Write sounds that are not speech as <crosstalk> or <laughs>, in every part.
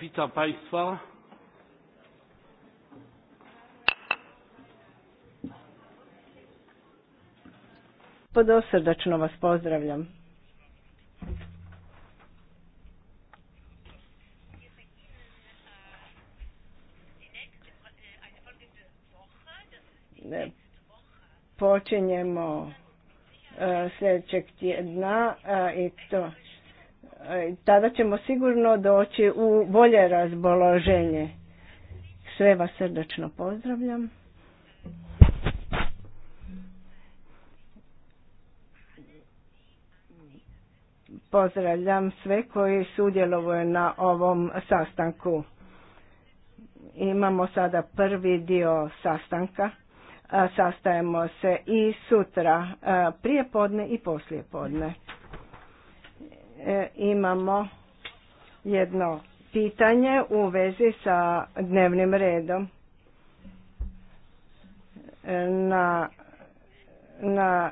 Witam Państwa. Podosrdačno vas pozdravljam. Počinjemo e, sljedećeg tjedna e, i to tada ćemo sigurno doći u bolje razboloženje. Sve vas srdačno pozdravljam. Pozdravljam sve koji sudjelovaju na ovom sastanku. Imamo sada prvi dio sastanka. Sastajemo se i sutra, prije podne i poslije podne. E, imamo jedno pitanje u vezi sa dnevnim redom. E, na, na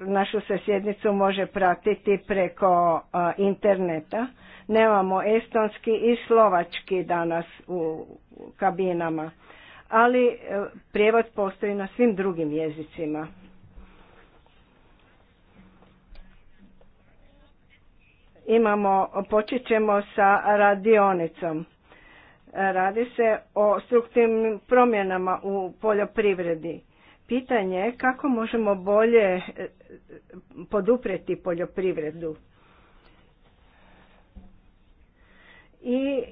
našu se sjednicu može pratiti preko interneta. Nemamo estonski i slovački danas u, kabinama, ali e, prijevod postoji na svim drugim jezicima. Imamo, počet ćemo sa radionicom. Radi se o strukturnim promjenama u poljoprivredi. Pitanje je kako možemo bolje e, poduprijeti poljoprivredu. i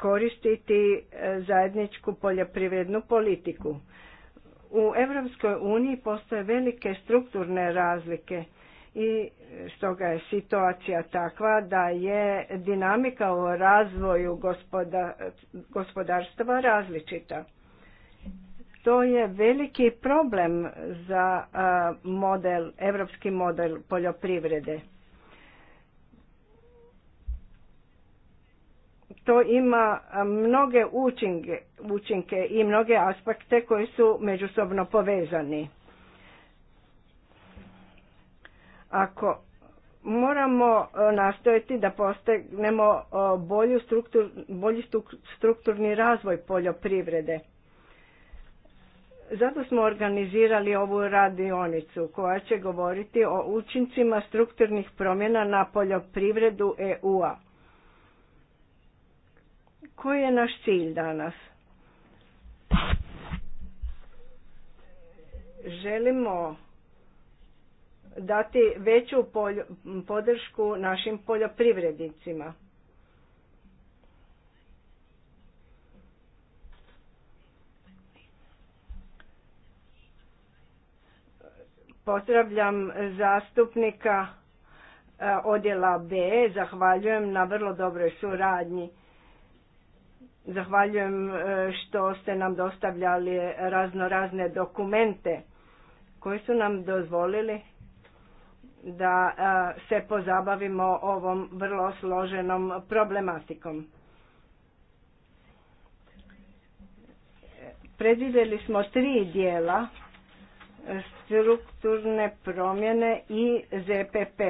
koristiti e, zajedničku poljoprivrednu politiku. U Europskoj uniji postoje velike strukturne razlike i stoga je situacija takva da je dinamika u razvoju gospoda, gospodarstva različita. To je veliki problem za model, evropski model poljoprivrede. To ima mnoge učinke, učinke i mnoge aspekte koji su međusobno povezani Ako moramo e, nastojati da postignemo e, bolju struktur, bolji strukturni razvoj poljoprivrede. Zato smo organizirali ovu radionicu koja će govoriti o učincima strukturnih promjena na poljoprivredu EU-a. Koji je naš cilj danas? Želimo dati veću podršku našim poljoprivrednicima. Pozdravljam zastupnika e, odjela B, zahvaljujem na vrlo dobroj suradnji. Zahvaljujem e, što ste nam dostavljali razno razne dokumente koji su nam dozvolili da se pozabavimo ovom vrlo složenom problematikom. Predvidjeli smo tri dijela strukturne promjene i ZPP.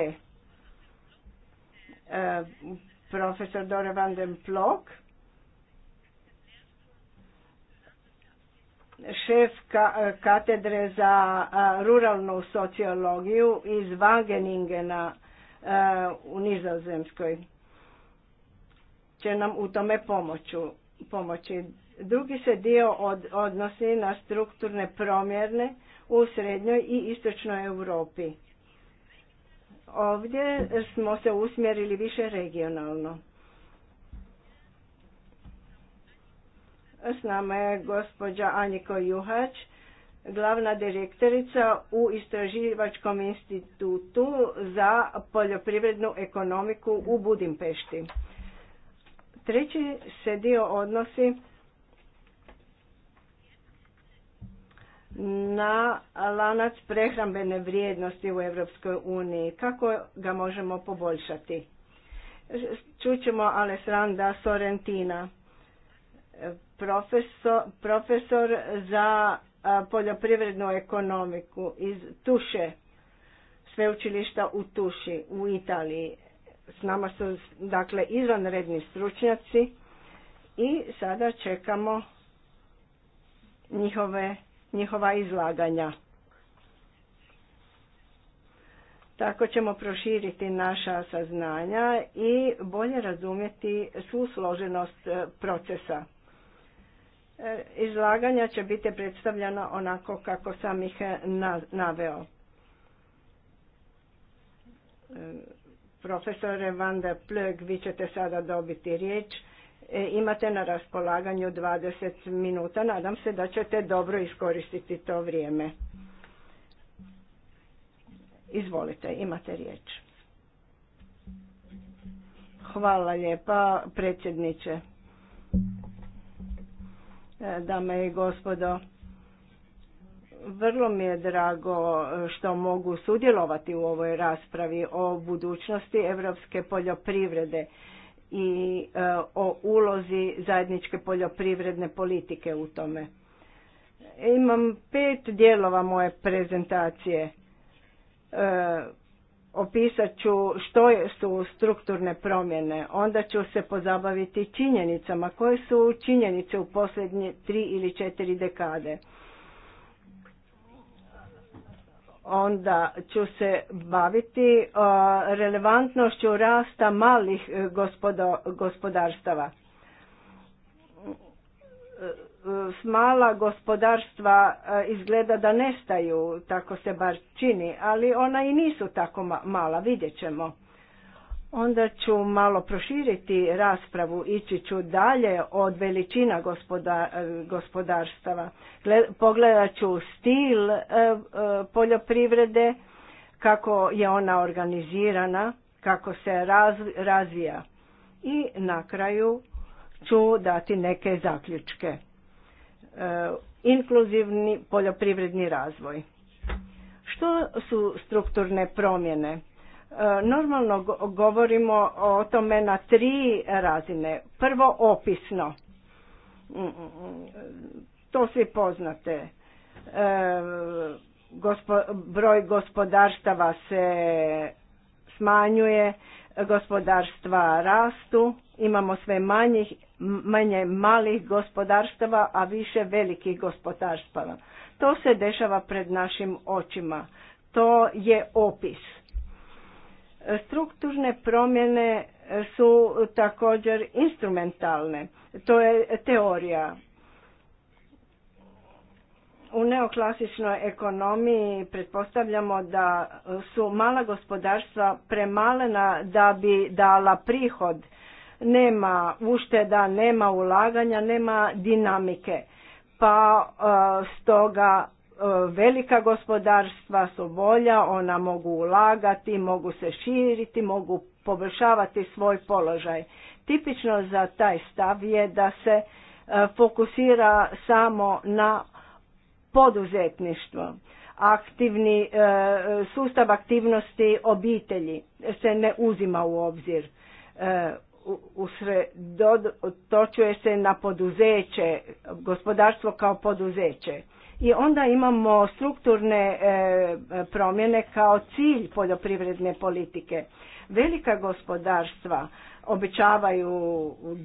E, profesor Dora van den Plok šef e, katedre za e, ruralnu sociologiju iz Wageningena e, u Nizozemskoj će nam u tome pomoći. Drugi se dio od, odnosi na strukturne promjerne u srednjoj i istočnoj Europi. Ovdje smo se usmjerili više regionalno. S nama je gospođa Aniko Juhač, glavna direktorica u Istraživačkom institutu za poljoprivrednu ekonomiku u Budimpešti. Treći se dio odnosi na lanac prehrambene vrijednosti u Europskoj uniji. Kako ga možemo poboljšati? Čućemo Alessandra Sorrentina, profesor, za poljoprivrednu ekonomiku iz Tuše, sveučilišta u Tuši u Italiji. S nama su dakle izvanredni stručnjaci i sada čekamo njihove, njihova izlaganja. Tako ćemo proširiti naša saznanja i bolje razumjeti svu složenost e, procesa. E, izlaganja će biti predstavljena onako kako sam ih e, naveo. E, profesore Van der Plög, vi ćete sada dobiti riječ. Imate na raspolaganju 20 minuta. Nadam se da ćete dobro iskoristiti to vrijeme. Izvolite, imate riječ. Hvala lijepa, predsjedniče. E, dame i gospodo. Vrlo mi je drago što mogu sudjelovati u ovoj raspravi o budućnosti evropske poljoprivrede i e, o ulozi zajedničke poljoprivredne politike u tome. Imam pet dijelova moje prezentacije. E, opisat ću što su strukturne promjene, onda ću se pozabaviti činjenicama, koje su činjenice u posljednje tri ili četiri dekade. Onda ću se baviti e, relevantnošću rasta malih e, gospodarstava mala gospodarstva e, izgleda da nestaju, tako se bar čini, ali ona i nisu tako mala, vidjet ćemo. Onda ću malo proširiti raspravu, ići ću dalje od veličina e, gospodarstava. Pogledat ću stil e, poljoprivrede, kako je ona organizirana, kako se razvija. I na kraju ću dati neke zaključke. Eh, inkluzivni poljoprivredni razvoj. Što su strukturne promjene? Eh, normalno govorimo o tome na tri razine. Prvo opisno. Mm, mm, mm. To svi poznate. Eh, broj gospodarstava se smanjuje, gospodarstva rastu, imamo sve manjih manje malih gospodarstava, a više velikih gospodarstava. To se dešava pred našim očima. To je opis. Strukturne promjene su također instrumentalne. To je teorija. U neoklasičnoj ekonomiji pretpostavljamo da su mala gospodarstva premalena da bi dala prihod nema ušteda, nema ulaganja, nema dinamike. Pa e, stoga e, velika gospodarstva su bolja, ona mogu ulagati, mogu se širiti, mogu poboljšavati svoj položaj. Tipično za taj stav je da se e, fokusira samo na poduzetništvo. Aktivni sustav aktivnosti obitelji se ne uzima u obzir usredotočuje se na poduzeće, gospodarstvo kao poduzeće. I onda imamo strukturne e, promjene kao cilj poljoprivredne politike. Velika gospodarstva obećavaju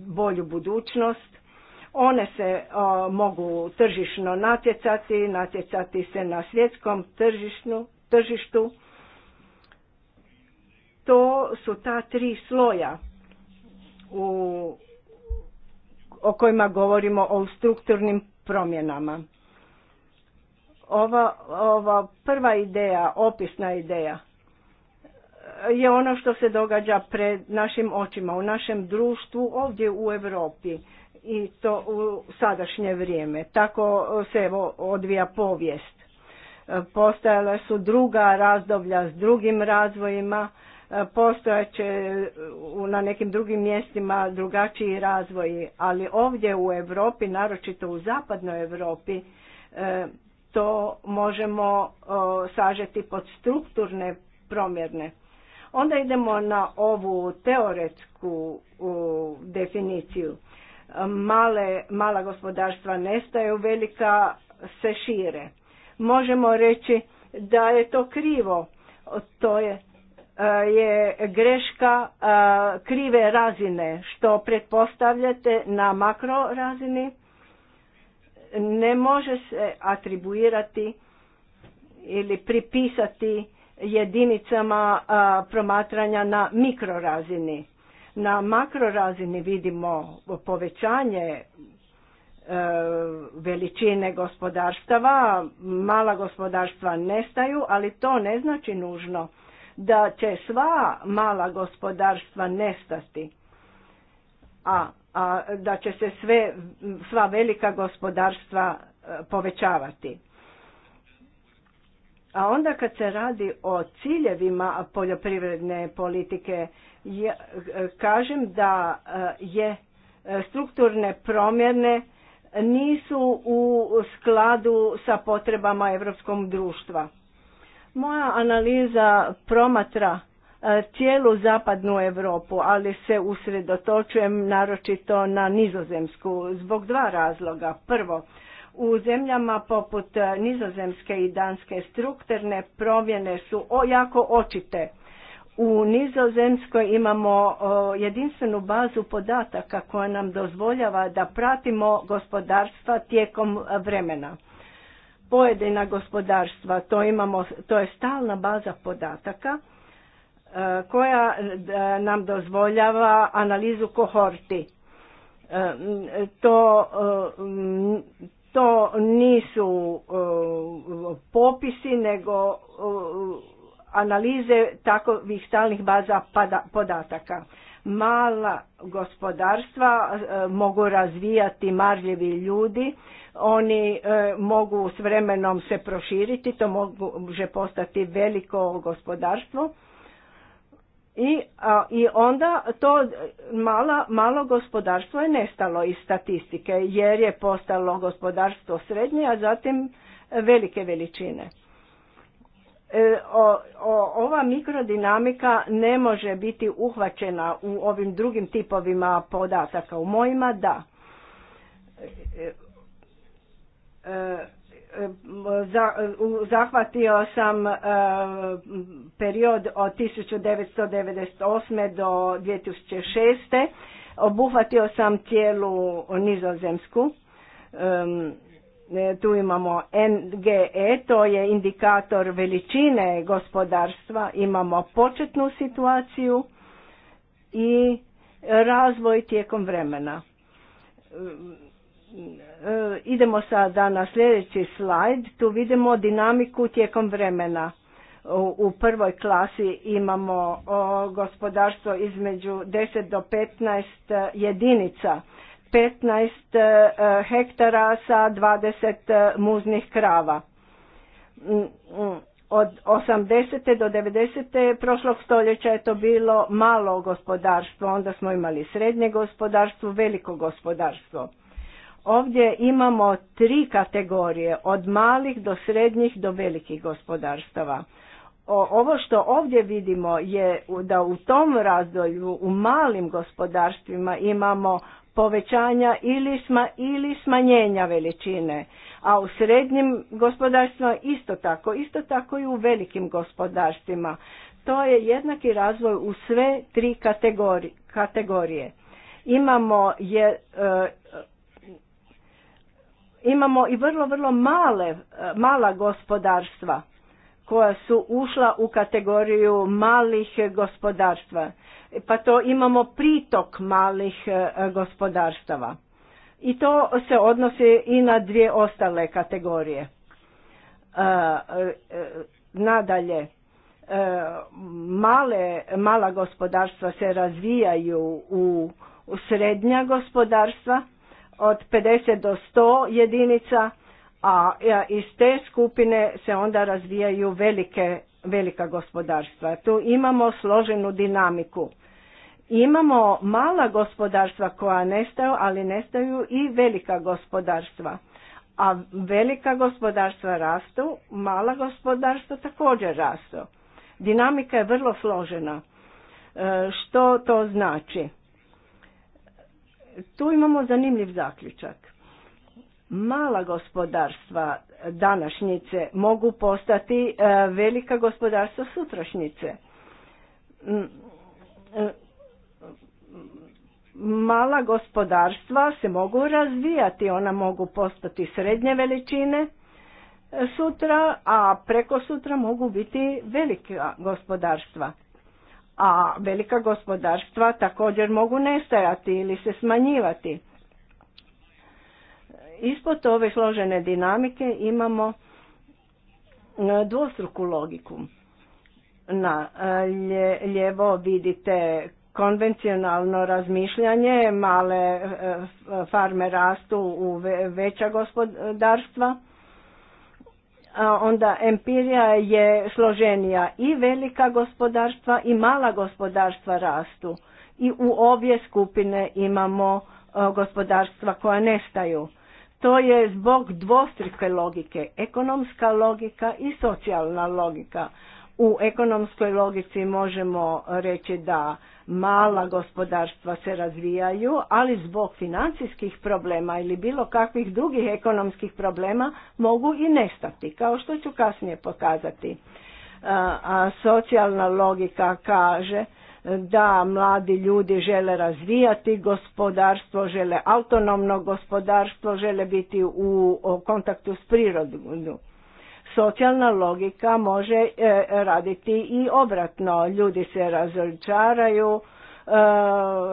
bolju budućnost, one se mogu tržišno natjecati, natjecati se na svjetskom tržišnu, tržištu. To su ta tri sloja u, o kojima govorimo o strukturnim promjenama. Ova, ova prva ideja, opisna ideja, je ono što se događa pred našim očima, u našem društvu, ovdje u Europi i to u sadašnje vrijeme. Tako se evo odvija povijest. Postajala su druga razdoblja s drugim razvojima, postojaće na nekim drugim mjestima drugačiji razvoji, ali ovdje u Europi, naročito u zapadnoj Europi, e, to možemo sažeti pod strukturne promjerne. Onda idemo na ovu teoretsku definiciju. Male, mala gospodarstva nestaju, velika se šire. Možemo reći da je to krivo. To je je greška krive razine što pretpostavljate na makro razini ne može se atribuirati ili pripisati jedinicama promatranja na mikro razini. Na makro razini vidimo povećanje e, veličine gospodarstava, mala gospodarstva nestaju, ali to ne znači nužno da će sva mala gospodarstva nestati, a, a da će se sve, sva velika gospodarstva e, povećavati. A onda kad se radi o ciljevima poljoprivredne politike, je, e, kažem da e, je strukturne promjene nisu u skladu sa potrebama europskog društva. Moja analiza promatra e, cijelu zapadnu Europu, ali se usredotočujem naročito na nizozemsku zbog dva razloga. Prvo, u zemljama poput nizozemske i danske strukturne promjene su jako očite. U Nizozemskoj imamo jedinstvenu bazu podataka koja nam dozvoljava da pratimo gospodarstva tijekom vremena pojedina gospodarstva. To, imamo, to je stalna baza podataka e, koja e, nam dozvoljava analizu kohorti. E, to, to nisu popisi nego analize takovih stalnih baza podataka. Mala gospodarstva mogu razvijati marljivi ljudi oni e, mogu s vremenom se proširiti, to može postati veliko gospodarstvo. I, I onda to mala, malo gospodarstvo je nestalo iz statistike jer je postalo gospodarstvo srednje, a zatim velike veličine. E, o, ova mikrodinamika ne može biti uhvaćena u ovim drugim tipovima podataka. U mojima da. E, zahvatio sam e, period od 1998. do 2006. Obuhvatio sam cijelu nizozemsku. E, tu imamo NGE, to je indikator veličine gospodarstva. Imamo početnu situaciju i razvoj tijekom vremena E, idemo sada na sljedeći slajd, tu vidimo dinamiku tijekom vremena. U prvoj klasi imamo gospodarstvo između 10 do 15 e, jedinica, 15 e, hektara sa 20 muznih krava. Mm, mm, od 80. do 90. prošlog stoljeća je to bilo malo gospodarstvo, onda smo imali srednje gospodarstvo, veliko gospodarstvo Ovdje imamo tri kategorije, od malih do srednjih do velikih gospodarstava. Ovo što ovdje vidimo je da u tom razdolju u malim gospodarstvima imamo povećanja ili, sma, ili smanjenja veličine, a u srednjim gospodarstvima isto tako, isto tako i u velikim gospodarstvima. To je jednaki razvoj u sve tri kategorije. Imamo je, e, imamo i vrlo, vrlo male, eh, mala gospodarstva koja su ušla u kategoriju malih gospodarstva. Pa to imamo pritok malih eh, gospodarstava. I to se odnosi i na dvije ostale kategorije. Eh, nadalje, male, mala gospodarstva se razvijaju u srednja gospodarstva od 50 do 100 jedinica, a iz te skupine se onda razvijaju velike, velika gospodarstva. Tu imamo složenu dinamiku. Imamo mala gospodarstva koja nestaju, ali nestaju i velika gospodarstva. A velika gospodarstva rastu, mala gospodarstva također rastu. Dinamika je vrlo složena. E, što to znači? Tu imamo zanimljiv zaključak. Mala gospodarstva današnjice mogu postati e, velika gospodarstva sutrašnjice. E, mala gospodarstva se mogu razvijati, ona mogu postati srednje veličine e, sutra, a preko sutra mogu biti velika gospodarstva a velika gospodarstva također mogu nestajati ili se smanjivati. Ispod ove složene dinamike imamo e, dvostruku logiku. Na e, ljevo vidite konvencionalno razmišljanje, male e, farme rastu u veća gospodarstva, onda empirija je složenija i velika gospodarstva i mala gospodarstva rastu i u obje skupine imamo e, gospodarstva koja nestaju. To je zbog dvostrike logike, ekonomska logika i socijalna logika. U ekonomskoj logici možemo reći da mala gospodarstva se razvijaju, ali zbog financijskih problema ili bilo kakvih drugih ekonomskih problema mogu i nestati, kao što ću kasnije pokazati. A socijalna logika kaže da mladi ljudi žele razvijati gospodarstvo, žele autonomno gospodarstvo, žele biti u kontaktu s prirodom socijalna logika može e, raditi i obratno. Ljudi se razočaraju, e,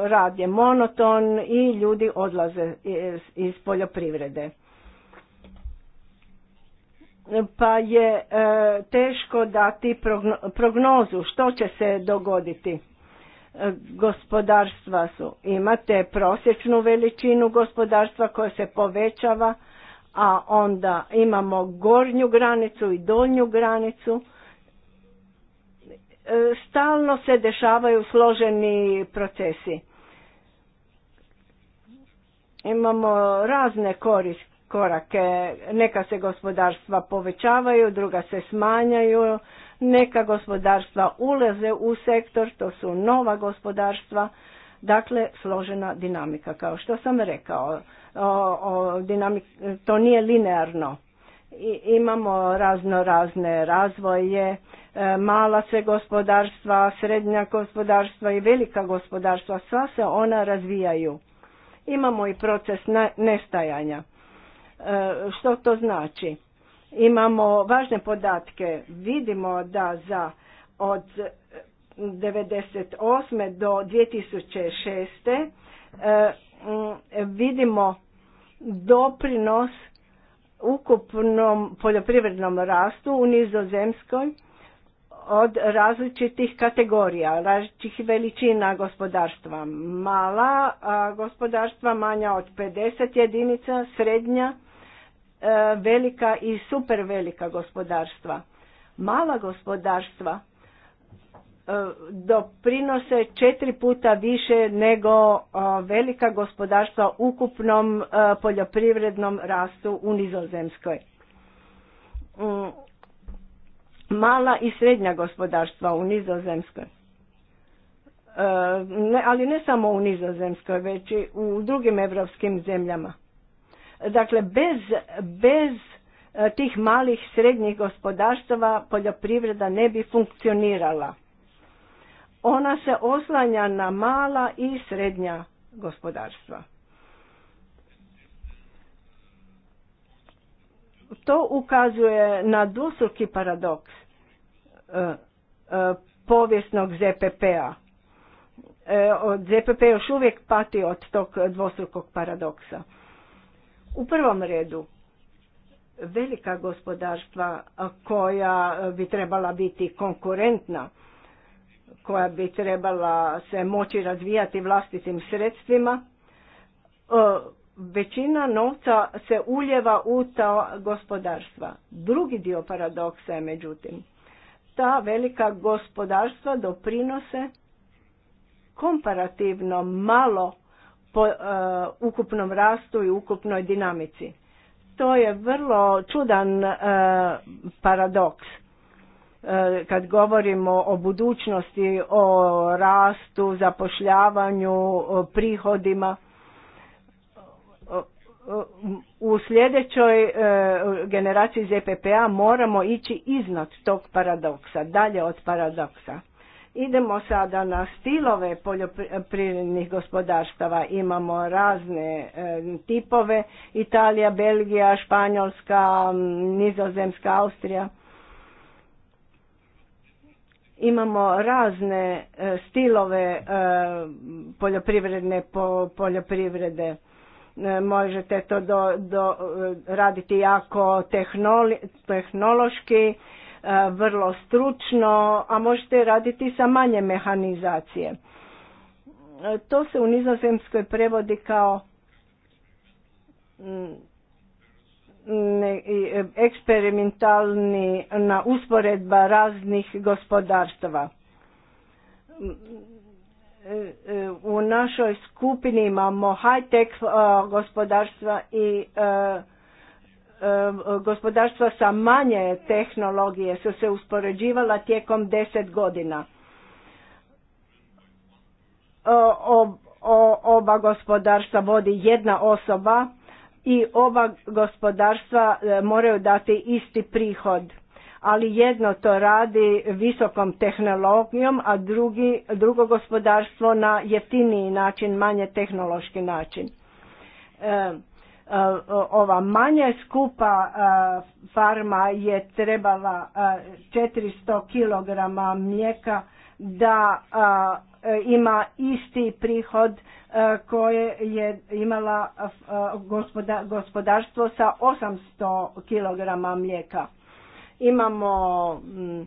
rad je monoton i ljudi odlaze iz poljoprivrede. Pa je e, teško dati prognozu što će se dogoditi gospodarstva su. Imate prosječnu veličinu gospodarstva koja se povećava a onda imamo gornju granicu i donju granicu. E, stalno se dešavaju složeni procesi. Imamo razne koriste korake, neka se gospodarstva povećavaju, druga se smanjaju, neka gospodarstva ulaze u sektor, to su nova gospodarstva, dakle složena dinamika kao što sam rekao o, o to nije linearno. I, imamo razno razne razvoje, e, mala se gospodarstva, srednja gospodarstva i velika gospodarstva, sva se ona razvijaju. Imamo i proces nestajanja. E, što to znači? Imamo važne podatke. Vidimo da za od 98. do 2006. Mm, vidimo doprinos ukupnom poljoprivrednom rastu u Nizozemskoj od različitih kategorija, različitih veličina gospodarstva. Mala gospodarstva manja od 50 jedinica, srednja, e, velika i super velika gospodarstva. Mala gospodarstva E, doprinose četiri puta više nego e, velika gospodarstva ukupnom e, poljoprivrednom rastu u Nizozemskoj. Mm, mala i srednja gospodarstva u Nizozemskoj. Ne, ali ne samo u Nizozemskoj, već i u drugim evropskim zemljama. Dakle, bez, bez tih malih srednjih gospodarstava poljoprivreda ne bi funkcionirala ona se oslanja na mala i srednja gospodarstva. To ukazuje na dvostruki paradoks e, e, povijesnog ZPP-a. E, ZPP još uvijek pati od tog dvostrukog paradoksa. U prvom redu, velika gospodarstva koja bi trebala biti konkurentna koja bi trebala se moći razvijati vlastitim sredstvima. E, većina novca se uljeva u ta gospodarstva. Drugi dio paradoksa je međutim, ta velika gospodarstva doprinose komparativno malo po e, ukupnom rastu i ukupnoj dinamici. To je vrlo čudan e, paradoks. E, kad govorimo o budućnosti, o rastu, zapošljavanju, prihodima, u sljedećoj e, generaciji ZPPA moramo ići iznad tog paradoksa, dalje od paradoksa. Idemo sada na stilove poljoprivrednih gospodarstava. Imamo razne e, tipove, Italija, Belgija, Španjolska, Nizozemska, Austrija – Imamo razne e, stilove e, poljoprivredne poljoprivrede. E, možete to do, do, raditi jako tehnološki, vrlo stručno, a možete raditi sa manje mehanizacije. To se u nizozemskoj prevodi kao E, eksperimentalni na usporedba raznih gospodarstva. Mm, e, e, u našoj skupini imamo high-tech gospodarstva i gospodarstva sa manje tehnologije su se uspoređivala tijekom deset godina. Oba gospodarstva vodi jedna osoba, i oba gospodarstva e, moraju dati isti prihod ali jedno to radi visokom tehnologijom a drugi, drugo gospodarstvo na jeftiniji način manje tehnološki način e, e, ova manje skupa farma je trebala 400 kg mlijeka da E, ima isti prihod e, koje je imala e, gospodarstvo sa 800 kg mlijeka. Imamo mm,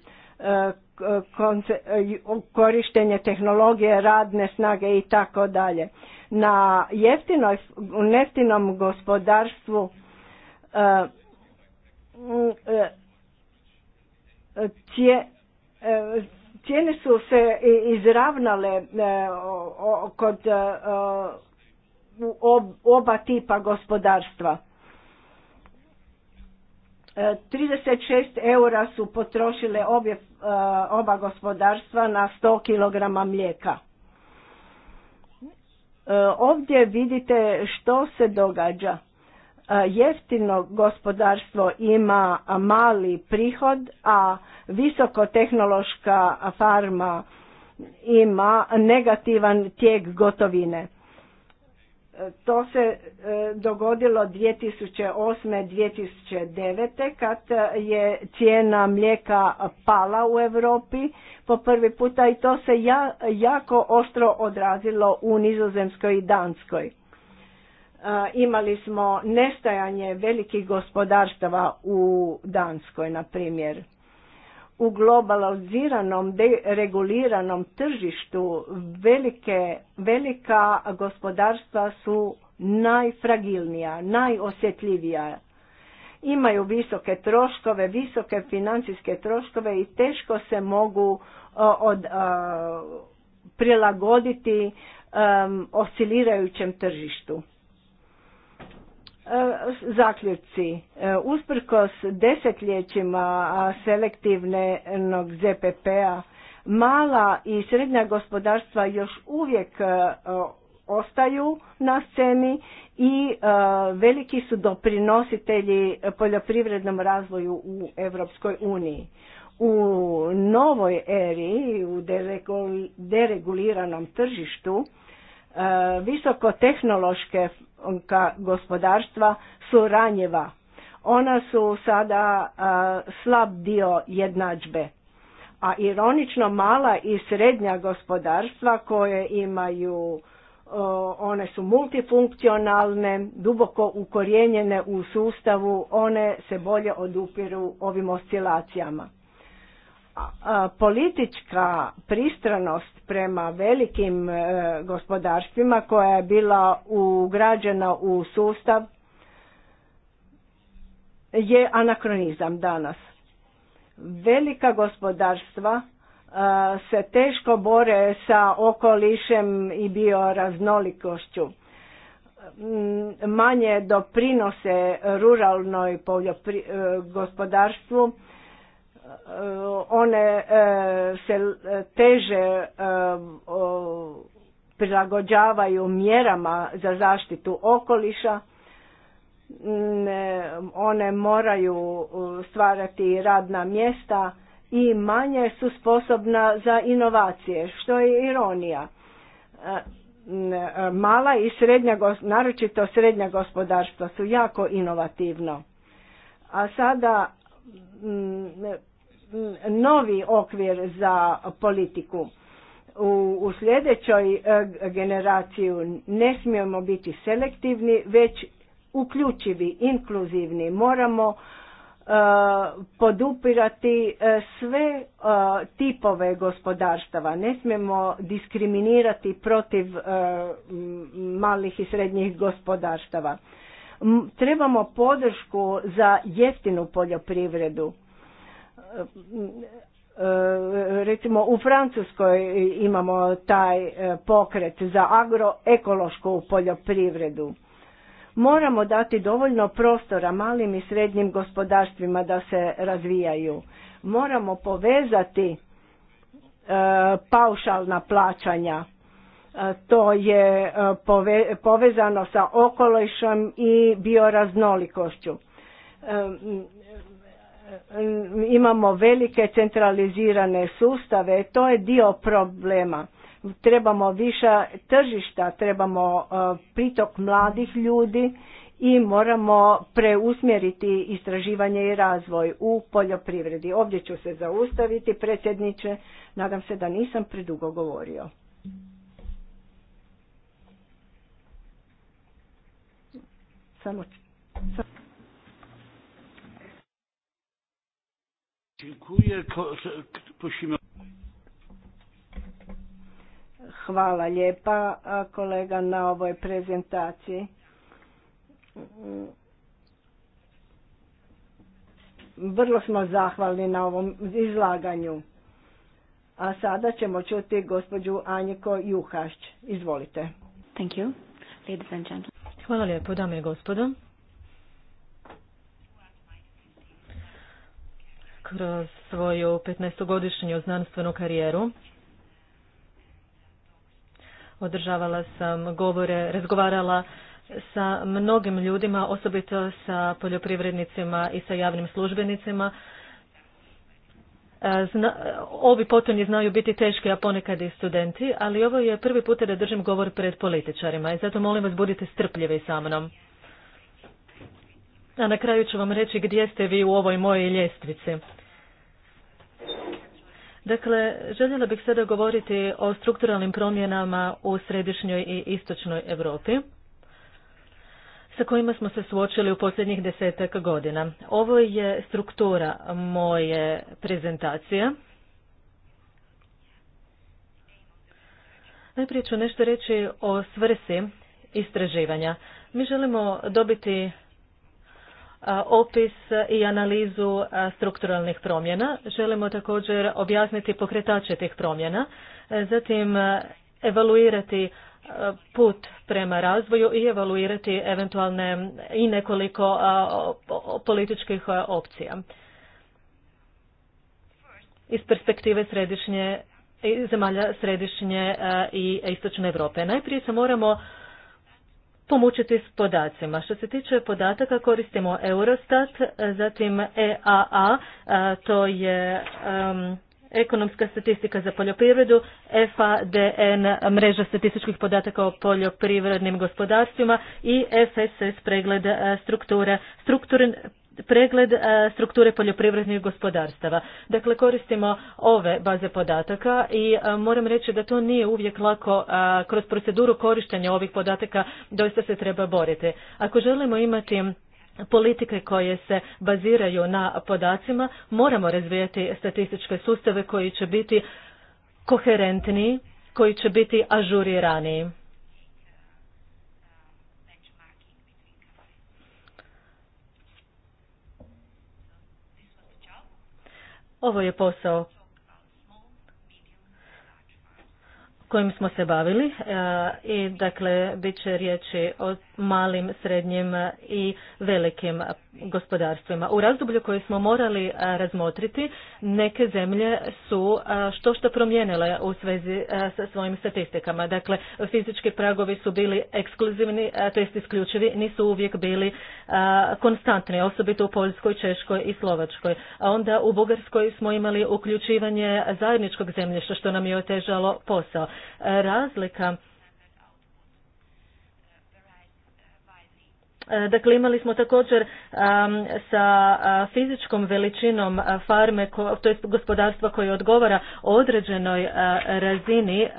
korištenje tehnologije, radne snage i tako dalje. Na jeftinom gospodarstvu cije, mm, Cijene su se izravnale e, kod e, oba tipa gospodarstva. 36 e, eura su potrošile obje, oba gospodarstva na 100 kg mlijeka. Ovdje vidite što se događa. Jeftino gospodarstvo ima mali prihod, a Visokotehnološka farma ima negativan tijek gotovine. E, to se e, dogodilo 2008. 2009. kad je cijena mlijeka pala u Europi po prvi puta i to se jako ostro odrazilo u Nizozemskoj i Danskoj. E, imali smo nestajanje velikih gospodarstava u Danskoj, na primjer u globaliziranom, reguliranom tržištu velike, velika gospodarstva su najfragilnija, najosjetljivija. Imaju visoke troškove, visoke financijske troškove i teško se mogu e, od, e, prilagoditi um, e, oscilirajućem tržištu. E, zaključci. E, usprkos desetljećima selektivnog ZPP-a, mala i srednja gospodarstva još uvijek e, ostaju na sceni i veliki su doprinositelji poljoprivrednom razvoju u Europskoj uniji. U novoj eri, u dereguliranom tržištu, visokotehnološke gospodarstva su ranjeva, Ona su sada slab dio jednadžbe. A ironično mala i srednja gospodarstva koje imaju, one su multifunkcionalne, duboko ukorijenjene u sustavu, one se bolje odupiru ovim oscilacijama politička pristranost prema velikim e, gospodarstvima koja je bila ugrađena u sustav je anakronizam danas. Velika gospodarstva e, se teško bore sa okolišem i bioraznolikošću. Manje doprinose ruralnoj e, gospodarstvu one e, se teže e, prilagođavaju mjerama za zaštitu okoliša mm, e, one moraju stvarati radna mjesta i manje su sposobna za inovacije što je ironija mm, mala i srednja naročito srednja gospodarstva su jako inovativno a sada mm, novi okvir za politiku. U, sljedećoj e, generaciju ne smijemo biti selektivni, već uključivi, inkluzivni. Moramo e, podupirati e, sve tipove gospodarstava. Ne smijemo diskriminirati protiv malih i srednjih gospodarstava. Trebamo podršku za jeftinu poljoprivredu. E, recimo u Francuskoj imamo taj e, pokret za agroekološku poljoprivredu. Moramo dati dovoljno prostora malim i srednjim gospodarstvima da se razvijaju. Moramo povezati e, paušalna plaćanja. To je povezano sa okolišom i bioraznolikošću imamo velike centralizirane sustave, to je dio problema. Trebamo više tržišta, trebamo e, pritok mladih ljudi i moramo preusmjeriti istraživanje i razvoj u poljoprivredi. Ovdje ću se zaustaviti, predsjedniče, nadam se da nisam predugo govorio. Samo, samo. Hvala lijepa kolega na ovoj prezentaciji. Vrlo smo zahvalni na ovom izlaganju. A sada ćemo čuti gospođu Anjiko Juhašć. Izvolite. Hvala lijepo, dame i gospodo. kroz svoju 15-godišnju znanstvenu karijeru. Održavala sam govore, razgovarala sa mnogim ljudima, osobito sa poljoprivrednicima i sa javnim službenicima. E, zna, ovi potonji znaju biti teški, a ponekad i studenti, ali ovo je prvi put da držim govor pred političarima i zato molim vas budite strpljivi sa mnom. A na kraju ću vam reći gdje ste vi u ovoj mojoj ljestvici. Dakle, željela bih sada govoriti o strukturalnim promjenama u središnjoj i istočnoj Europi sa kojima smo se suočili u posljednjih desetak godina. Ovo je struktura moje prezentacije. Najprije ću nešto reći o svrsi istraživanja. Mi želimo dobiti opis i analizu strukturalnih promjena. Želimo također objasniti pokretače tih promjena, zatim evaluirati put prema razvoju i evaluirati eventualne i nekoliko političkih opcija iz perspektive središnje zemalja središnje i istočne Europe. Najprije se moramo pomučiti s podacima. Što se tiče podataka koristimo Eurostat, e, zatim EAA, e, to je ekonomska statistika za poljoprivredu, FADN, mreža statističkih podataka o poljoprivrednim gospodarstvima i FSS pregled e, strukture, strukturen pregled e, strukture poljoprivrednih gospodarstava. Dakle, koristimo ove baze podataka i e, moram reći da to nije uvijek lako. E, kroz proceduru korištenja ovih podataka doista se treba boriti. Ako želimo imati politike koje se baziraju na podacima, moramo razvijati statističke sustave koji će biti koherentniji, koji će biti ažuriraniji. Ovo je posao kojim smo se bavili e, i dakle bit će riječi o malim, srednjim i velikim gospodarstvima. U razdoblju koje smo morali e, razmotriti neke zemlje su što e, što promijenile u svezi sa svojim statistikama. Dakle, fizički pragovi su bili ekskluzivni, to jest isključivi, nisu uvijek bili konstantni, osobito u Poljskoj, Češkoj i Slovačkoj. A onda u Bugarskoj smo imali uključivanje zajedničkog zemljišta što nam je otežalo posao razlika. E, dakle, imali smo također sa fizičkom veličinom farme, to je gospodarstva koje odgovara određenoj razini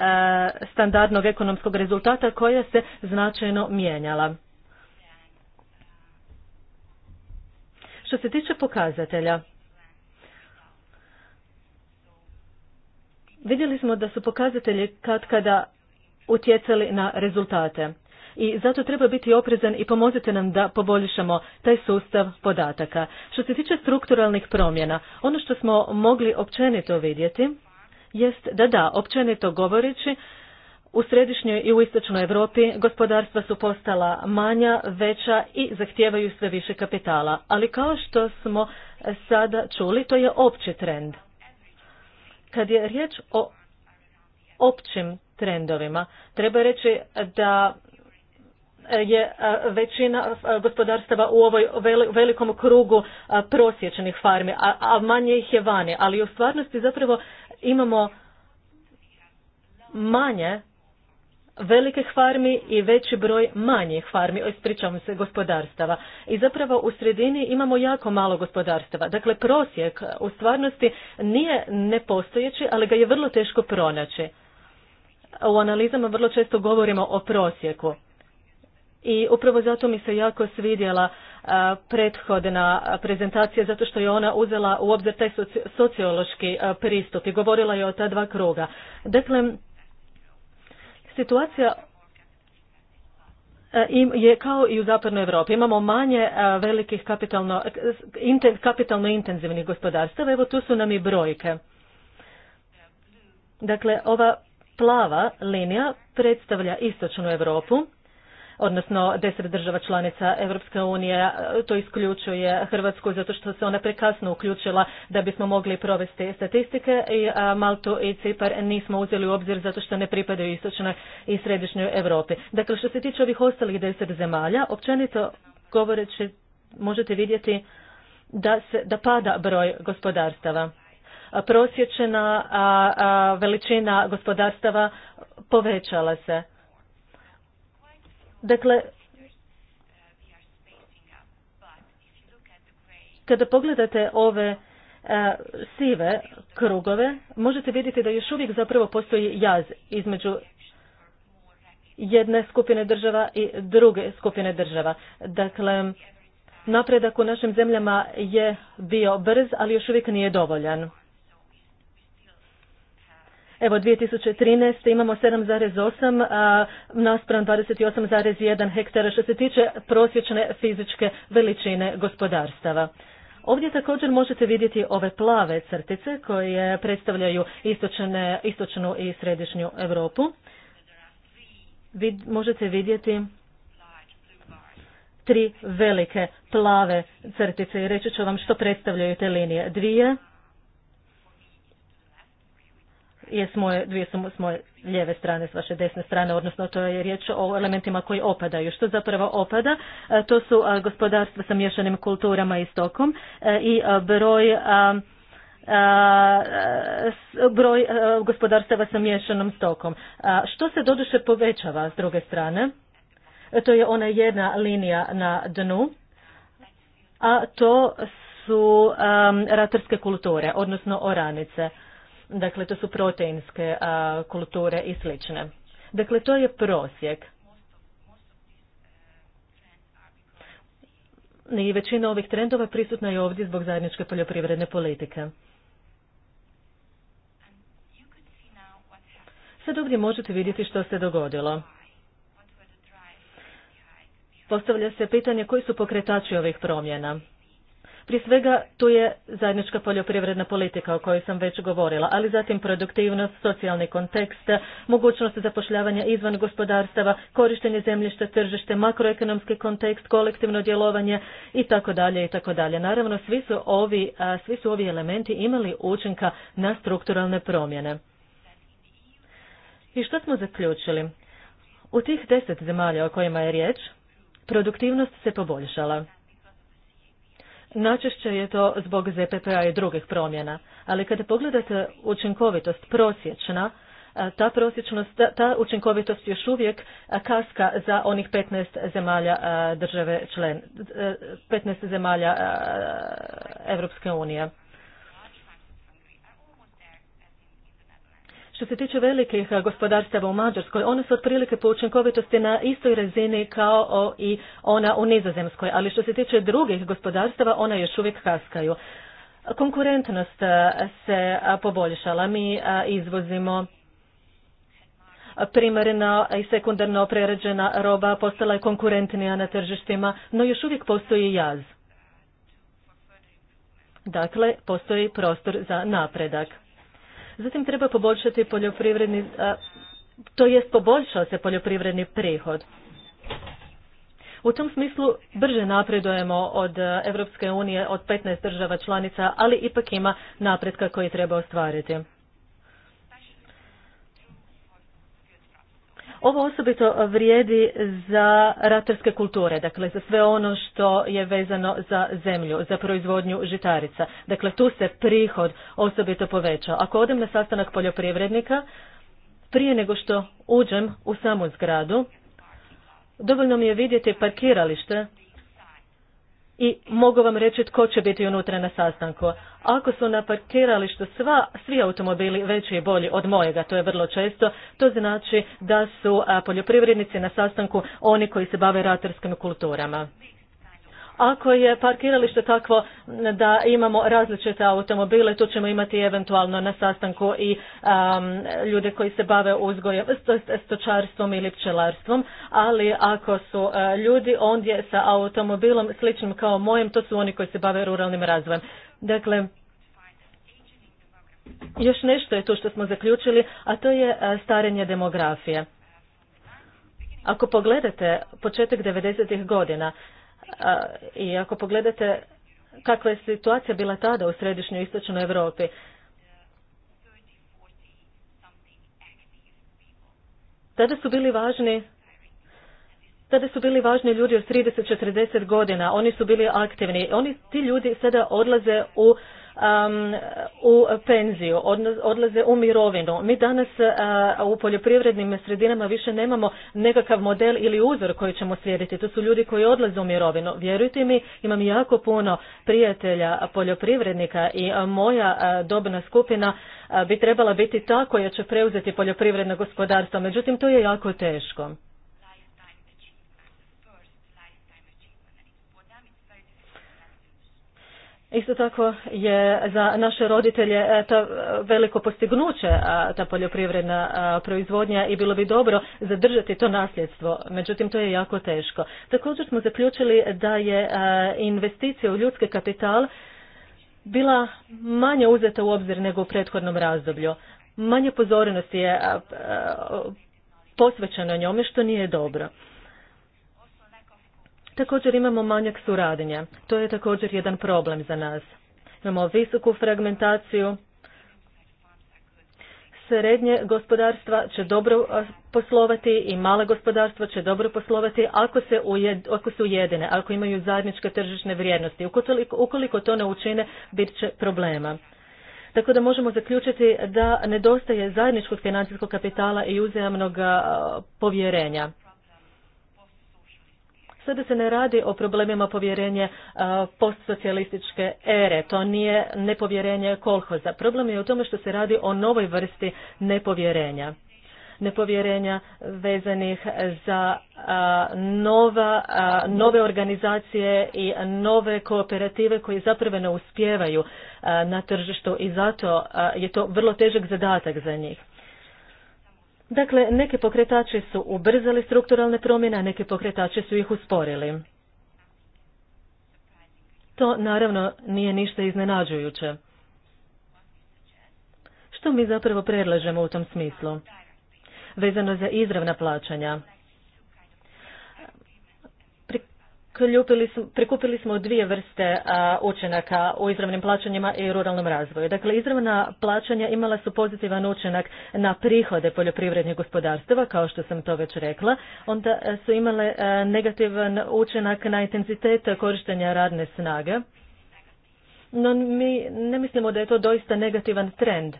standardnog ekonomskog rezultata koja se značajno mijenjala. Što se tiče pokazatelja, smo da su pokazatelji kad kada utjecali na rezultate. I zato treba biti oprezan i pomozite nam da poboljšamo taj sustav podataka. Što se tiče strukturalnih promjena, ono što smo mogli općenito vidjeti jest da da, općenito govoreći, u središnjoj i u istočnoj Europi gospodarstva su postala manja, veća i zahtijevaju sve više kapitala, ali kao što smo sada čuli, to je opći trend. Kad je riječ o općim trendovima. Treba reći da je većina gospodarstava u ovoj velikom krugu prosječnih farmi, a manje ih je vani. Ali u stvarnosti zapravo imamo manje velikih farmi i veći broj manjih farmi, ispričavam se, gospodarstava. I zapravo u sredini imamo jako malo gospodarstava. Dakle, prosjek u stvarnosti nije nepostojeći, ali ga je vrlo teško pronaći u analizama vrlo često govorimo o prosjeku. I upravo zato mi se jako svidjela prethodna prezentacija zato što je ona uzela u obzir taj sociološki pristup i govorila je o ta dva kruga. Dakle, situacija je kao i u zapadnoj Europi. Imamo manje velikih kapitalno, kapitalno intenzivnih gospodarstava. Evo tu su nam i brojke. Dakle, ova plava linija predstavlja istočnu Europu, odnosno deset država članica Europske unije, e, to isključuje Hrvatsku zato što se ona prekasno uključila da bismo mogli provesti statistike i e, Maltu i Cipar nismo uzeli u obzir zato što ne pripadaju istočnoj i središnjoj Europi. Dakle, što se tiče ovih ostalih deset zemalja, općenito govoreći možete vidjeti da, se, da pada broj gospodarstava prosječena veličina gospodarstava povećala se. Dakle, kada pogledate ove sive krugove, možete vidjeti da još uvijek zapravo postoji jaz između jedne skupine država i druge skupine država. Dakle, napredak u našim zemljama je bio brz, ali još uvijek nije dovoljan. Evo 2013. imamo 7,8 a naspram 28,1 hektara što se tiče prosječne fizičke veličine gospodarstava. Ovdje također možete vidjeti ove plave crtice koje predstavljaju istočne, istočnu i središnju Europu. Vid, možete vidjeti tri velike plave crtice i reći ću vam što predstavljaju te linije. Dvije je s moje, dvije su s moje lijeve strane, s vaše desne strane, odnosno to je riječ o elementima koji opadaju. Što zapravo opada? E, to su e, gospodarstva sa miješanim kulturama i stokom e, i broj broj gospodarstava sa miješanom stokom. Što se doduše povećava s druge strane? To je ona jedna linija na dnu, a to su ratarske kulture, odnosno oranice. Dakle, to su proteinske kulture i slične. Dakle, to je prosjek. I većina ovih trendova prisutna je ovdje zbog zajedničke poljoprivredne politike. Sad ovdje možete vidjeti što se dogodilo. Postavlja se pitanje koji su pokretači ovih promjena. Prije svega tu je zajednička poljoprivredna politika o kojoj sam već govorila, ali zatim produktivnost, socijalni kontekst, mogućnost zapošljavanja izvan gospodarstava, korištenje zemljišta, tržište, makroekonomski kontekst, kolektivno djelovanje i tako dalje i tako dalje. Naravno svi su ovi svi su ovi elementi imali učinka na strukturalne promjene. I što smo zaključili? U tih deset zemalja o kojima je riječ, produktivnost se poboljšala. Najčešće je to zbog ZPP-a i drugih promjena, ali kada pogledate učinkovitost prosječna, ta prosječnost, ta učinkovitost još uvijek kaska za onih 15 zemalja države člen, 15 zemalja Europske unije. Što se tiče velikih eh, gospodarstava u Mađarskoj, one su otprilike po učinkovitosti na istoj razini kao i ona u Nizozemskoj, ali što se tiče drugih gospodarstava, ona još uvijek haskaju. Konkurentnost eh, se eh, poboljšala. Mi izvozimo primarna i sekundarno prerađena roba postala je konkurentnija na tržištima, no još uvijek postoji jaz. Dakle, postoji prostor za napredak. Zatim treba poboljšati poljoprivredni, e, to jest poboljšao se poljoprivredni prihod. U tom smislu brže napredujemo od Europske unije, od 15 država članica, ali ipak ima napretka koji treba ostvariti. Ovo osobito vrijedi za ratarske kulture, dakle za sve ono što je vezano za zemlju, za proizvodnju žitarica. Dakle, tu se prihod osobito poveća. Ako odem na sastanak poljoprivrednika, prije nego što uđem u samu zgradu, dovoljno mi je vidjeti parkiralište i mogu vam reći tko će biti unutra na sastanku. Ako su na parkiralištu sva, svi automobili veći i bolji od mojega, to je vrlo često, to znači da su poljoprivrednici na sastanku oni koji se bave ratarskim kulturama. Ako je parkiralište takvo da imamo različite automobile, tu ćemo imati eventualno na sastanku i ljude koji se bave uzgojem, stočarstvom ili pčelarstvom, ali ako su e, ljudi ondje sa automobilom sličnim kao mojem, to su oni koji se bave ruralnim razvojem. Dakle, još nešto je tu što smo zaključili, a to je e, starenje demografije. Ako pogledate početak 90. godina, i ako pogledate kakva je situacija bila tada u središnjoj istočnoj Europi, tada su bili važni tada su bili važni ljudi od 30-40 godina, oni su bili aktivni. Oni, ti ljudi sada odlaze u um, u penziju, odlaze u mirovinu. Mi danas uh, u poljoprivrednim sredinama više nemamo nekakav model ili uzor koji ćemo slijediti. To su ljudi koji odlaze u mirovinu. Vjerujte mi, imam jako puno prijatelja poljoprivrednika i uh, moja uh, dobna skupina bi trebala biti ta koja će preuzeti poljoprivredno gospodarstvo. Međutim, to je jako teško. Isto tako je za naše roditelje e, to e, veliko postignuće, ta poljoprivredna proizvodnja i bilo bi dobro zadržati to nasljedstvo, međutim to je jako teško. Također smo zaključili da je e, investicija u ljudski kapital bila manje uzeta u obzir nego u prethodnom razdoblju. Manje pozornosti je posvećeno njome što nije dobro. Također imamo manjak suradnje. To je također jedan problem za nas. Imamo visoku fragmentaciju. Srednje gospodarstva će dobro poslovati i male gospodarstva će dobro poslovati ako se, ujed, ako su ujedine, ako imaju zajedničke tržišne vrijednosti. Ukoliko, ukoliko to ne učine, bit će problema. Tako da možemo zaključiti da nedostaje zajedničkog financijskog kapitala i uzajamnog povjerenja. Sada se ne radi o problemima povjerenja postsocijalističke ere. To nije nepovjerenje kolhoza. Problem je u tome što se radi o novoj vrsti nepovjerenja nepovjerenja vezanih za nova, nove organizacije i nove kooperative koje zapravo ne uspijevaju na tržištu i zato je to vrlo težak zadatak za njih. Dakle, neke pokretači su ubrzali strukturalne promjene, a neki pokretači su ih usporili. To naravno nije ništa iznenađujuće. Što mi zapravo predlažemo u tom smislu? Vezano za izravna plaćanja, smo, prikupili smo dvije vrste a, učinaka u izravnim plaćanjima i ruralnom razvoju. Dakle, izravna plaćanja imala su pozitivan učinak na prihode poljoprivrednih gospodarstava, kao što sam to već rekla. Onda e, su imale e, negativan učinak na intenzitet korištenja radne snage. No, mi ne mislimo da je to doista negativan trend.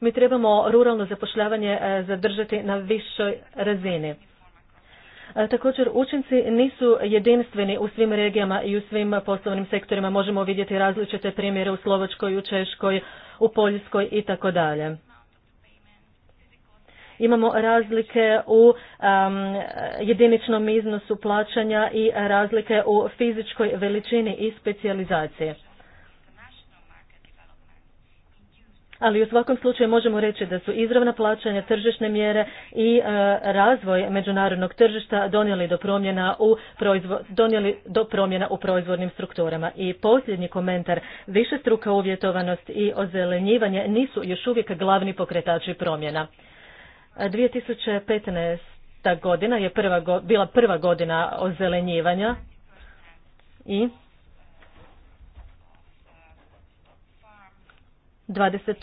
Mi trebamo ruralno zapošljavanje e, zadržati na višoj razini. E, također, učinci nisu jedinstveni u svim regijama i u svim poslovnim sektorima. Možemo vidjeti različite primjere u Slovačkoj, u Češkoj, u Poljskoj i tako dalje. Imamo razlike u jediničnom iznosu plaćanja i razlike u fizičkoj veličini i specijalizaciji. ali u svakom slučaju možemo reći da su izravna plaćanja, tržišne mjere i e, razvoj međunarodnog tržišta donijeli do promjena u proizvo, donijeli do promjena u proizvodnim strukturama. I posljednji komentar, višestruka uvjetovanost i ozelenjivanje nisu još uvijek glavni pokretači promjena. 2015. E, godina je prva, bila prva godina ozelenjivanja i 20%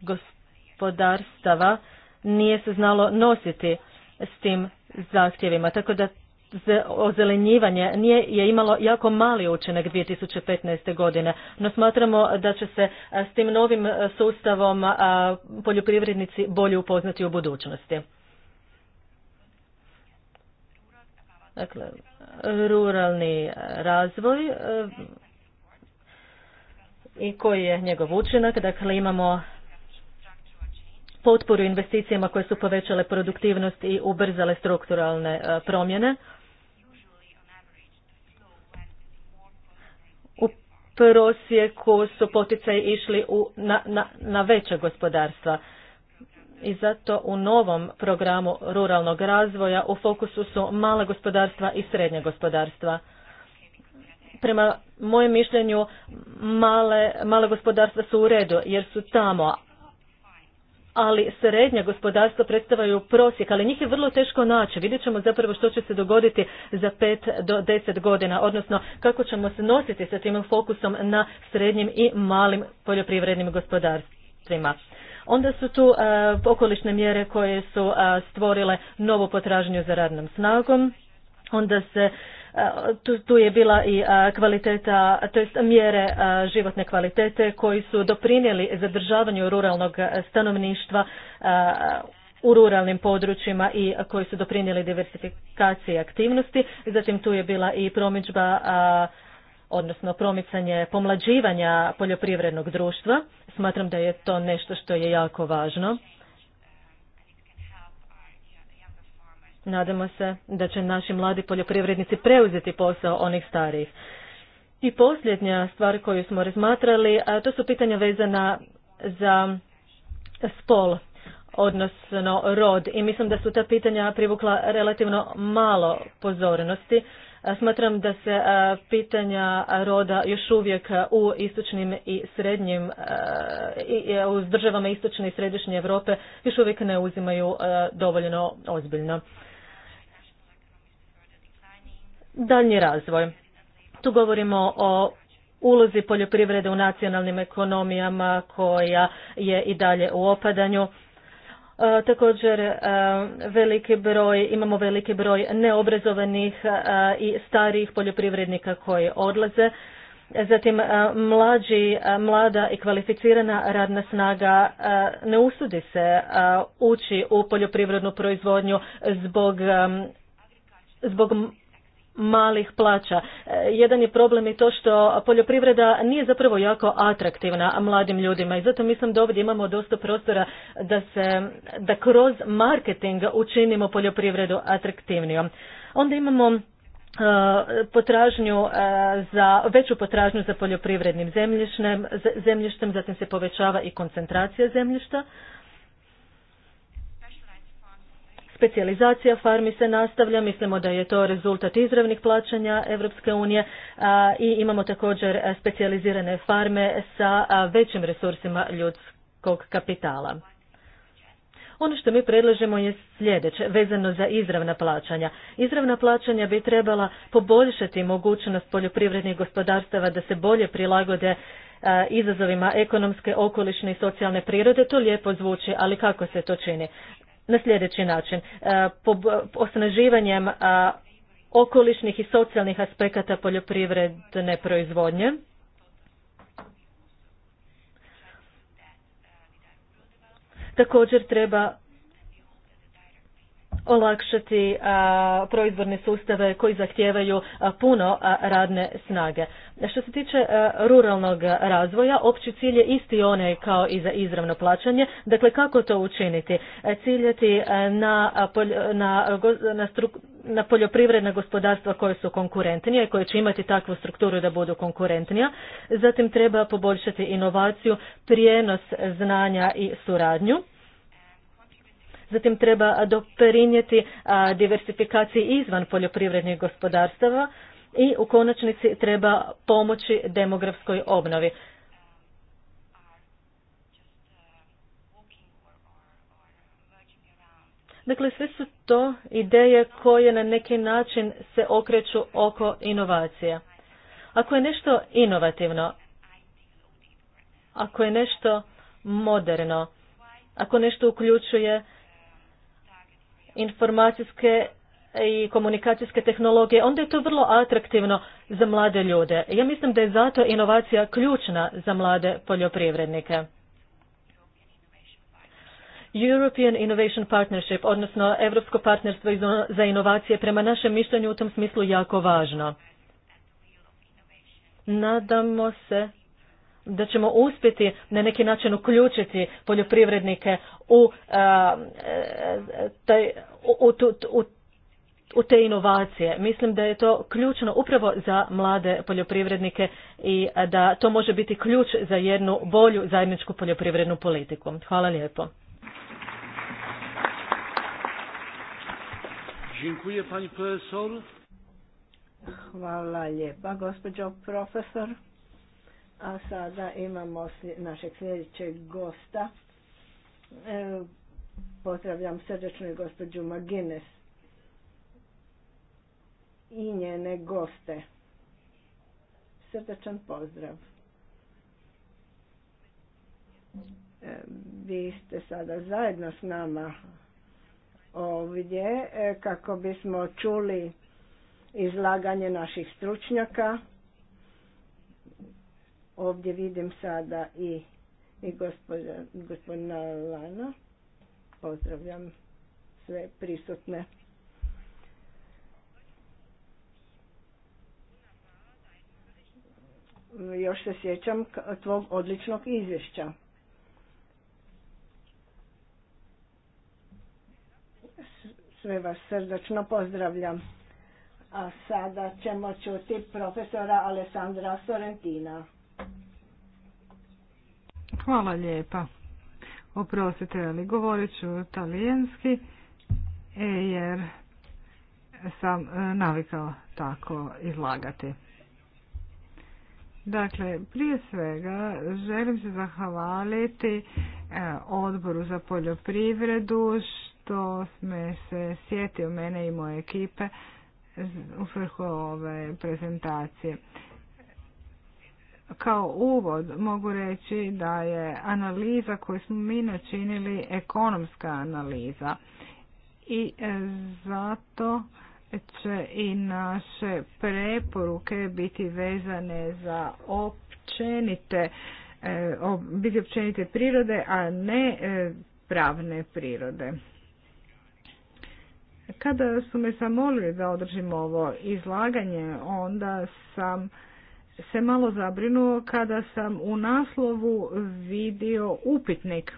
gospodarstava nije se znalo nositi s tim zahtjevima. Tako da ozelenjivanje nije, je imalo jako mali učinak 2015. godine, no smatramo da će se s tim novim sustavom poljoprivrednici bolje upoznati u budućnosti. Dakle, ruralni razvoj e, i koji je njegov učinak. Dakle, imamo potporu investicijama koje su povećale produktivnost i ubrzale strukturalne e, promjene. U prosjeku su poticaj išli u, na, na, na veća gospodarstva i zato u novom programu ruralnog razvoja u fokusu su mala gospodarstva i srednja gospodarstva. Prema mojem mišljenju male, mala gospodarstva su u redu jer su tamo, ali srednja gospodarstva predstavaju prosjek, ali njih je vrlo teško naći. Vidjet ćemo zapravo što će se dogoditi za pet do deset godina, odnosno kako ćemo se nositi sa tim fokusom na srednjim i malim poljoprivrednim gospodarstvima. Onda su tu e, okolišne mjere koje su e, stvorile novu potražnju za radnom snagom. Onda se e, tu, je bila i kvaliteta, to jest mjere životne kvalitete koji su doprinijeli zadržavanju ruralnog stanovništva u ruralnim područjima i koji su doprinijeli diversifikaciji aktivnosti. Zatim tu je bila i promidžba odnosno promicanje pomlađivanja poljoprivrednog društva. Smatram da je to nešto što je jako važno. Nadamo se da će naši mladi poljoprivrednici preuzeti posao onih starijih. I posljednja stvar koju smo razmatrali, a to su pitanja vezana za spol, odnosno rod. I mislim da su ta pitanja privukla relativno malo pozornosti Smatram da se pitanja roda još uvijek u istočnim i srednjim, u državama istočne i središnje Europe još uvijek ne uzimaju dovoljno ozbiljno. Daljnji razvoj. Tu govorimo o ulozi poljoprivrede u nacionalnim ekonomijama koja je i dalje u opadanju. E, također e, veliki broj, imamo veliki broj neobrazovanih e, i starijih poljoprivrednika koji odlaze. Zatim mlađi, mlada i kvalificirana radna snaga ne usudi se ući u poljoprivrednu proizvodnju zbog zbog malih plaća. E, jedan je problem i to što poljoprivreda nije zapravo jako atraktivna mladim ljudima i zato mislim da ovdje imamo dosta prostora da se da kroz marketing učinimo poljoprivredu atraktivnijom. Onda imamo e, potražnju e, za veću potražnju za poljoprivrednim zemljištem, zemljištem, zatim se povećava i koncentracija zemljišta, Specijalizacija farmi se nastavlja, mislimo da je to rezultat izravnih plaćanja Europske unije i imamo također specijalizirane farme sa većim resursima ljudskog kapitala. Ono što mi predlažemo je sljedeće, vezano za izravna plaćanja. Izravna plaćanja bi trebala poboljšati mogućnost poljoprivrednih gospodarstava da se bolje prilagode izazovima ekonomske, okolišne i socijalne prirode, to lijepo zvuči, ali kako se to čini? na sljedeći način. E, osnaživanjem e, okolišnih i socijalnih aspekata poljoprivredne proizvodnje. Također treba olakšati proizvodne sustave koji zahtijevaju puno radne snage. Što se tiče ruralnog razvoja, opći cilj je isti onaj kao i za izravno plaćanje. Dakle, kako to učiniti? E, Ciljati e, na, na, poljoprivredna gospodarstva koje su konkurentnija i koje će imati takvu strukturu da budu konkurentnija. Zatim treba poboljšati inovaciju, prijenos znanja i suradnju Zatim treba doprinijeti diversifikaciji izvan poljoprivrednih gospodarstava i u konačnici treba pomoći demografskoj obnovi. Dakle, sve su to ideje koje na neki način se okreću oko inovacija. Ako je nešto inovativno, ako je nešto moderno, ako nešto uključuje informacijske i komunikacijske tehnologije, onda je to vrlo atraktivno za mlade ljude. Ja mislim da je zato inovacija ključna za mlade poljoprivrednike. European Innovation Partnership, odnosno Europsko partnerstvo za inovacije, prema našem mišljenju u tom smislu jako važno. Nadamo se da ćemo uspjeti na neki način uključiti poljoprivrednike u, uh, e, taj, u, u, te inovacije. Mislim da je to ključno upravo za mlade poljoprivrednike i da to može biti ključ za jednu bolju zajedničku poljoprivrednu politiku. Hvala lijepo. Hvala lijepa gospođo profesor. A sada imamo našeg sljedećeg gosta. E, pozdravljam srdečno i gospođu Magines i njene goste. Srdečan pozdrav. E, vi ste sada zajedno s nama ovdje e, kako bismo čuli izlaganje naših stručnjaka Ovdje vidim sada i, i gospodina, Lana. Pozdravljam sve prisutne. Još se sjećam tvog odličnog izvješća. Sve vas srdačno pozdravljam. A sada ćemo čuti profesora Alessandra Sorrentina. Hvala lijepa. Oprostite, ali govorit ću talijanski e, jer sam e, navikao tako izlagati. Dakle, prije svega želim se zahvaliti e, odboru za poljoprivredu što sme se sjetio mene i moje ekipe u svrhu ove prezentacije. Kao uvod mogu reći da je analiza koju smo mi načinili ekonomska analiza i e, zato će i naše preporuke biti vezane za općenite e, biti općenite prirode, a ne e, pravne prirode. Kada su me samolili da održim ovo izlaganje, onda sam se malo zabrinuo kada sam u naslovu vidio upitnik.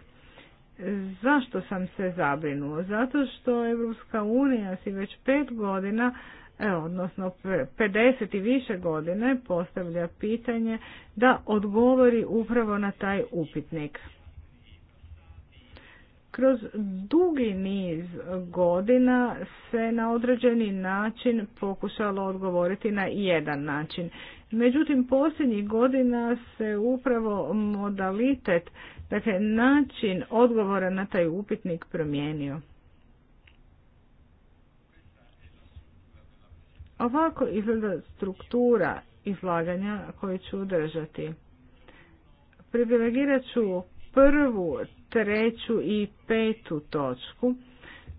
Zašto sam se zabrinuo? Zato što Evropska unija si već pet godina, e, odnosno 50 i više godine, postavlja pitanje da odgovori upravo na taj upitnik. Kroz dugi niz godina se na određeni način pokušalo odgovoriti na jedan način. Međutim, posljednjih godina se upravo modalitet, dakle način odgovora na taj upitnik promijenio. Ovako izgleda struktura izlaganja koju ću održati. Privilegirat ću prvu, treću i petu točku,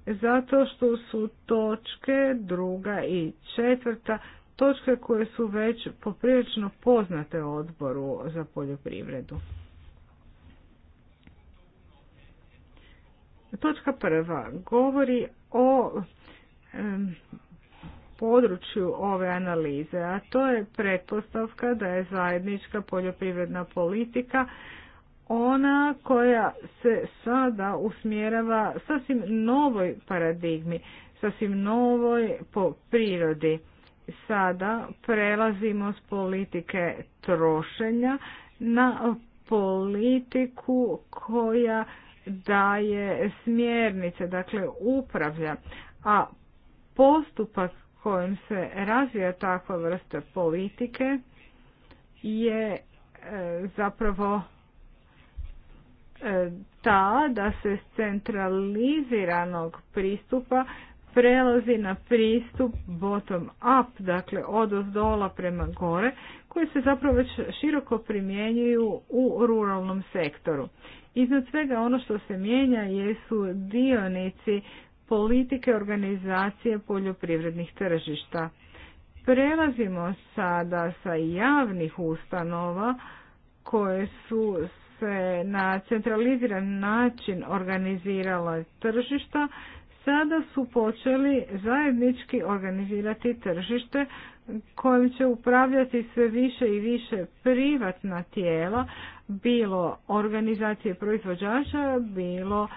zato što su točke druga i četvrta točke koje su već poprilično poznate odboru za poljoprivredu. Točka prva govori o području ove analize, a to je pretpostavka da je zajednička poljoprivredna politika ona koja se sada usmjerava sasvim novoj paradigmi, sasvim novoj po prirodi sada prelazimo s politike trošenja na politiku koja daje smjernice, dakle upravlja, a postupak kojim se razvija takva vrsta politike je e, zapravo e, ta da se centraliziranog pristupa prelazi na pristup bottom up, dakle od dola prema gore, koji se zapravo već široko primjenjuju u ruralnom sektoru. Iznad svega ono što se mijenja jesu dionici politike organizacije poljoprivrednih tržišta. Prelazimo sada sa javnih ustanova koje su se na centraliziran način organizirala tržišta sada su počeli zajednički organizirati tržište kojim će upravljati sve više i više privatna tijela, bilo organizacije proizvođača, bilo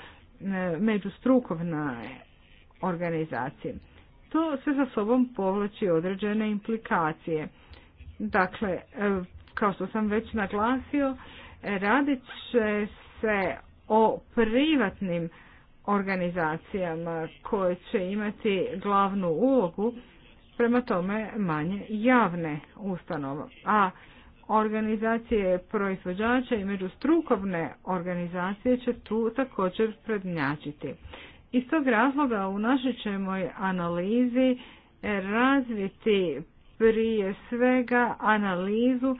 e, međustrukovna organizacije. To sve za sobom povlači određene implikacije. Dakle, e, kao što sam već naglasio, radit će se o privatnim organizacijama koje će imati glavnu ulogu, prema tome manje javne ustanove. A organizacije proizvođača i međustrukovne organizacije će tu također prednjačiti. Iz tog razloga u našoj ćemo analizi e, razviti prije svega analizu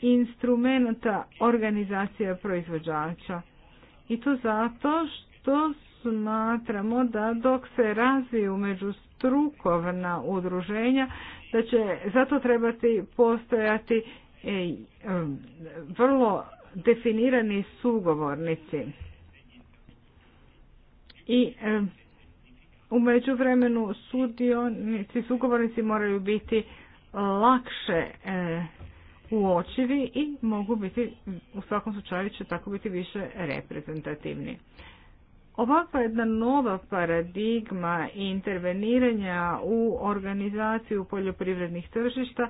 instrumenta organizacija proizvođača. I to zato što smatramo da dok se razviju među strukovna udruženja, da će zato trebati postojati e, vrlo definirani sugovornici. I e, u međuvremenu sudionici, sugovornici moraju biti lakše e, uočivi i mogu biti, u svakom slučaju će tako biti više reprezentativni. Ovakva jedna nova paradigma interveniranja u organizaciju poljoprivrednih tržišta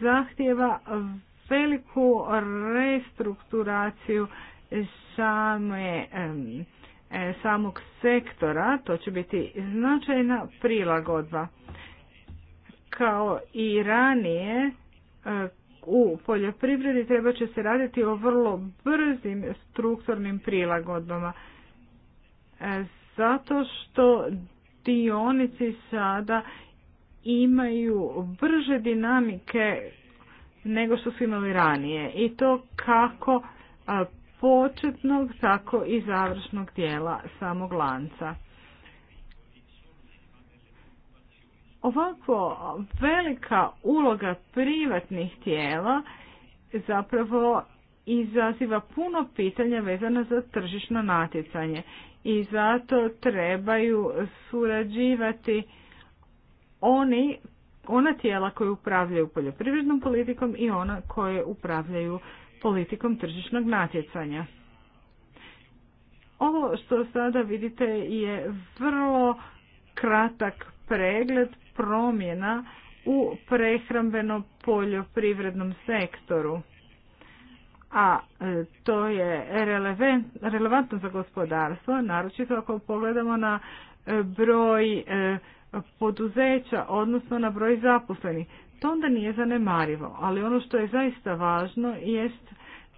zahtjeva veliku restrukturaciju same, e, samog sektora, to će biti značajna prilagodba. Kao i ranije, e, u poljoprivredi treba će se raditi o vrlo brzim strukturnim prilagodbama E, zato što dionici sada imaju brže dinamike nego što su imali ranije i to kako e, početnog, tako i završnog dijela samog lanca. Ovako velika uloga privatnih tijela zapravo izaziva puno pitanja vezana za tržišno natjecanje i zato trebaju surađivati oni ona tijela koje upravljaju poljoprivrednom politikom i ona koje upravljaju politikom tržišnog natjecanja. Ovo što sada vidite je vrlo kratak pregled promjena u prehrambeno poljoprivrednom sektoru a e, to je relevantno za gospodarstvo, naročito ako pogledamo na e, broj e, poduzeća, odnosno na broj zaposlenih. To onda nije zanemarivo, ali ono što je zaista važno jest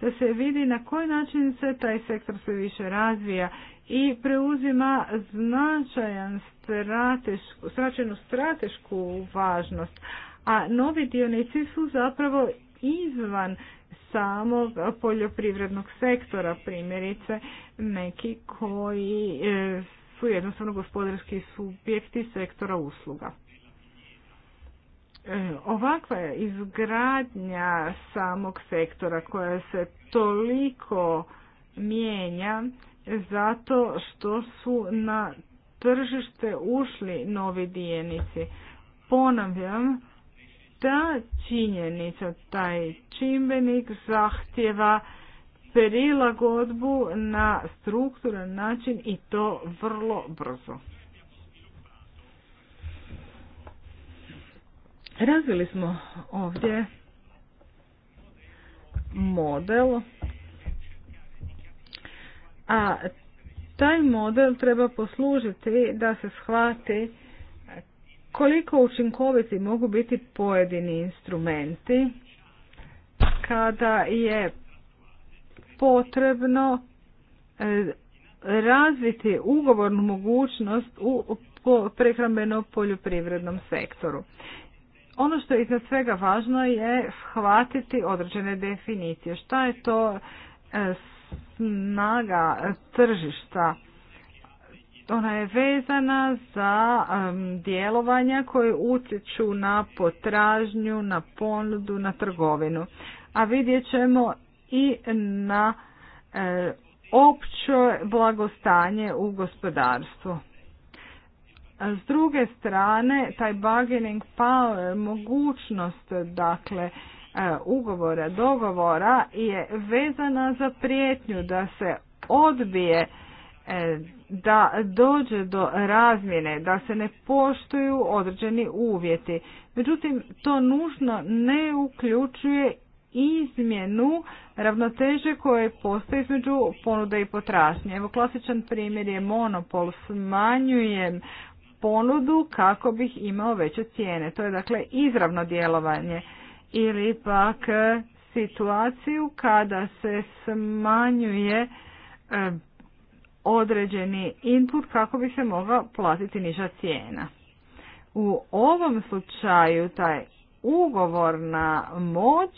da se vidi na koji način se taj sektor sve više razvija i preuzima značajan stratešku, značajnu stratešku važnost, a novi dionici su zapravo izvan samog poljoprivrednog sektora, primjerice neki koji e, su jednostavno gospodarski subjekti sektora usluga. E, ovakva je izgradnja samog sektora koja se toliko mijenja zato što su na tržište ušli novi dijenici. Ponavljam, ta činjenica, taj čimbenik zahtjeva prilagodbu na strukturan način i to vrlo brzo. Razvili smo ovdje model, a taj model treba poslužiti da se shvati koliko učinkoviti mogu biti pojedini instrumenti kada je potrebno e, razviti ugovornu mogućnost u prehrambeno poljoprivrednom sektoru. Ono što je iznad svega važno je shvatiti određene definicije. Šta je to e, snaga tržišta ona je vezana za djelovanja koje utječu na potražnju, na ponudu, na trgovinu. A vidjet ćemo i na e, opće blagostanje u gospodarstvu. S druge strane, taj bargaining power, mogućnost dakle, e, ugovora, dogovora je vezana za prijetnju da se odbije E, da dođe do razmjene, da se ne poštuju određeni uvjeti. Međutim, to nužno ne uključuje izmjenu ravnoteže koje postoji između ponude i potražnje. Evo klasičan primjer je monopol, smanjujem ponudu kako bih imao veće cijene. To je dakle izravno djelovanje ili pak situaciju kada se smanjuje e, određeni input kako bi se mogla platiti niža cijena. U ovom slučaju taj ugovorna moć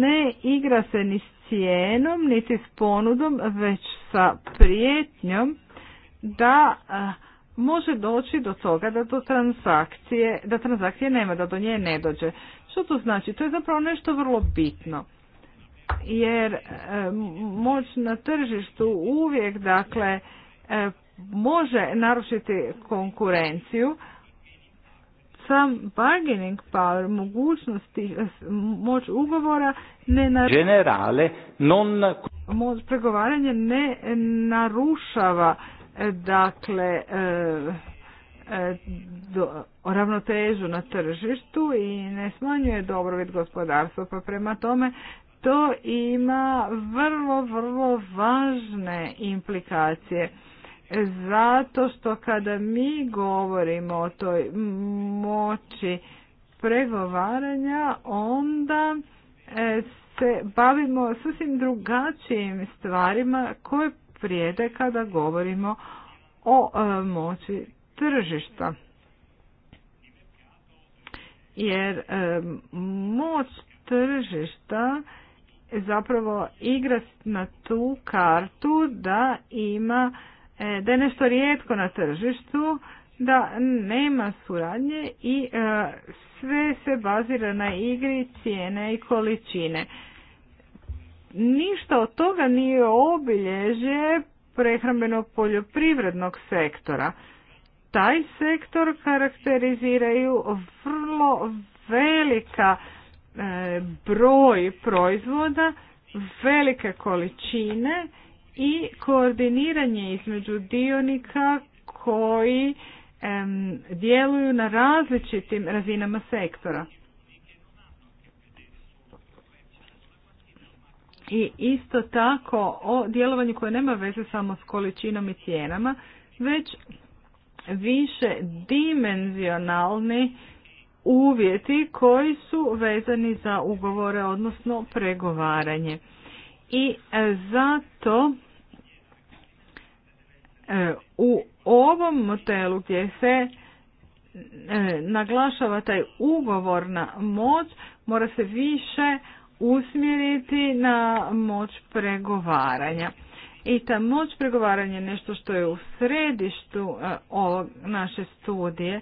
ne igra se ni s cijenom, niti s ponudom, već sa prijetnjom da može doći do toga da do transakcije, da transakcije nema, da do nje ne dođe. Što to znači? To je zapravo nešto vrlo bitno jer e, moć na tržištu uvijek dakle e, može narušiti konkurenciju sam bargaining power, mogućnosti, e, moć ugovora ne na Generale, non... Moć ne narušava dakle do, ravnotežu na tržištu i ne smanjuje dobrobit gospodarstva, pa prema tome to ima vrlo, vrlo važne implikacije. Zato što kada mi govorimo o toj moći pregovaranja, onda e, se bavimo sasvim drugačijim stvarima koje prijede kada govorimo o e, moći tržišta. Jer e, moć tržišta zapravo igra na tu kartu da ima, e, da je nešto rijetko na tržištu, da nema suradnje i e, sve se bazira na igri cijene i količine. Ništa od toga nije obilježje prehrambenog poljoprivrednog sektora. Taj sektor karakteriziraju vrlo velika E, broj proizvoda, velike količine i koordiniranje između dionika koji djeluju na različitim razinama sektora. I isto tako o djelovanju koje nema veze samo s količinom i cijenama, već više dimenzionalni uvjeti koji su vezani za ugovore, odnosno pregovaranje. I e, zato e, u ovom modelu gdje se e, naglašava taj ugovorna moć, mora se više usmjeriti na moć pregovaranja. I ta moć pregovaranja je nešto što je u središtu naše studije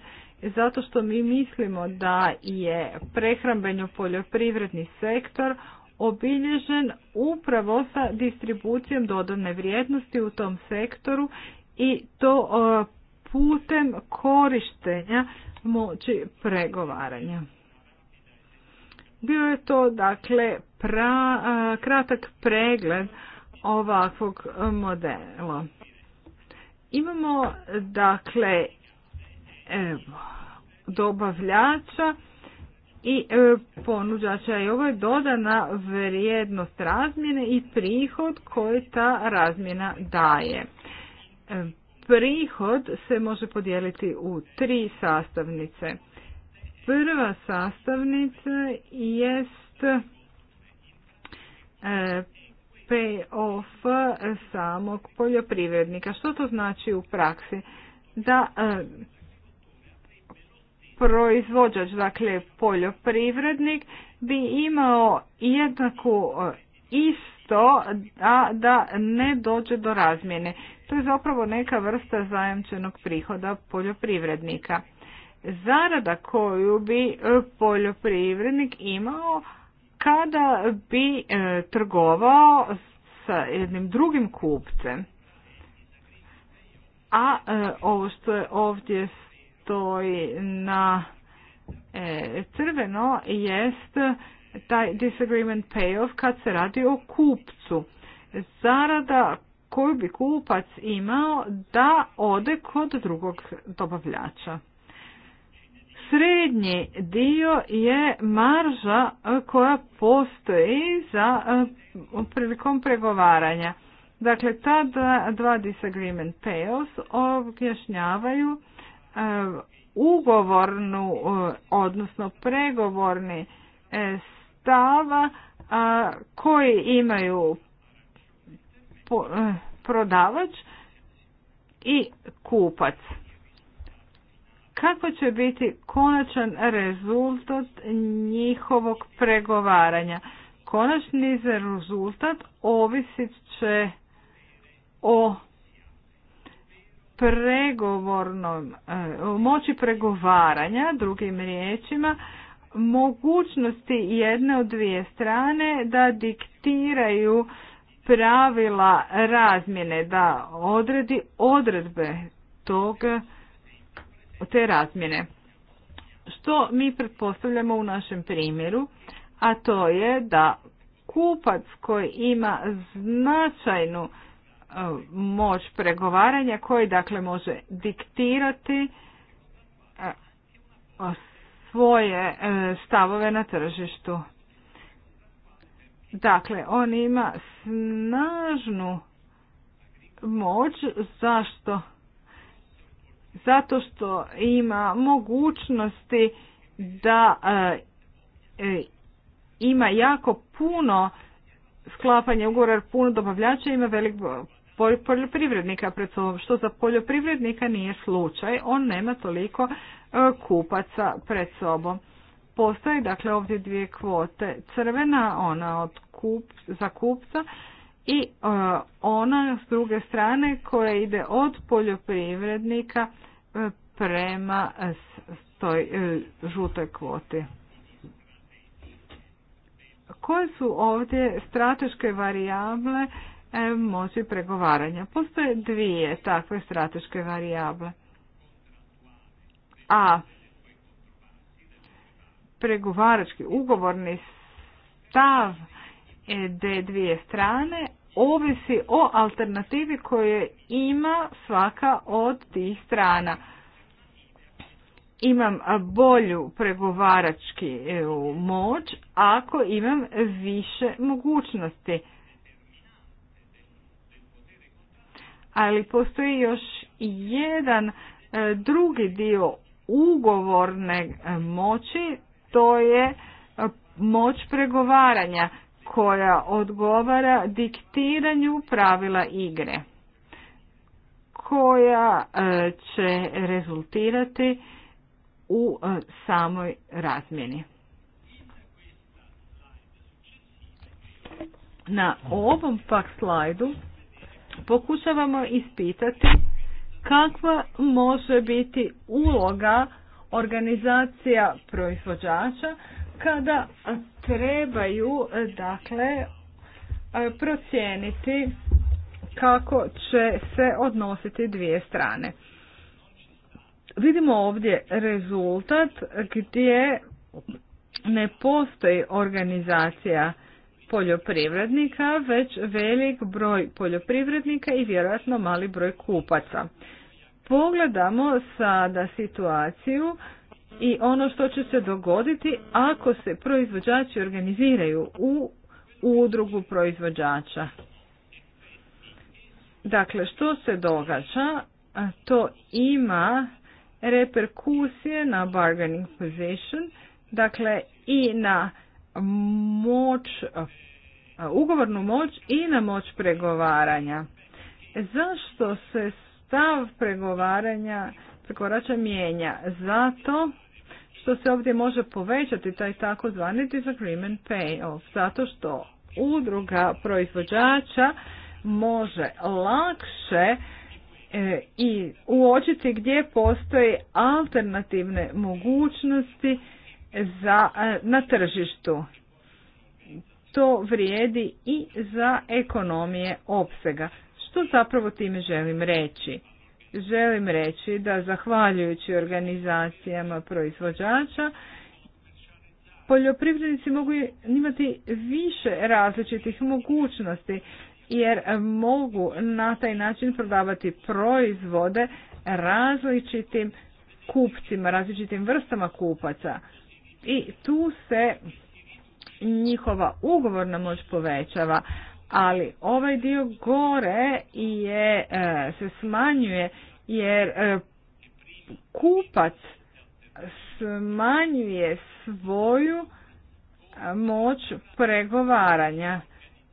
zato što mi mislimo da je prehrambeno poljoprivredni sektor obilježen upravo sa distribucijom dodane vrijednosti u tom sektoru i to e, putem korištenja moći pregovaranja. Bio je to dakle pra, e, kratak pregled ovakvog modela. Imamo dakle dobavljača i e, ponuđača i ovo je dodana vrijednost razmjene i prihod koji ta razmjena daje. E, prihod se može podijeliti u tri sastavnice. Prva sastavnica jest e, payoff samog poljoprivrednika. Što to znači u praksi? Da proizvođač, dakle poljoprivrednik, bi imao jednaku e, isto, a da ne dođe do razmjene. To je zapravo neka vrsta zajamčenog prihoda poljoprivrednika. Zarada koju bi e, poljoprivrednik imao kada bi e, trgovao sa jednim drugim kupcem. A ovo što je ovdje stoji na e, crveno jest taj disagreement payoff kad se radi o kupcu. Zarada koju bi kupac imao da ode kod drugog dobavljača. Srednji dio je marža e, koja postoji za e, prilikom pregovaranja. Dakle, ta dva disagreement payoffs objašnjavaju E, ugovornu, e, odnosno pregovorni e, stava koji imaju prodavač i kupac. Kako će biti konačan rezultat njihovog pregovaranja? Konačni rezultat ovisit će o pregovornom, e, moći pregovaranja, drugim riječima, mogućnosti jedne od dvije strane da diktiraju pravila razmjene, da odredi odredbe tog, te razmjene. Što mi pretpostavljamo u našem primjeru, a to je da kupac koji ima značajnu E, moć pregovaranja koji dakle može diktirati e, svoje e, stavove na tržištu. Dakle, on ima snažnu moć zašto? Zato što ima mogućnosti da e, ima jako puno sklapanja ugovora, puno dobavljača, ima velik poljoprivrednika pred sobom, što za poljoprivrednika nije slučaj, on nema toliko e, kupaca pred sobom. Postoje dakle ovdje dvije kvote, crvena ona od kup, za kupca i e, ona s druge strane koja ide od poljoprivrednika e, prema toj žutoj kvoti. Koje su ovdje strateške varijable E, moći pregovaranja. Postoje dvije takve strateške varijable. A pregovarački ugovorni stav te dvije strane ovisi o alternativi koje ima svaka od tih strana. Imam bolju pregovarački e, moć ako imam više mogućnosti. ali postoji još jedan e, drugi dio ugovorne e, moći, to je e, moć pregovaranja koja odgovara diktiranju pravila igre koja će rezultirati u samoj razmjeni. Na ovom pak slajdu pokušavamo ispitati kakva može biti uloga organizacija proizvođača kada trebaju dakle procijeniti kako će se odnositi dvije strane. Vidimo ovdje rezultat gdje ne postoji organizacija poljoprivrednika, već velik broj poljoprivrednika i vjerojatno mali broj kupaca. Pogledamo sada situaciju i ono što će se dogoditi ako se proizvođači organiziraju u udrugu proizvođača. Dakle, što se događa? To ima reperkusije na bargaining position, dakle i na moć, ugovornu moć i na moć pregovaranja. Zašto se stav pregovaranja prekorača mijenja? Zato što se ovdje može povećati taj takozvani disagreement payoff, zato što udruga proizvođača može lakše e, i uočiti gdje postoje alternativne mogućnosti za, e, na tržištu. To vrijedi i za ekonomije opsega. Što zapravo time želim reći? Želim reći da zahvaljujući organizacijama proizvođača poljoprivrednici mogu imati više različitih mogućnosti jer mogu na taj način prodavati proizvode različitim kupcima, različitim vrstama kupaca i tu se njihova ugovorna moć povećava, ali ovaj dio gore je, e, se smanjuje jer e, kupac smanjuje svoju e, moć pregovaranja.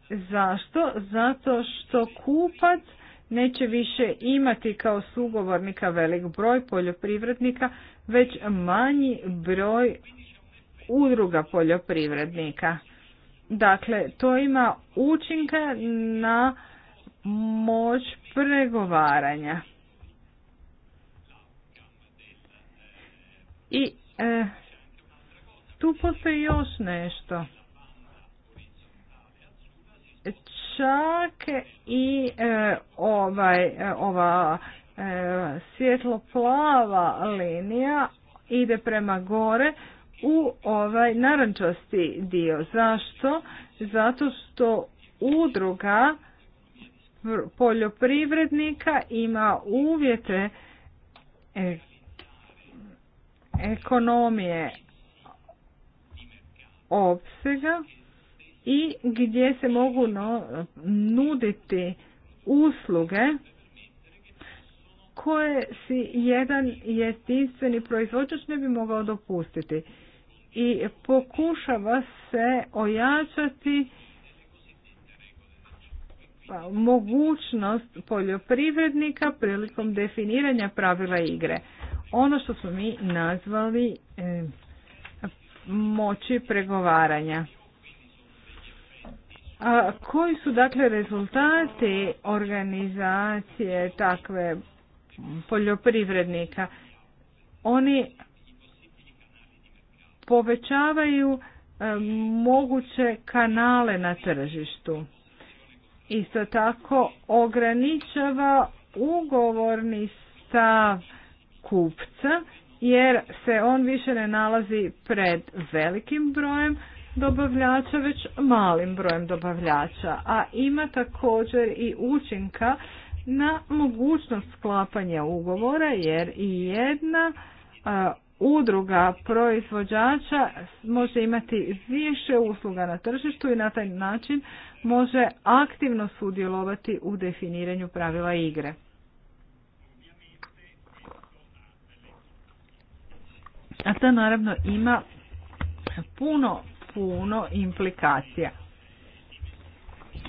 Zašto? Zato što kupac neće više imati kao sugovornika velik broj poljoprivrednika, već manji broj udruga poljoprivrednika. Dakle, to ima učinka na moć pregovaranja. I e, tu postoji još nešto. Čak i e, ovaj, e, ova e, svjetloplava linija ide prema gore, u ovaj narančasti dio. Zašto? Zato što udruga poljoprivrednika ima uvjete e, ekonomije opsega i gdje se mogu nuditi usluge koje si jedan jedinstveni proizvođač ne bi mogao dopustiti i pokušava se ojačati mogućnost poljoprivrednika prilikom definiranja pravila igre. Ono što smo mi nazvali moći pregovaranja. A koji su dakle rezultati organizacije takve poljoprivrednika? Oni povećavaju moguće kanale na tržištu. Isto tako ograničava ugovorni stav kupca jer se on više ne nalazi pred velikim brojem dobavljača već malim brojem dobavljača, a ima također i učinka na mogućnost sklapanja ugovora jer i jedna udruga proizvođača može imati više usluga na tržištu i na taj način može aktivno sudjelovati u definiranju pravila igre. A to naravno ima puno, puno implikacija.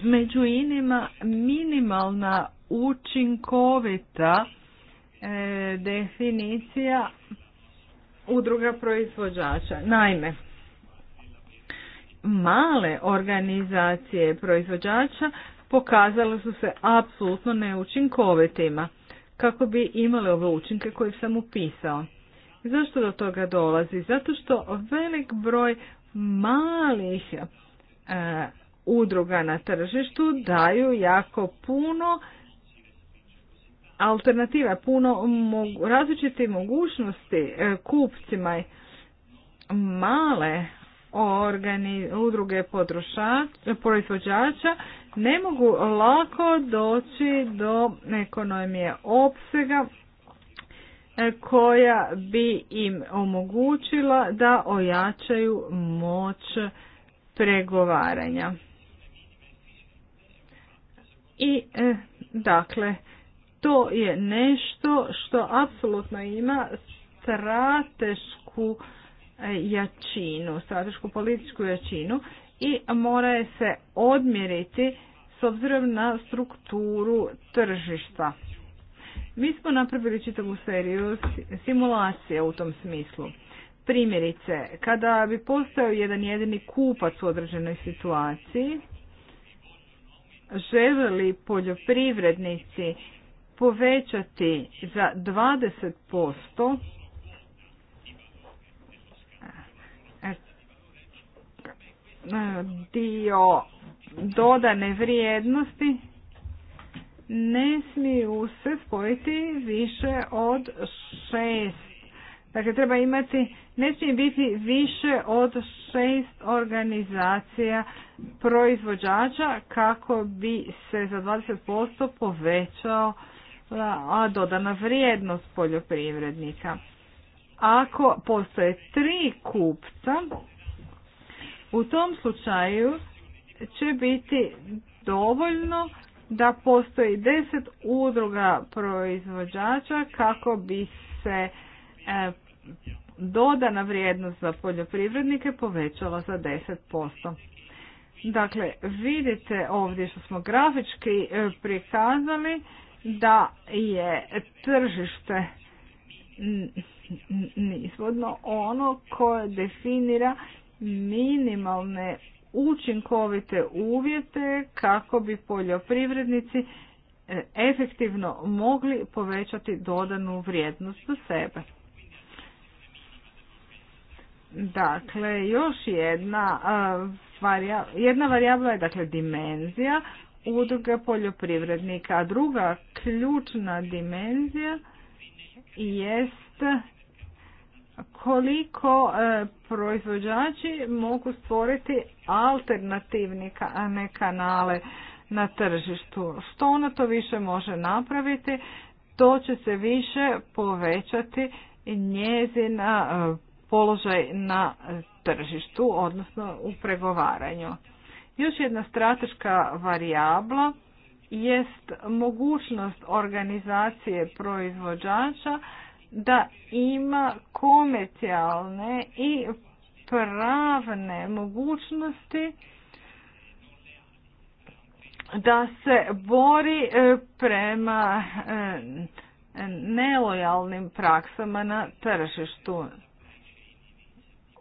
Među inima minimalna učinkovita e, definicija udruga proizvođača. Naime, male organizacije proizvođača pokazale su se apsolutno neučinkovitima kako bi imale ove učinke koje sam upisao. Zašto do toga dolazi? Zato što velik broj malih e, udruga na tržištu daju jako puno alternativa, puno mogu, različite mogućnosti e, kupcima male organi, udruge proizvođača ne mogu lako doći do ekonomije opsega e, koja bi im omogućila da ojačaju moć pregovaranja. I e, dakle, to je nešto što apsolutno ima stratešku e, jačinu, stratešku političku jačinu i mora je se odmjeriti s obzirom na strukturu tržišta. Mi smo napravili čitavu seriju simulacija u tom smislu. Primjerice, kada bi postao jedan jedini kupac u određenoj situaciji, želi poljoprivrednici povećati za 20% dio dodane vrijednosti ne smiju se spojiti više od šest. Dakle, treba imati, ne smije biti više od šest organizacija proizvođača kako bi se za 20% povećao a dodana vrijednost poljoprivrednika. Ako postoje tri kupca, u tom slučaju će biti dovoljno da postoji deset udruga proizvođača kako bi se e, dodana vrijednost za poljoprivrednike povećala za 10%. Dakle, vidite ovdje što smo grafički e, prikazali da je tržište ono koje definira minimalne učinkovite uvjete kako bi poljoprivrednici e, efektivno mogli povećati dodanu vrijednost za sebe. Dakle, još jedna, jedna varijabla je dakle dimenzija, udruga poljoprivrednika. A druga ključna dimenzija jest koliko e, proizvođači mogu stvoriti alternativni kanale na tržištu. Što ona to više može napraviti, to će se više povećati njezin e, položaj na tržištu, odnosno u pregovaranju. Još jedna strateška varijabla jest mogućnost organizacije proizvođača da ima komercijalne i pravne mogućnosti da se bori e, prema e, nelojalnim praksama na tržištu,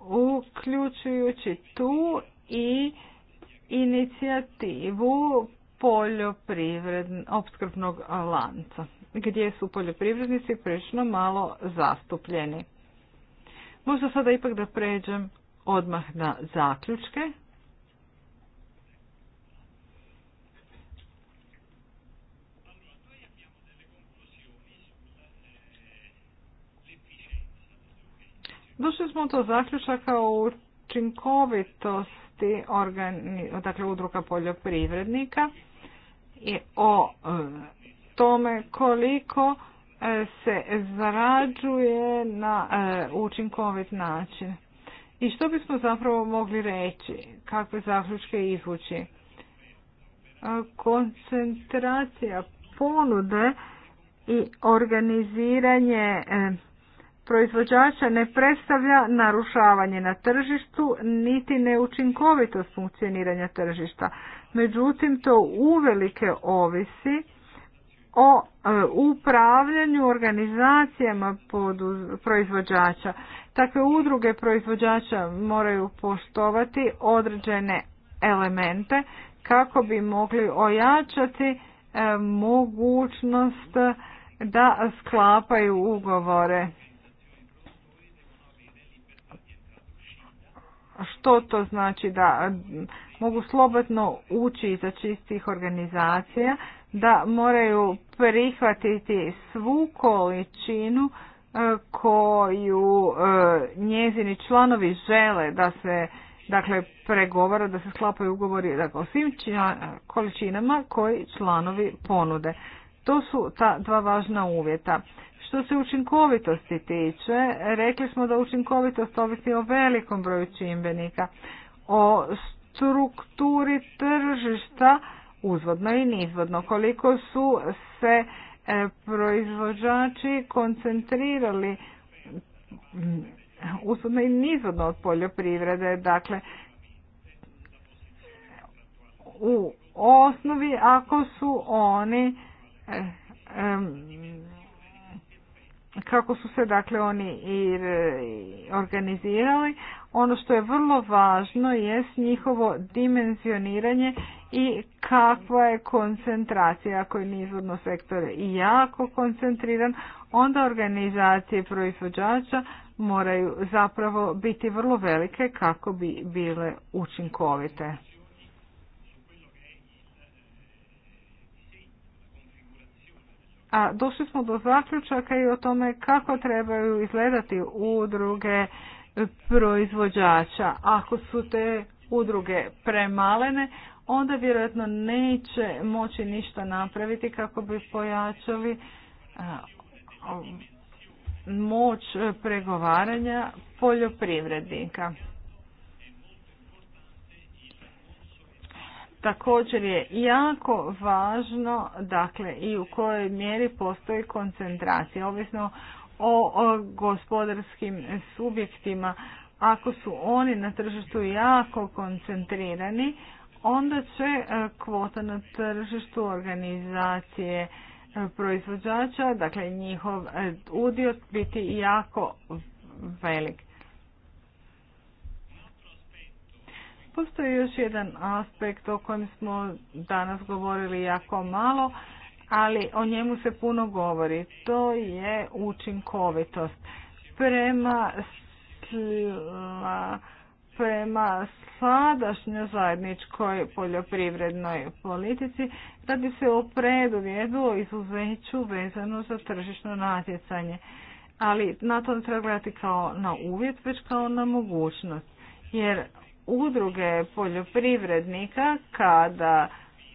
uključujući tu i inicijativu opskrbnog lanca, gdje su poljoprivrednici prilično malo zastupljeni. Možda sada ipak da pređem odmah na zaključke. Došli smo do zaključaka u učinkovitosti organi, dakle, udruga poljoprivrednika i o e, tome koliko e, se zarađuje na e, učinkovit način. I što bismo zapravo mogli reći, kakve zaključke izvući? Koncentracija ponude i organiziranje proizvođača ne predstavlja narušavanje na tržištu niti neučinkovitost funkcioniranja tržišta. Međutim, to uvelike ovisi o e, upravljanju organizacijama proizvođača. Takve udruge proizvođača moraju poštovati određene elemente kako bi mogli ojačati e, mogućnost da sklapaju ugovore što to znači da mogu slobodno ući iza čistih organizacija, da moraju prihvatiti svu količinu e, koju e, njezini članovi žele da se dakle pregovara da se sklapaju ugovori dakle, o svim količinama koji članovi ponude. To su ta dva važna uvjeta. Što se učinkovitosti tiče, rekli smo da učinkovitost ovisi o velikom broju čimbenika, o strukturi tržišta uzvodno i nizvodno, koliko su se e, proizvođači koncentrirali mm, uzvodno i nizvodno od poljoprivrede, dakle u osnovi ako su oni e, kako su se dakle oni i e, organizirali. Ono što je vrlo važno jest njihovo dimenzioniranje i kakva je koncentracija. Ako je nizvodno sektor jako koncentriran, onda organizacije proizvođača moraju zapravo biti vrlo velike kako bi bile učinkovite. a došli smo do zaključaka i o tome kako trebaju izgledati udruge proizvođača. Ako su te udruge premalene, onda vjerojatno neće moći ništa napraviti kako bi pojačali e, moć pregovaranja poljoprivrednika. Također je jako važno dakle i u kojoj mjeri postoji koncentracija, ovisno o, gospodarskim subjektima. Ako su oni na tržištu jako koncentrirani, onda će e, kvota na tržištu organizacije e, proizvođača, dakle njihov e, udio biti jako velik. Postoji još jedan aspekt o kojem smo danas govorili jako malo, ali o njemu se puno govori. To je učinkovitost. Prema prema sadašnjoj zajedničkoj poljoprivrednoj politici bi se o preduvjedu o izuzeću vezano za tržišno natjecanje. Ali na to ne treba gledati kao na uvjet, već kao na mogućnost. Jer udruge poljoprivrednika kada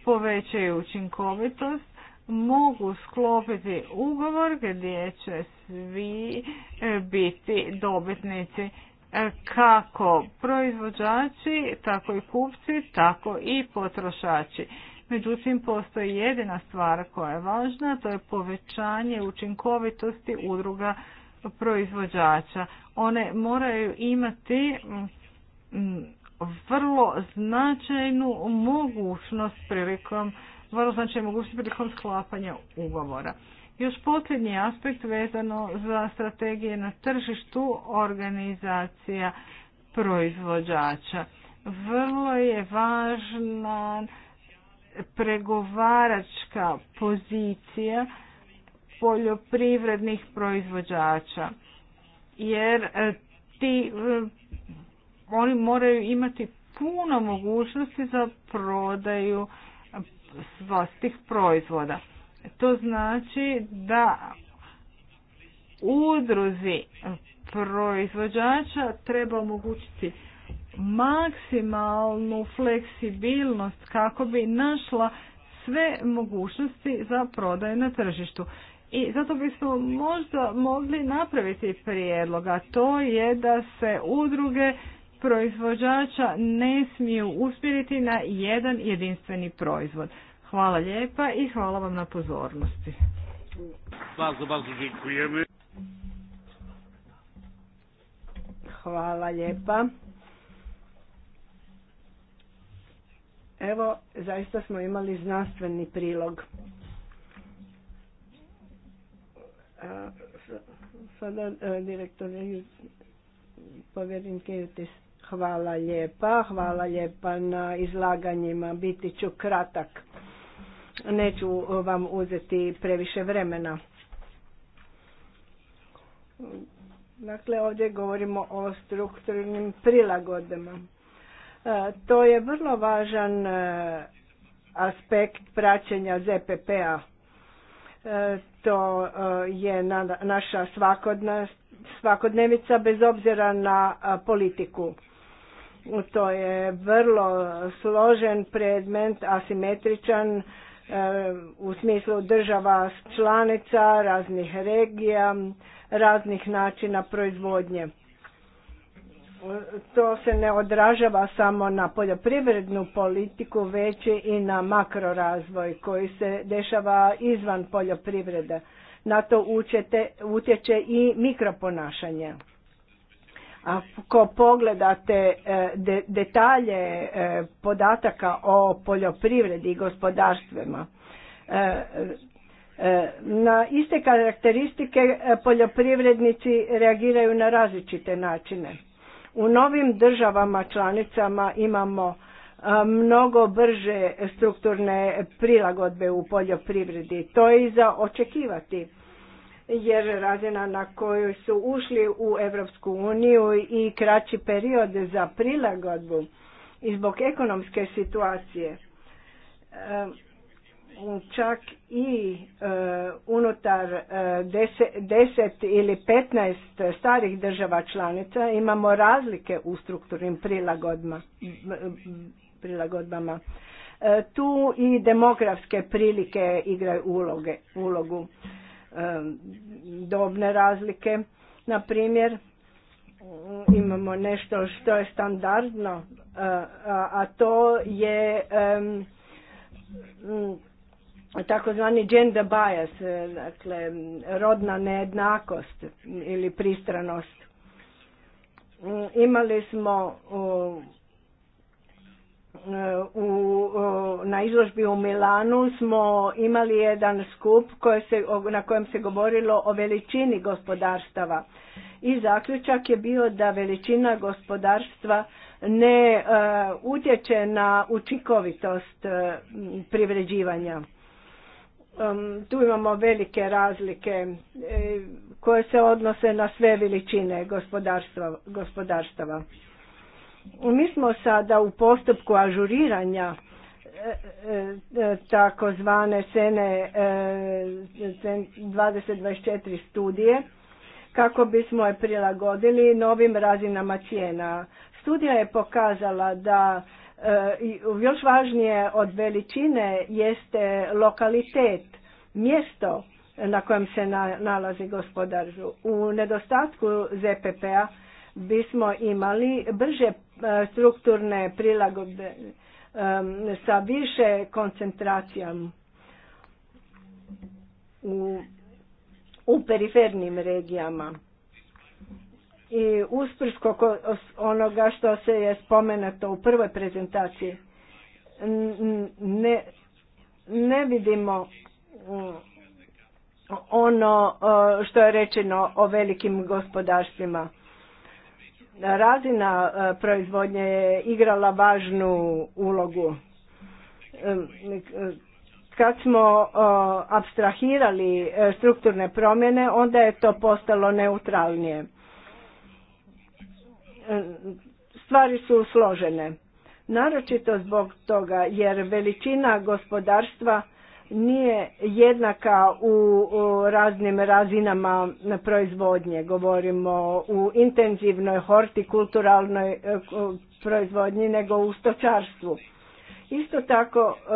povećaju učinkovitost mogu sklopiti ugovor gdje će svi e, biti dobitnici e, kako proizvođači, tako i kupci, tako i potrošači. Međutim, postoji jedina stvar koja je važna, to je povećanje učinkovitosti udruga proizvođača. One moraju imati vrlo značajnu mogućnost prilikom vrlo značajnu mogućnost prilikom sklapanja ugovora. Još posljednji aspekt vezano za strategije na tržištu organizacija proizvođača. Vrlo je važna pregovaračka pozicija poljoprivrednih proizvođača jer e, ti e, oni moraju imati puno mogućnosti za prodaju vlastitih proizvoda. To znači da udruzi proizvođača treba omogućiti maksimalnu fleksibilnost kako bi našla sve mogućnosti za prodaju na tržištu. I zato bismo možda mogli napraviti prijedlog, a to je da se udruge proizvođača ne smiju uspjeriti na jedan jedinstveni proizvod. Hvala lijepa i hvala vam na pozornosti. Hvala lijepa. Evo, zaista smo imali znanstveni prilog. Sada e, direktor e, povjerenke Jutis. Hvala lijepa, hvala lijepa na izlaganjima, biti ću kratak. Neću vam uzeti previše vremena. Dakle, ovdje govorimo o strukturnim prilagodama. E, to je vrlo važan e, aspekt praćenja ZPP-a. E, to je naša svakodnevica bez obzira na politiku. To je vrlo složen predmet, asimetričan e, u smislu država članica, raznih regija, raznih načina proizvodnje. To se ne odražava samo na poljoprivrednu politiku, već i na makrorazvoj koji se dešava izvan poljoprivrede. Na to utječe i mikroponašanje. Ako pogledate e, detalje e, podataka o poljoprivredi i gospodarstvima, e, na iste karakteristike poljoprivrednici reagiraju na različite načine. U novim državama članicama imamo mnogo brže strukturne prilagodbe u poljoprivredi. To je i za očekivati jer razina na kojoj su ušli u Europsku uniju i kraći period za prilagodbu i zbog ekonomske situacije čak i e, unutar 10 e, ili 15 starih država članica imamo razlike u strukturnim prilagodbama. E, tu i demografske prilike igraju ulogu dobne razlike. Na primjer, imamo nešto što je standardno, a to je takozvani gender bias, e, dakle rodna nejednakost ili pristranost. Imali smo u, na izložbi u Milanu smo imali jedan skup koje na kojem se govorilo o veličini gospodarstava i zaključak je bio da veličina gospodarstva ne e, utječe na učinkovitost e, privređivanja. Um, tu imamo velike razlike e, koje se odnose na sve veličine gospodarstva, gospodarstava. Mi smo sada u postupku ažuriranja e, e, e, takozvane sene 2024 studije kako bismo je prilagodili novim razinama cijena. Studija je pokazala da još važnije od veličine jeste lokalitet, mjesto na kojem se nalazi gospodarstvo. U nedostatku ZPP-a bismo imali brže e, strukturne prilagodbe e, sa više koncentracijom u, u perifernim regijama i usprsko onoga što se je spomenuto u prvoj prezentaciji ne, ne vidimo ono što je rečeno o velikim gospodarstvima razina e, proizvodnje je igrala važnu ulogu. E, kad smo abstrahirali e, strukturne promjene, onda je to postalo neutralnije. Stvari su složene. Naročito zbog toga jer veličina gospodarstva nije jednaka u raznim razinama proizvodnje. Govorimo u intenzivnoj hortikulturalnoj e, proizvodnji nego u stočarstvu. Isto tako e,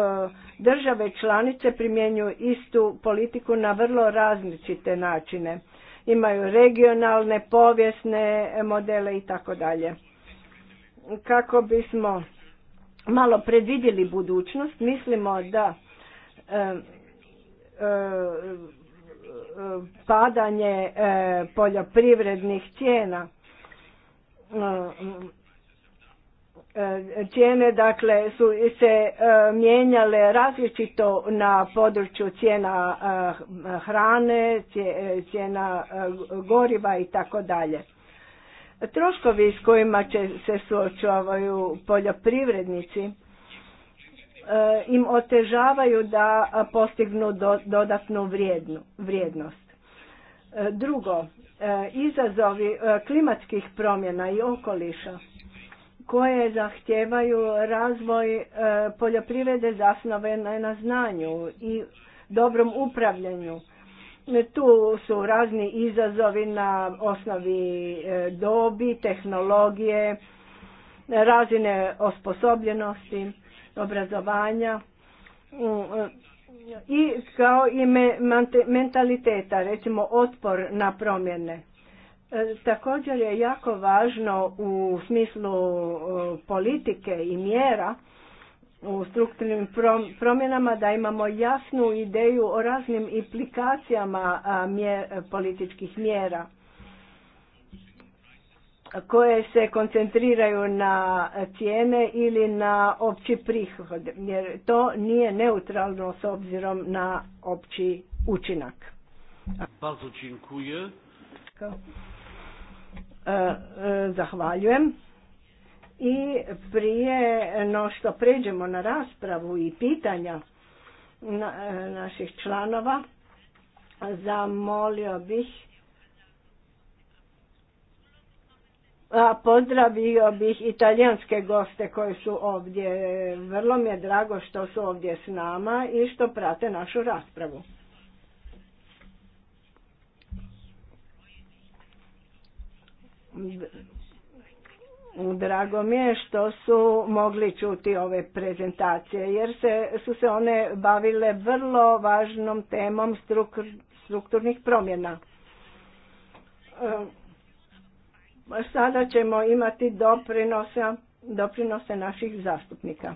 države članice primjenjuju istu politiku na vrlo različite načine. Imaju regionalne, povijesne modele i tako dalje. Kako bismo malo predvidjeli budućnost, mislimo da padanje e, poljoprivrednih cijena e, cijene dakle su se e, mijenjale različito na području cijena hrane, cijena goriva i tako dalje. Troškovi s kojima će se suočavaju poljoprivrednici Eh, im otežavaju da eh, postignu dodatnu vrijednost. Eh, drugo, izazovi klimatskih promjena i okoliša koje zahtijevaju razvoj poljoprivrede zasnovene na znanju i dobrom upravljanju. Tu su razni izazovi na osnovi dobi, tehnologije, razine osposobljenosti obrazovanja e, i kao i mentaliteta, recimo otpor na promjene. E, također je jako važno u smislu e, politike i mjera u strukturnim promjenama da imamo jasnu ideju o raznim implikacijama političkih mjera koje se koncentriraju na cijene ili na opći prihod, jer to nije neutralno s obzirom na opći učinak. Bardzo dziękuję. E, e, zahvaljujem. I prije no što pređemo na raspravu i pitanja e, naših članova, zamolio bih A pozdravio bih italijanske goste koji su ovdje. Vrlo mi je drago što su ovdje s nama i što prate našu raspravu. Drago mi je što su mogli čuti ove prezentacije jer se, su se one bavile vrlo važnom temom strukturnih promjena e, Sada ćemo imati doprinosa, doprinose naših zastupnika.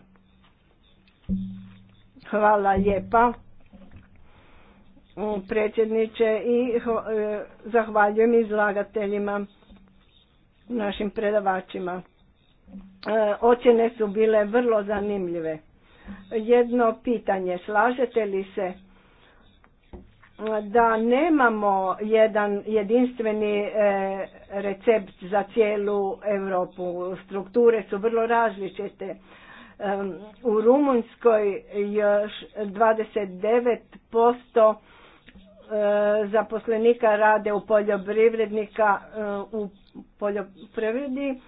Hvala lijepa mm, predsjedniče i e, zahvaljujem izlagateljima našim predavačima. E, ocjene su bile vrlo zanimljive. Jedno pitanje, slažete li se da nemamo jedan jedinstveni e, recept za cijelu Europu. Strukture su vrlo različite. E, u Rumunjskoj još 29% e, zaposlenika rade u poljoprivrednika u poljoprivredi,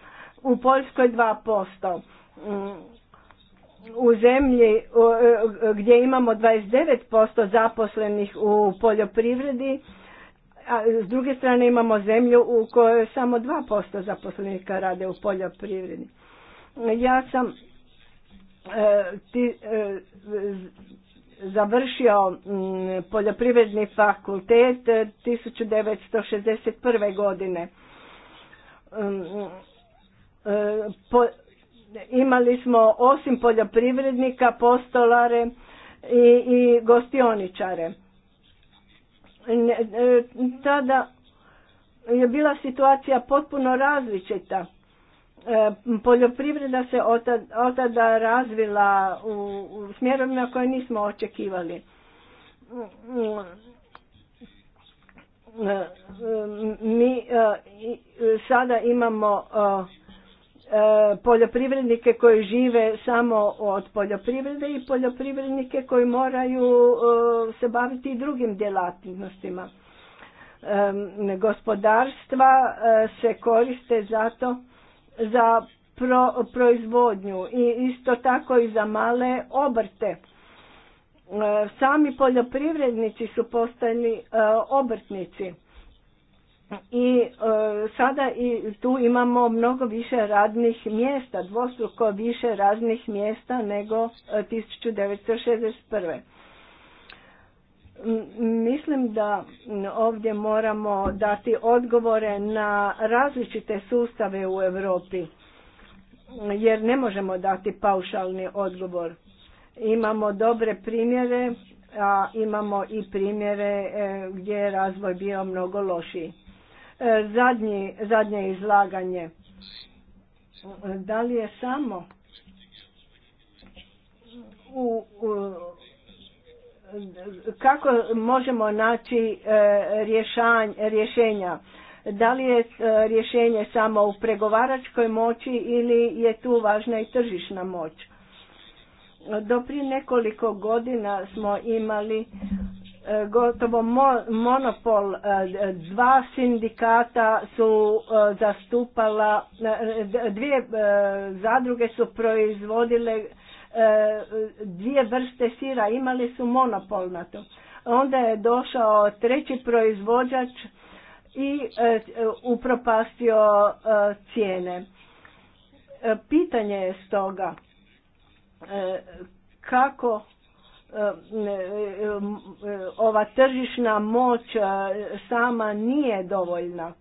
u Poljskoj 2% u zemlji e, gdje imamo 29% zaposlenih u poljoprivredi, a s druge strane imamo zemlju u kojoj samo 2% zaposlenika rade u poljoprivredi. Ja sam e, ti, e, završio mm, poljoprivredni fakultet 1961. godine. Mm, po, imali smo osim poljoprivrednika, postolare i, i gostioničare. E, tada je bila situacija potpuno različita. E, poljoprivreda se od tada razvila u, u smjerovima koje nismo očekivali e, mi sada imamo E, poljoprivrednike koji žive samo od poljoprivrede i poljoprivrednike koji moraju e, se baviti i drugim djelatnostima. E, gospodarstva se koriste zato za proizvodnju i isto tako i za male obrte. Sami poljoprivrednici su postali obrtnici i e, sada i tu imamo mnogo više radnih mjesta, dvostruko više radnih mjesta nego 1961. E, mislim da ovdje moramo dati odgovore na različite sustave u Europi jer ne možemo dati paušalni odgovor. Imamo dobre primjere, a imamo i primjere e, gdje je razvoj bio mnogo lošiji. E, zadnji, zadnje izlaganje. Da li je samo u, kako možemo naći e, rješan, rješenja? Da li je e, rješenje samo u pregovaračkoj moći ili je tu važna i tržišna moć? Do prije nekoliko godina smo imali E, gotovo monopol e, dva sindikata su e, zastupala dvije zadruge su proizvodile dvije vrste sira imali su monopol na to onda je došao treći proizvođač i upropastio cijene pitanje je stoga kako ova tržišna moć sama nije dovoljna.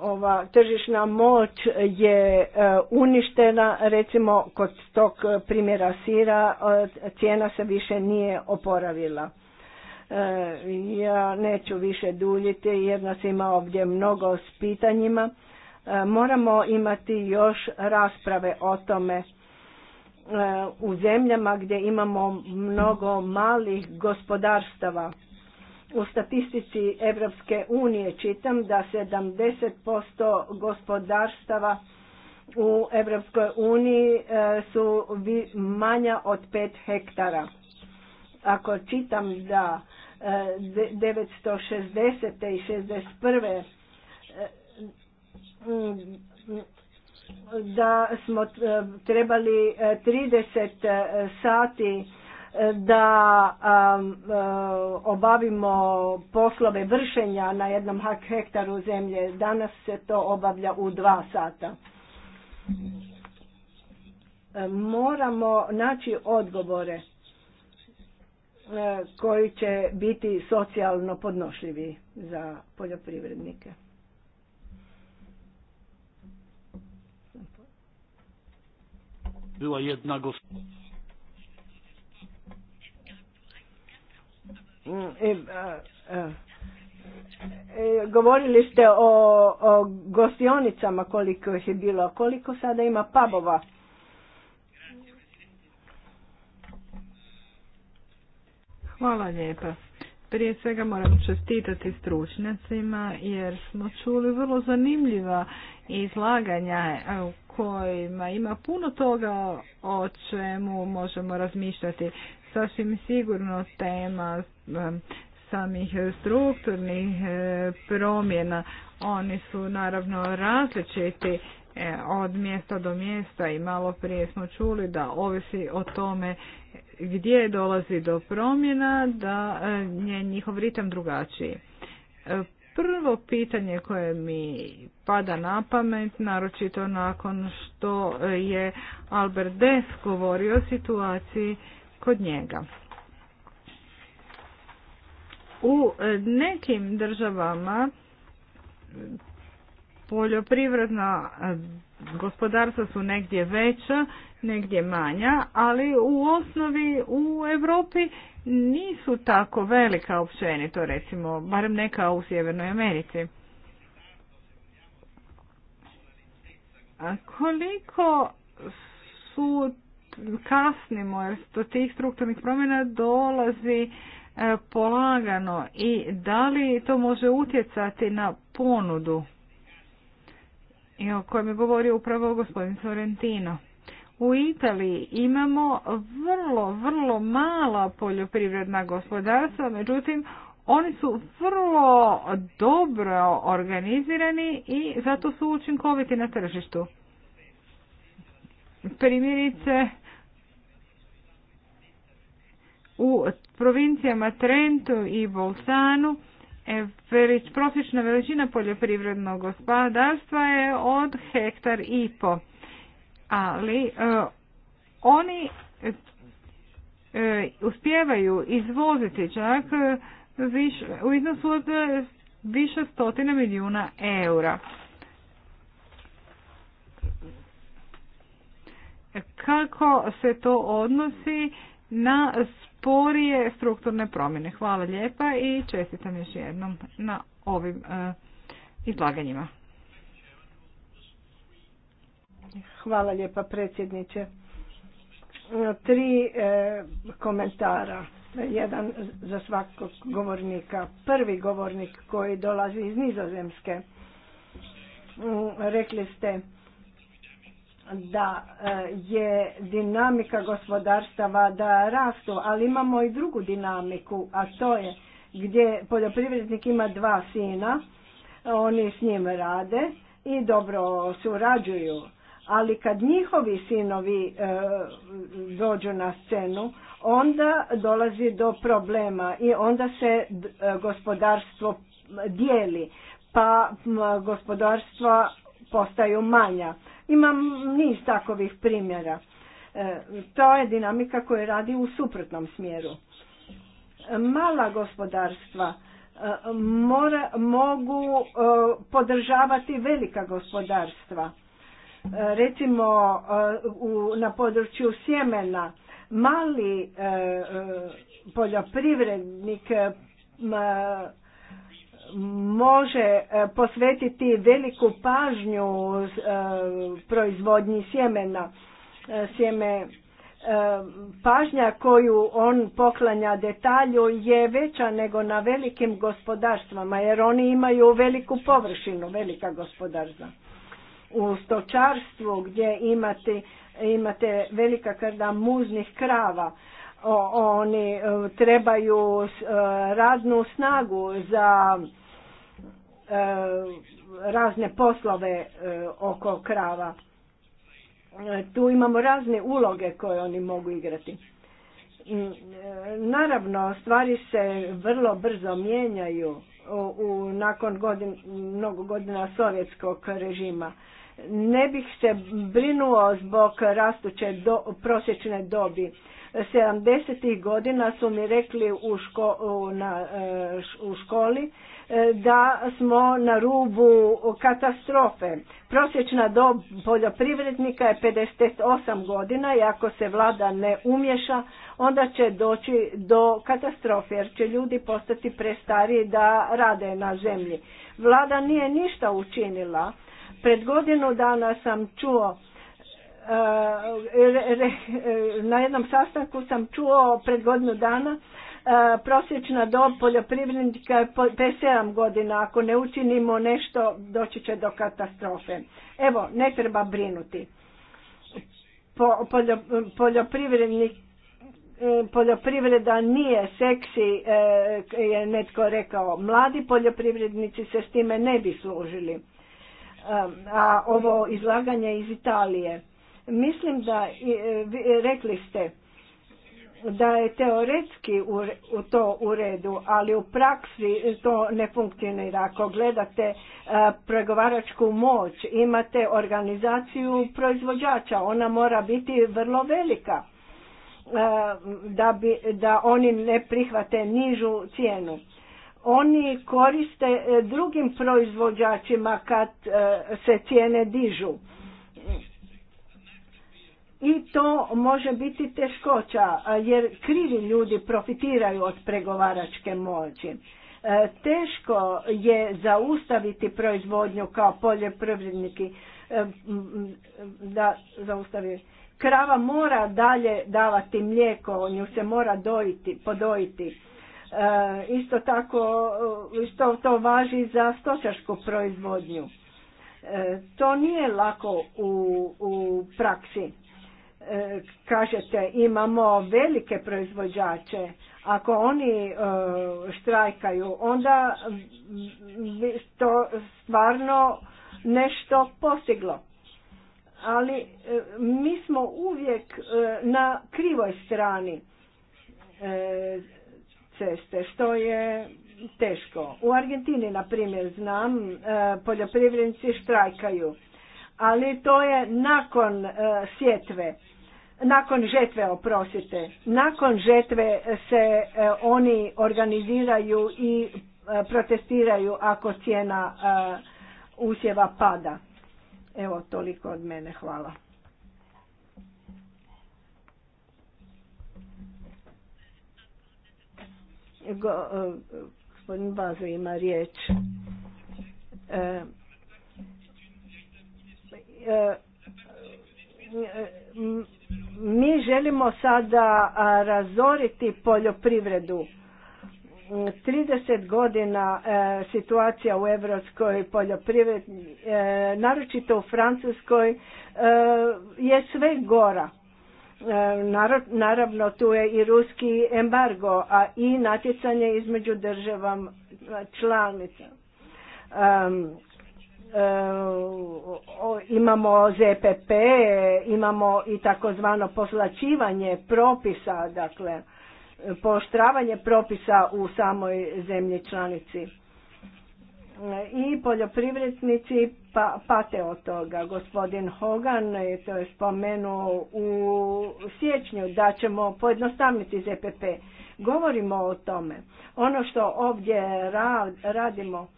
Ova tržišna moć je e, uništena, recimo kod tog primjera sira cijena se više nije oporavila. E, ja neću više duljiti jer nas ima ovdje mnogo s pitanjima. E, moramo imati još rasprave o tome E, u zemljama gdje imamo mnogo malih gospodarstava. U statistici Evropske unije čitam da 70% gospodarstava u Evropskoj uniji e, su manja od 5 hektara. Ako čitam da 960. E, i 61 da smo e, trebali 30 e, e, sati da obavimo poslove vršenja na jednom hektaru zemlje. Danas se to obavlja u dva sata. Moramo naći odgovore koji će biti socijalno podnošljivi za poljoprivrednike. Była jedna mm, e, e, Govorili ste o, o gostionicama koliko ih je bilo, koliko sada ima pubova? Hvala lijepa. Prije svega moram čestitati stručnjacima jer smo čuli vrlo zanimljiva izlaganja e, u kojima ima puno toga o čemu možemo razmišljati. Sasvim sigurno tema e, samih strukturnih e, promjena. Oni su naravno različiti od mjesta do mjesta i malo prije smo čuli da ovisi o tome gdje dolazi do promjena, da je njihov ritam drugačiji. Prvo pitanje koje mi pada na pamet, naročito nakon što je Albert Des govorio o situaciji kod njega. U nekim državama poljoprivredna gospodarstva su negdje veća negdje manja, ali u osnovi u Europi nisu tako velika općenito, recimo, barem neka u Sjevernoj Americi. A koliko su kasnimo, jer do tih strukturnih promjena dolazi e, polagano i da li to može utjecati na ponudu i o kojem je govorio upravo gospodin Sorrentino u Italiji imamo vrlo, vrlo mala poljoprivredna gospodarstva, međutim oni su vrlo dobro organizirani i zato su učinkoviti na tržištu. Primjerice, u provincijama Trentu i Bolsanu e, prosječna veličina poljoprivrednog gospodarstva je od hektar i po ali e, oni e, uspijevaju izvoziti čak e, u iznosu od više stotina milijuna eura. Kako se to odnosi na sporije strukturne promjene? Hvala lijepa i čestitam još jednom na ovim izlaganjima. Hvala lijepa predsjedniče. Tri e, komentara, jedan za svakog govornika. Prvi govornik koji dolazi iz Nizozemske, mm, rekli ste da e, je dinamika gospodarstava da rastu, ali imamo i drugu dinamiku, a to je gdje poljoprivrednik ima dva sina, oni s njim rade i dobro surađuju ali kad njihovi sinovi e, dođu na scenu onda dolazi do problema i onda se e, gospodarstvo dijeli pa gospodarstva postaju manja. Imam niz takovih primjera. E, to je dinamika koja radi u suprotnom smjeru. Mala gospodarstva mora, mogu podržavati velika gospodarstva recimo eh, u, na području sjemena mali eh, eh, poljoprivrednik može posvetiti veliku pažnju e, proizvodnji sjemena sjeme pažnja koju on poklanja detalju je veća nego na velikim gospodarstvama jer oni imaju veliku površinu, velika gospodarstva u stočarstvu gdje imate, imate velika krda muznih krava. O, oni e, trebaju e, radnu snagu za e, razne poslove oko krava. Tu imamo razne uloge koje oni mogu igrati. Mm, naravno, stvari se vrlo brzo mijenjaju u, nakon godin, mnogo godina sovjetskog režima. Ne bih se brinuo zbog rastuće do, prosječne dobi. 70. godina su mi rekli u, e, u školi e, da smo na rubu katastrofe. Prosječna dob poljoprivrednika je 58 godina i ako se vlada ne umješa, onda će doći do katastrofe jer će ljudi postati prestari da rade na zemlji. Vlada nije ništa učinila Pred godinu dana sam čuo eh, na jednom sastanku sam čuo pred godinu dana eh, prosječna dob poljoprivrednika je 57 godina. Ako ne učinimo nešto, doći će do katastrofe. Evo, ne treba brinuti. Poljoprivrednik eh, poljoprivreda nije seksi, je netko rekao. Mladi poljoprivrednici se s time ne bi služili. Um, a ovo izlaganje iz Italije. Mislim da, e, e, rekli ste, da je teoretski u to u redu, ali u praksi to ne funkcionira. Ako gledate e, pregovaračku moć, imate organizaciju proizvođača, ona mora biti vrlo velika da, bi, da oni ne prihvate nižu cijenu oni koriste e, drugim proizvođačima kad e, se cijene dižu. I to može biti teškoća jer krivi ljudi profitiraju od pregovaračke moći. E, teško je zaustaviti proizvodnju kao poljoprivredniki da zaustavi. Krava mora dalje davati mlijeko, nju se mora dojiti, podojiti E, isto tako, e, isto to važi za stočarsku proizvodnju. E, to nije lako u, u praksi. Kažete, imamo velike proizvođače. Ako oni štrajkaju, onda to stvarno nešto postiglo. Ali mi smo uvijek na krivoj strani ceste, što je teško. U Argentini, na primjer, znam, e, poljoprivrednici štrajkaju, ali to je nakon e, sjetve, nakon žetve, oprostite. Nakon žetve se e, oni organiziraju i protestiraju ako cijena usjeva pada. Evo, toliko od mene, hvala. E, gospodin Bazo ima riječ. E, e, mi želimo sada razoriti poljoprivredu. 30 godina situacija u evropskoj poljoprivredi, naročito u Francuskoj, je sve gora. Naravno, tu je i ruski embargo, a i natjecanje između država članica. Imamo ZPP, imamo i takozvano poslačivanje propisa, dakle, poštravanje propisa u samoj zemlji članici i poljoprivrednici pa, pate od toga. Gospodin Hogan je to je spomenuo u siječnju da ćemo pojednostaviti ZPP. Govorimo o tome. Ono što ovdje radimo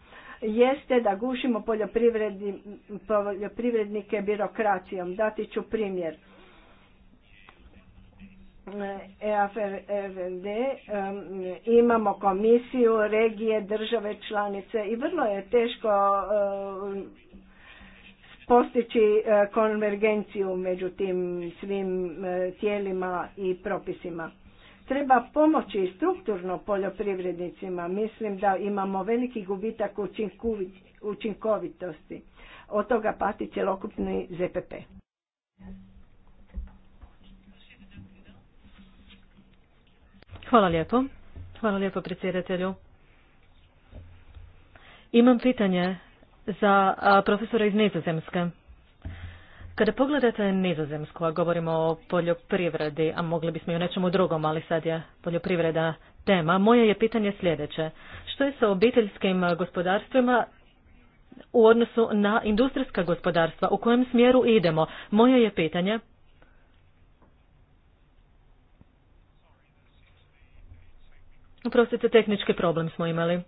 jeste da gušimo poljoprivrednike birokracijom. Dati ću primjer. EFND e imamo komisiju, regije, države, članice i vrlo je teško e, postići e, konvergenciju među tim svim tijelima i propisima. Treba pomoći strukturno poljoprivrednicima. Mislim da imamo veliki gubitak učinkovitosti. Od toga pati cjelokupni ZPP. Hvala lijepo. Hvala lijepo predsjedatelju. Imam pitanje za profesora iz Nizozemske. Kada pogledate Nizozemsku, a govorimo o poljoprivredi, a mogli bismo i o nečemu drugom, ali sad je poljoprivreda tema, moje je pitanje sljedeće. Što je sa obiteljskim gospodarstvima u odnosu na industrijska gospodarstva? U kojem smjeru idemo? Moje je pitanje Uprostite, tehnički problem smo imali.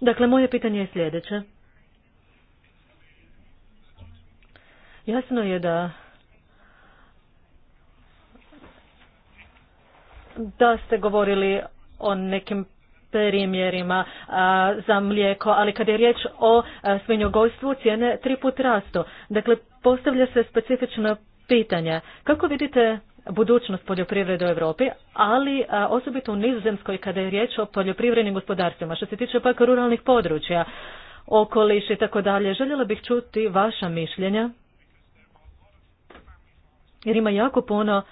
Dakle, moje pitanje je sljedeće. Jasno je da da ste govorili o nekim primjerima za mlijeko, ali kada je riječ o svinjogojstvu cijene tri put rastu. Dakle, postavlja se specifično pitanje. Kako vidite budućnost poljoprivrede u Europi, ali osobito u Nizozemskoj kada je riječ o poljoprivrednim gospodarstvima, što se tiče pak ruralnih područja, okoliš i tako dalje. Željela bih čuti vaša mišljenja, jer ima jako puno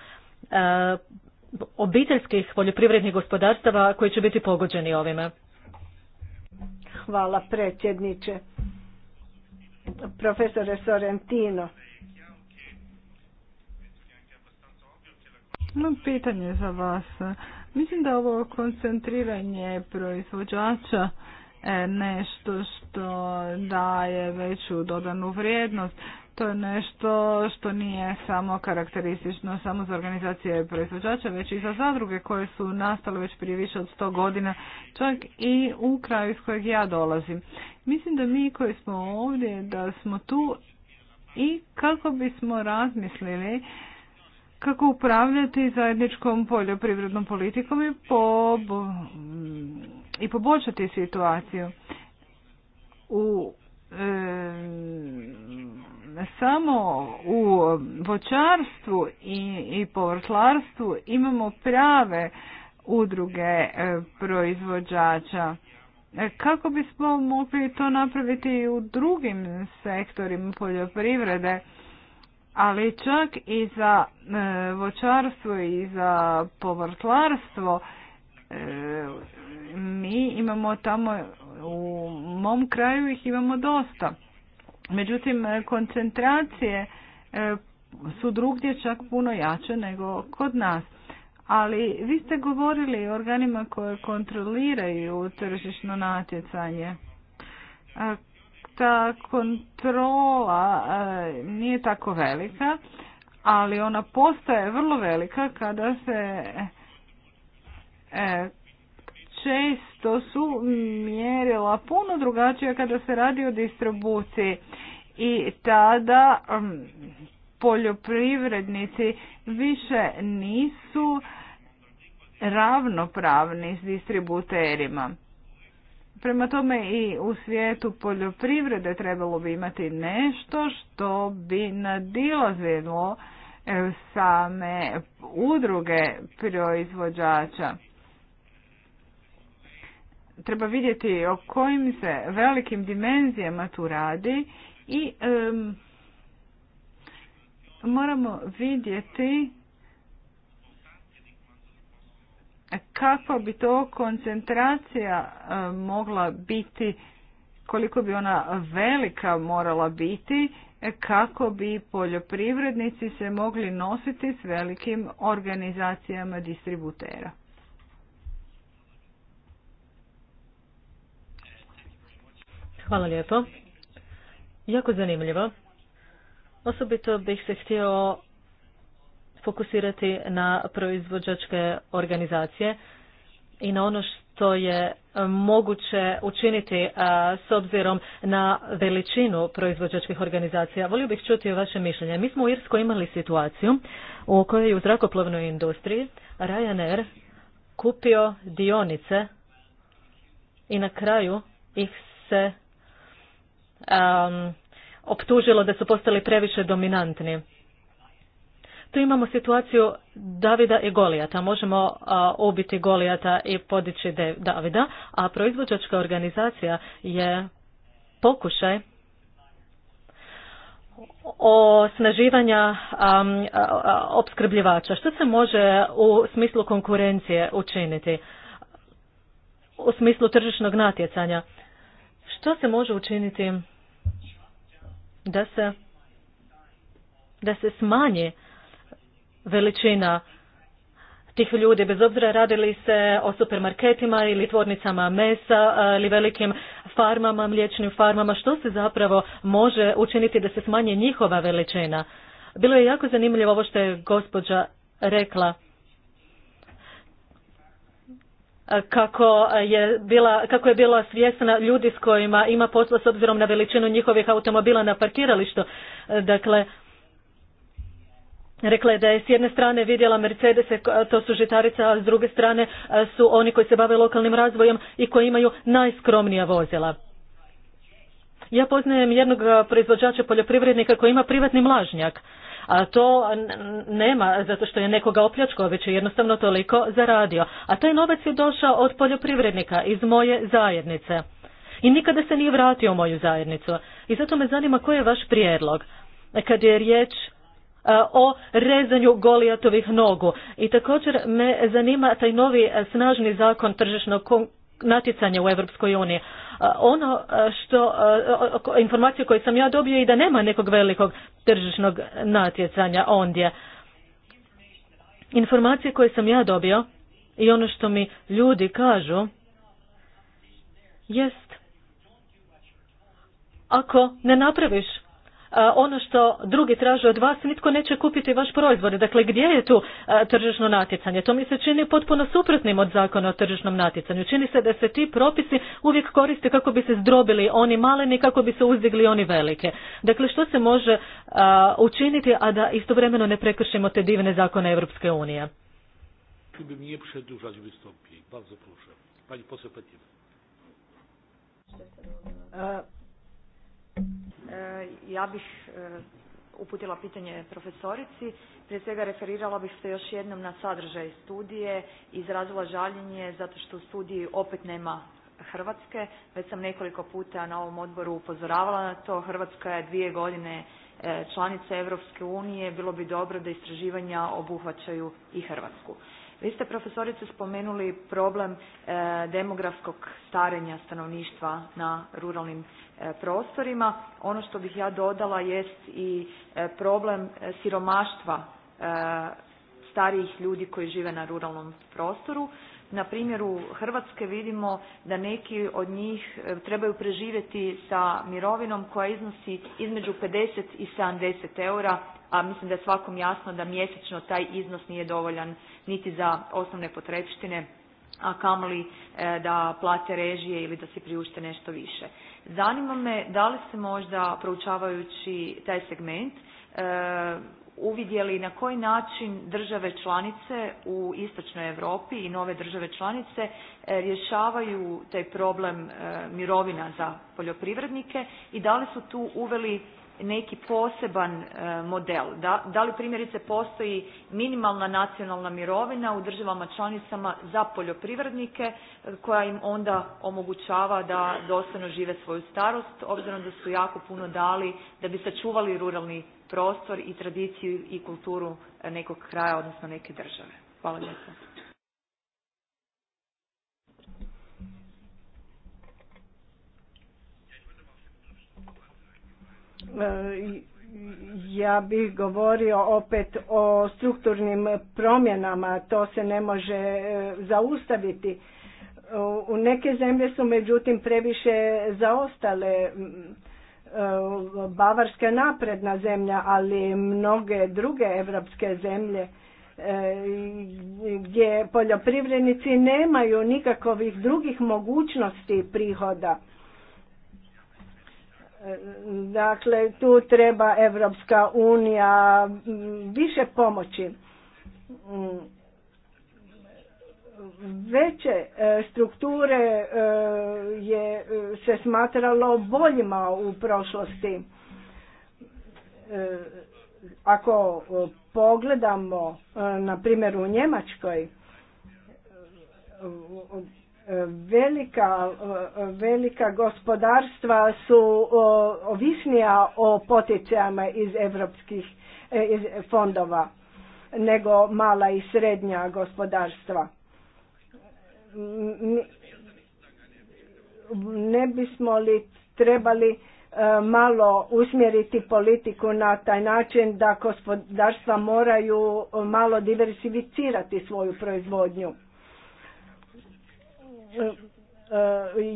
obiteljskih poljoprivrednih gospodarstava koji će biti pogođeni ovime. Hvala predsjedniče. Profesore Sorrentino. no pitanje za vas. Mislim da ovo koncentriranje proizvođača nešto što daje veću dodanu vrijednost. To je nešto što nije samo karakteristično samo za organizacije proizvođača, već i za zadruge koje su nastale već prije više od 100 godina, čak i u kraju iz kojeg ja dolazim. Mislim da mi koji smo ovdje, da smo tu i kako bismo razmislili kako upravljati zajedničkom poljoprivrednom politikom i, po, i poboljšati situaciju. U samo u um, voćarstvu i, i povrtlarstvu imamo prave udruge e, proizvođača. E, kako bismo mogli to napraviti i u drugim sektorima poljoprivrede, ali čak i za e, voćarstvo i za povrtlarstvo, mi imamo tamo u mom kraju ih imamo dosta. Međutim, e, koncentracije e, su drugdje čak puno jače nego kod nas. Ali vi ste govorili o organima koje kontroliraju tržišno natjecanje. Ta kontrola e, nije tako velika, ali ona postaje vrlo velika kada se često su mjerila puno drugačija kada se radi o distribuciji i tada mm, poljoprivrednici više nisu ravnopravni s distributerima. Prema tome i u svijetu poljoprivrede trebalo bi imati nešto što bi nadilazilo e, same udruge proizvođača treba vidjeti o kojim se velikim dimenzijama tu radi i moramo vidjeti kakva bi to koncentracija mogla biti, koliko bi ona velika morala biti kako bi poljoprivrednici se mogli nositi s velikim organizacijama distributera. Hvala lijepo. Jako zanimljivo. Osobito bih se htio fokusirati na proizvođačke organizacije i na ono što je moguće učiniti s obzirom na veličinu proizvođačkih organizacija. Volio bih čuti vaše mišljenje. Mi smo u Irskoj imali situaciju u kojoj u zrakoplovnoj industriji Ryanair kupio dionice i na kraju ih se um, optužilo da su postali previše dominantni. Tu imamo situaciju Davida i Golijata. Možemo uh, ubiti Golijata i podići De Davida, a proizvođačka organizacija je pokušaj osnaživanja um, uh, opskrbljivača. Što se može u smislu konkurencije učiniti? U smislu tržišnog natjecanja? Što se može učiniti da se, da se smanji veličina tih ljudi, bez obzira radili se o supermarketima ili tvornicama mesa ili velikim farmama, mliječnim farmama, što se zapravo može učiniti da se smanje njihova veličina. Bilo je jako zanimljivo ovo što je gospođa rekla kako je, bila, kako je bila svjesna ljudi s kojima ima posla s obzirom na veličinu njihovih automobila na parkiralištu. Dakle, Rekla je da je s jedne strane vidjela Mercedese, to su žitarica, a s druge strane su oni koji se bave lokalnim razvojem i koji imaju najskromnija vozila. Ja poznajem jednog proizvođača poljoprivrednika koji ima privatni mlažnjak a to nema zato što je nekoga opljačkao, već jednostavno toliko zaradio. A taj novac je došao od poljoprivrednika iz moje zajednice. I nikada se nije vratio u moju zajednicu. I zato me zanima koji je vaš prijedlog kad je riječ e, o rezanju golijatovih nogu. I također me zanima taj novi e, snažni zakon tržišnog natjecanja u Europskoj uniji. Ono što, informacije koju sam ja dobio i da nema nekog velikog tržišnog natjecanja ondje. Informacije koje sam ja dobio i ono što mi ljudi kažu jest ako ne napraviš ono što drugi traže od vas, nitko neće kupiti vaš proizvod. Dakle, gdje je tu tržišno natjecanje? To mi se čini potpuno suprotnim od zakona o tržišnom natjecanju. Čini se da se ti propisi uvijek koriste kako bi se zdrobili oni maleni, kako bi se uzdigli oni velike. Dakle, što se može učiniti, a da istovremeno ne prekršimo te divne zakone Europske unije? E, ja bih e, uputila pitanje profesorici. Prije svega referirala bih se još jednom na sadržaj studije izrazila žaljenje zato što u studiji opet nema Hrvatske. Već sam nekoliko puta na ovom odboru upozoravala na to. Hrvatska je dvije godine e, članica Europske unije. Bilo bi dobro da istraživanja obuhvaćaju i Hrvatsku. Vi ste profesorice spomenuli problem e, demografskog starenja stanovništva na ruralnim e, prostorima. Ono što bih ja dodala jest i e, problem siromaštva starijih ljudi koji žive na ruralnom prostoru. Na primjeru Hrvatske vidimo da neki od njih trebaju preživjeti sa mirovinom koja iznosi između 50 i 70 eura a mislim da je svakom jasno da mjesečno taj iznos nije dovoljan niti za osnovne potrepštine, a kamoli e, da plate režije ili da se priušte nešto više. Zanima me da li se možda proučavajući taj segment e, uvidjeli na koji način države članice u istočnoj Europi i nove države članice e, rješavaju taj problem mirovina za poljoprivrednike i da li su tu uveli neki poseban e, model? Da, da li primjerice postoji minimalna nacionalna mirovina u državama članicama za poljoprivrednike e, koja im onda omogućava da dostojno žive svoju starost obzirom da su jako puno dali da bi sačuvali ruralni prostor i tradiciju i kulturu e, nekog kraja odnosno neke države? Hvala lijepo. E, ja bih govorio opet o strukturnim promjenama, to se ne može e, zaustaviti. U neke zemlje su međutim previše zaostale, e, Bavarska napredna zemlja, ali mnoge druge evropske zemlje gdje poljoprivrednici nemaju nikakvih drugih mogućnosti prihoda Dakle, tu treba Evropska unija mm, više pomoći. Mm. Veće e, strukture e, je e, se smatralo boljima u prošlosti. Ako pogledamo, na primjer u Njemačkoj, Velika, velika gospodarstva su ovisnija o poticajama iz evropskih e, fondova nego mala i srednja gospodarstva. Ne bismo li trebali e, malo usmjeriti politiku na taj način da gospodarstva moraju e, malo diversificirati svoju proizvodnju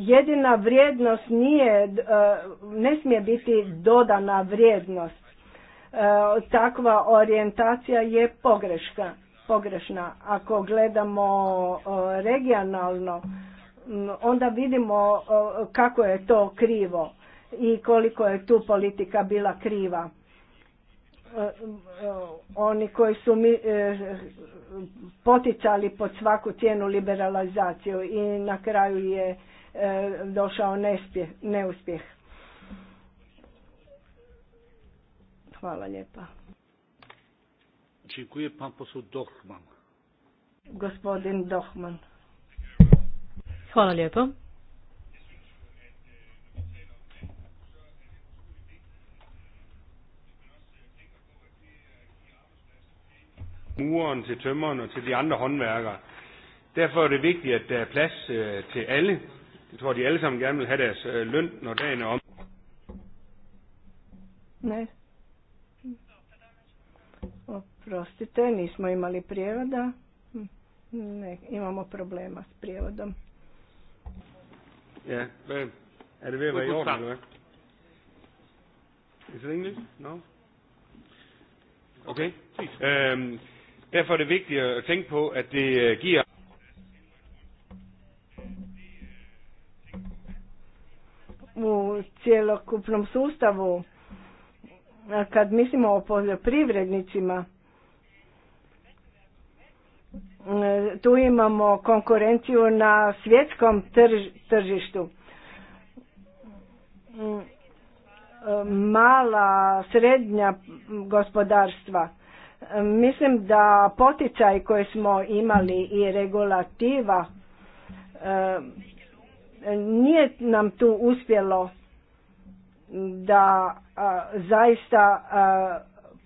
jedina vrijednost nije, ne smije biti dodana vrijednost. Takva orijentacija je pogreška, pogrešna. Ako gledamo regionalno, onda vidimo kako je to krivo i koliko je tu politika bila kriva. Eh, oni koji su mi eh, poticali pod svaku cijenu liberalizaciju i na kraju je eh, došao neuspjeh. neuspjeh. Hvala lijepa. Dziękuję pan Gospodin Dohman. Hvala lijepo. mureren, til tømmeren og til de andre håndværkere. Derfor er det vigtigt, at der er plads øh, til alle. Jeg tror, de alle sammen gerne vil have deres øh, løn, når dagen er om. Ne. Oprostite, nismo imali prijevoda. Ne, imamo problema s prijevodom. Ja, er det ved at være i orden, eller hvad? Is it English? No? Okay. Øhm, Derfor er det det øh, u cjelokupnom sustavu kad mislimo o poljoprivrednicima e, tu imamo konkurenciju na svjetskom tržištu e, mala srednja gospodarstva Mislim da poticaj koje smo imali i regulativa e, nije nam tu uspjelo da e, zaista e,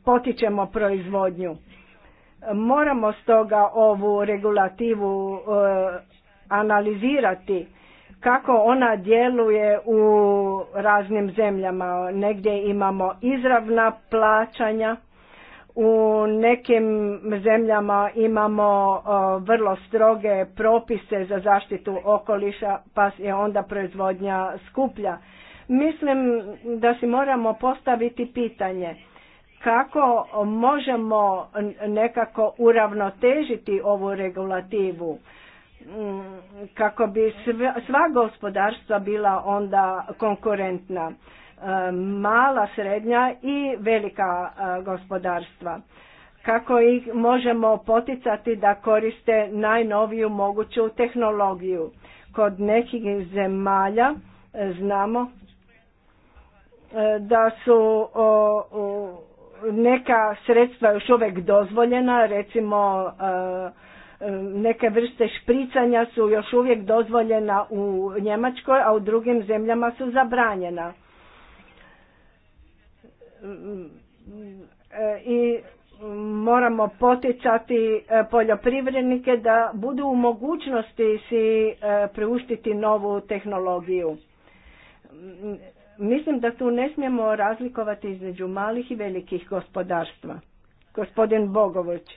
potičemo proizvodnju. Moramo stoga ovu regulativu analizirati kako ona djeluje u raznim zemljama. Negdje imamo izravna plaćanja u nekim zemljama imamo vrlo stroge propise za zaštitu okoliša pa je onda proizvodnja skuplja. Mislim da si moramo postaviti pitanje kako možemo nekako uravnotežiti ovu regulativu mm, kako bi sva gospodarstva bila onda konkurentna mala, srednja i velika e, gospodarstva. Kako ih možemo poticati da koriste najnoviju moguću tehnologiju. Kod nekih zemalja e, znamo e, da su neka sredstva još uvijek dozvoljena, recimo neke vrste špricanja su još uvijek dozvoljena u Njemačkoj, a u drugim zemljama su zabranjena i moramo poticati e, poljoprivrednike da budu u mogućnosti si e, priuštiti novu tehnologiju. Mislim da tu ne smijemo razlikovati između malih i velikih gospodarstva. Gospodin Bogović.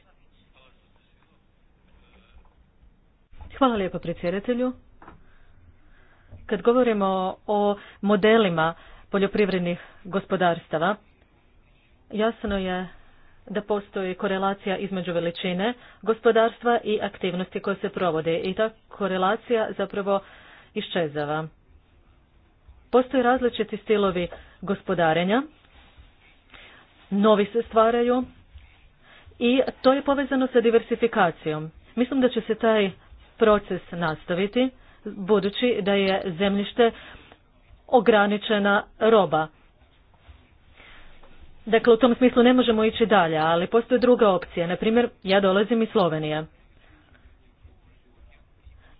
Hvala lijepo predsjedatelju. Kad govorimo o modelima poljoprivrednih gospodarstava, Jasno je da postoji korelacija između veličine gospodarstva i aktivnosti koje se provode i ta korelacija zapravo iščezava. Postoje različiti stilovi gospodarenja, novi se stvaraju i to je povezano sa diversifikacijom. Mislim da će se taj proces nastaviti budući da je zemljište ograničena roba. Dakle, u tom smislu ne možemo ići dalje, ali postoje druga opcija. Naprimjer, ja dolazim iz Slovenije.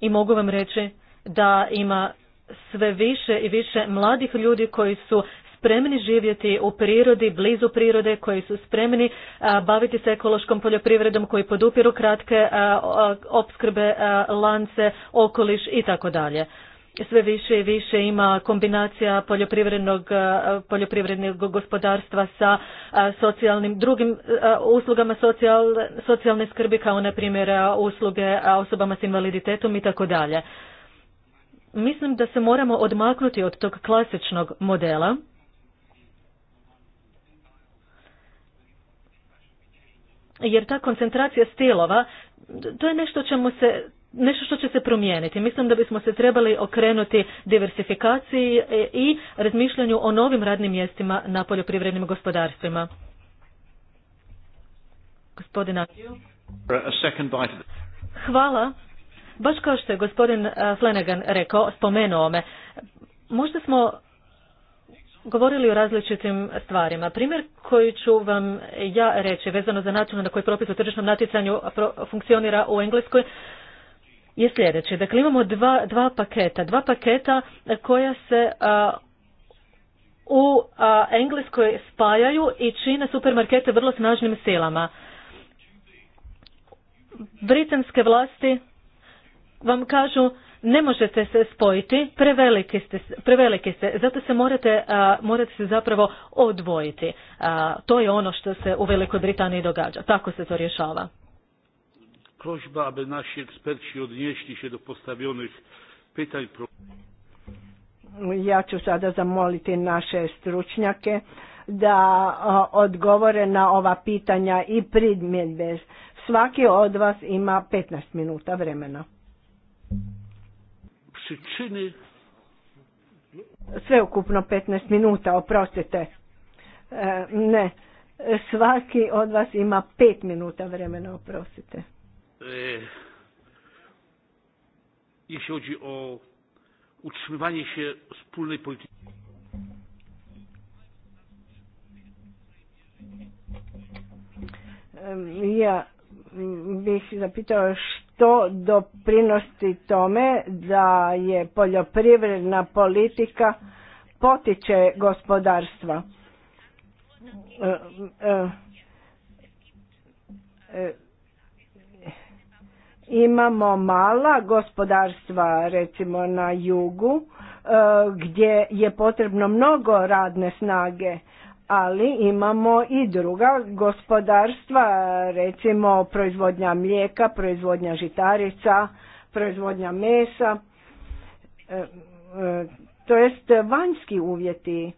I mogu vam reći da ima sve više i više mladih ljudi koji su spremni živjeti u prirodi, blizu prirode, koji su spremni baviti se ekološkom poljoprivredom, koji podupiru kratke opskrbe, lance, okoliš i tako dalje sve više i više ima kombinacija poljoprivrednog, eh, poljoprivrednog gospodarstva sa eh, socijalnim drugim eh, uslugama socijal, socijalne skrbi kao na primjer usluge osobama s invaliditetom i tako dalje. Mislim da se moramo odmaknuti od tog klasičnog modela jer ta koncentracija stilova to je nešto čemu se nešto što će se promijeniti. Mislim da bismo se trebali okrenuti diversifikaciji e, i razmišljanju o novim radnim mjestima na poljoprivrednim gospodarstvima. Gospodina. Hvala. Baš kao što je gospodin e, Flanagan rekao, spomenuo me. Možda smo govorili o različitim stvarima. Primjer koji ću vam ja reći vezano za način na koji propis o tržišnom natjecanju funkcionira u Engleskoj je sljedeće. Dakle, imamo dva, dva paketa. Dva paketa koja se u Engleskoj spajaju i čine supermarkete vrlo snažnim silama. Britanske vlasti vam kažu ne možete se spojiti, preveliki ste, preveliki ste zato se morate, morate se zapravo odvojiti. to je ono što se u Velikoj Britaniji događa. Tako se to rješava prośba, aby nasi eksperci odnieśli się do postawionych pytań. Ja ću sada zamoliti naše stručnjake da odgovore na ova pitanja i primjedbe. Svaki od vas ima 15 minuta vremena. Przyczyny sve ukupno 15 minuta, oprostite. E, ne, svaki od vas ima 5 minuta vremena, oprostite. E, jeśli chodzi o utrzymywanie się wspólnej polityki. Ja bih zapitao što doprinosti tome da je poljoprivredna politika potiče gospodarstva. e, e, e Imamo mala gospodarstva recimo na jugu e, gdje je potrebno mnogo radne snage, ali imamo i druga gospodarstva, recimo proizvodnja mlijeka, proizvodnja žitarica, proizvodnja mesa, e, e, to jest vanjski uvjeti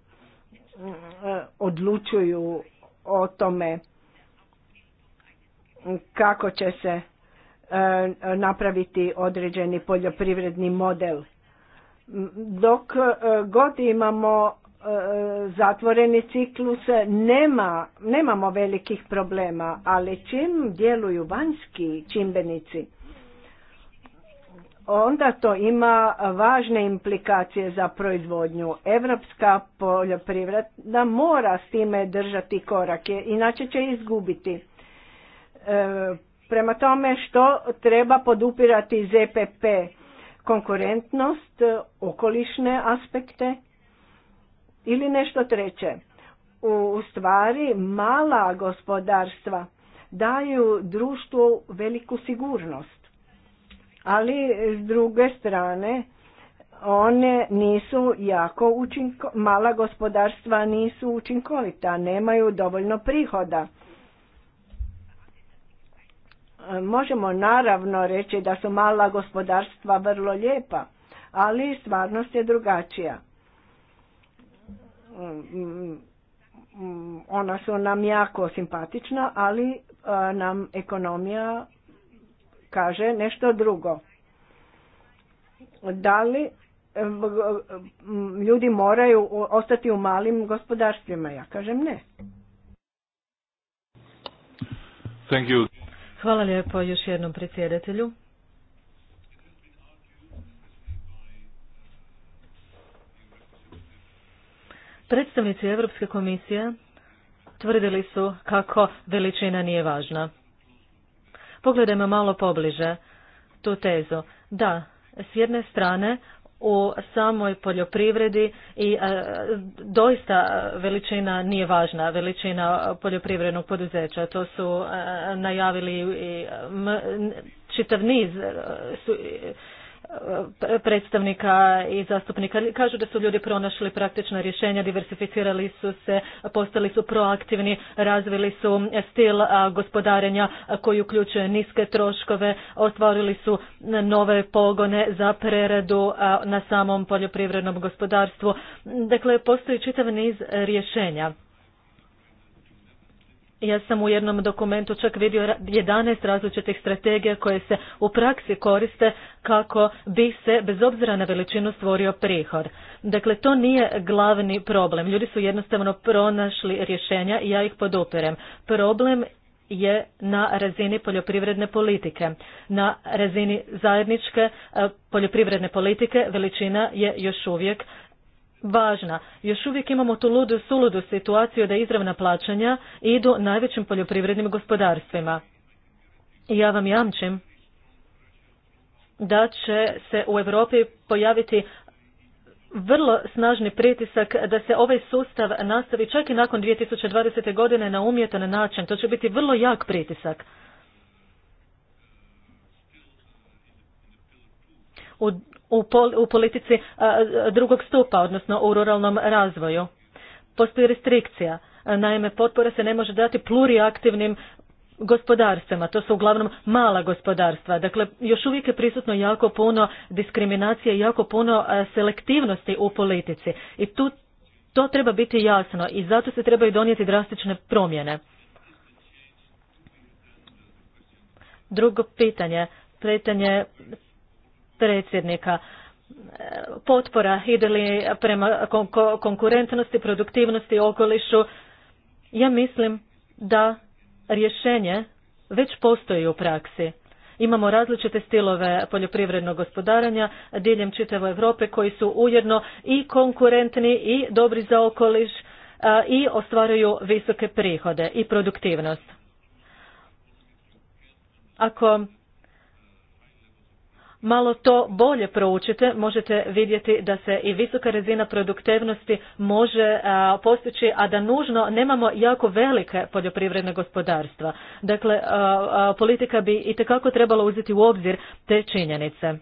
odlučuju o tome kako će se E, napraviti određeni poljoprivredni model. Dok e, god imamo e, zatvoreni ciklus nema, nemamo velikih problema, ali čim djeluju vanjski čimbenici, onda to ima važne implikacije za proizvodnju. Evropska poljoprivreda mora s time držati korake, inače će izgubiti. Prema tome što treba podupirati ZPP? Konkurentnost, okolišne aspekte ili nešto treće? U stvari mala gospodarstva daju društvu veliku sigurnost. Ali s druge strane one nisu jako učinko, mala gospodarstva nisu učinkovita, nemaju dovoljno prihoda Možemo naravno reći da su mala gospodarstva vrlo lijepa, ali stvarnost je drugačija. Ona su nam jako simpatična, ali e, nam ekonomija kaže nešto drugo. Da li e, ljudi moraju ostati u malim gospodarstvima? Ja kažem ne. Thank you. Hvala lijepo još jednom predsjedatelju. Predstavnici Europske komisije tvrdili su kako veličina nije važna. Pogledajmo malo pobliže tu tezu. Da, s jedne strane u samoj poljoprivredi i e, doista veličina nije važna, veličina poljoprivrednog poduzeća. To su e, najavili i e, čitav niz su Eh, predstavnika i zastupnika. Kažu da su ljudi pronašli praktična rješenja, diversificirali su se, postali su proaktivni, razvili su stil eh, gospodarenja eh, koji uključuje niske troškove, ostvarili su nove pogone za preradu na samom poljoprivrednom gospodarstvu. Dakle, postoji čitav niz rješenja. Ja sam u jednom dokumentu čak vidio 11 različitih strategija koje se u praksi koriste kako bi se bez obzira na veličinu stvorio prihod. Dakle, to nije glavni problem. Ljudi su jednostavno pronašli rješenja i ja ih podupirem. Problem je na razini poljoprivredne politike. Na razini zajedničke eh, poljoprivredne politike veličina je još uvijek važna. Još uvijek imamo tu ludu suludu situaciju da izravna plaćanja idu najvećim poljoprivrednim gospodarstvima. I ja vam jamčim da će se u Europi pojaviti vrlo snažni pritisak da se ovaj sustav nastavi čak i nakon 2020. godine na umjetan način. To će biti vrlo jak pritisak. U u politici drugog stupa, odnosno u ruralnom razvoju. Postoji restrikcija. Naime, potpora se ne može dati pluriaktivnim gospodarstvima. To su uglavnom mala gospodarstva. Dakle, još uvijek je prisutno jako puno diskriminacije, jako puno selektivnosti u politici. I tu to treba biti jasno i zato se trebaju donijeti drastične promjene. Drugo pitanje, pitanje predsjednika e, potpora ide li prema konkurentnosti, produktivnosti, okolišu. Ja mislim da rješenje već postoji u praksi. Imamo različite stilove poljoprivrednog gospodaranja diljem čitave Europe koji su ujedno i konkurentni i dobri za okoliš e, i ostvaruju visoke prihode i produktivnost. Ako malo to bolje proučite, možete vidjeti da se i visoka razina produktivnosti može postići, a da nužno nemamo jako velike poljoprivredne gospodarstva. Dakle, politika bi i trebala uzeti u obzir te činjenice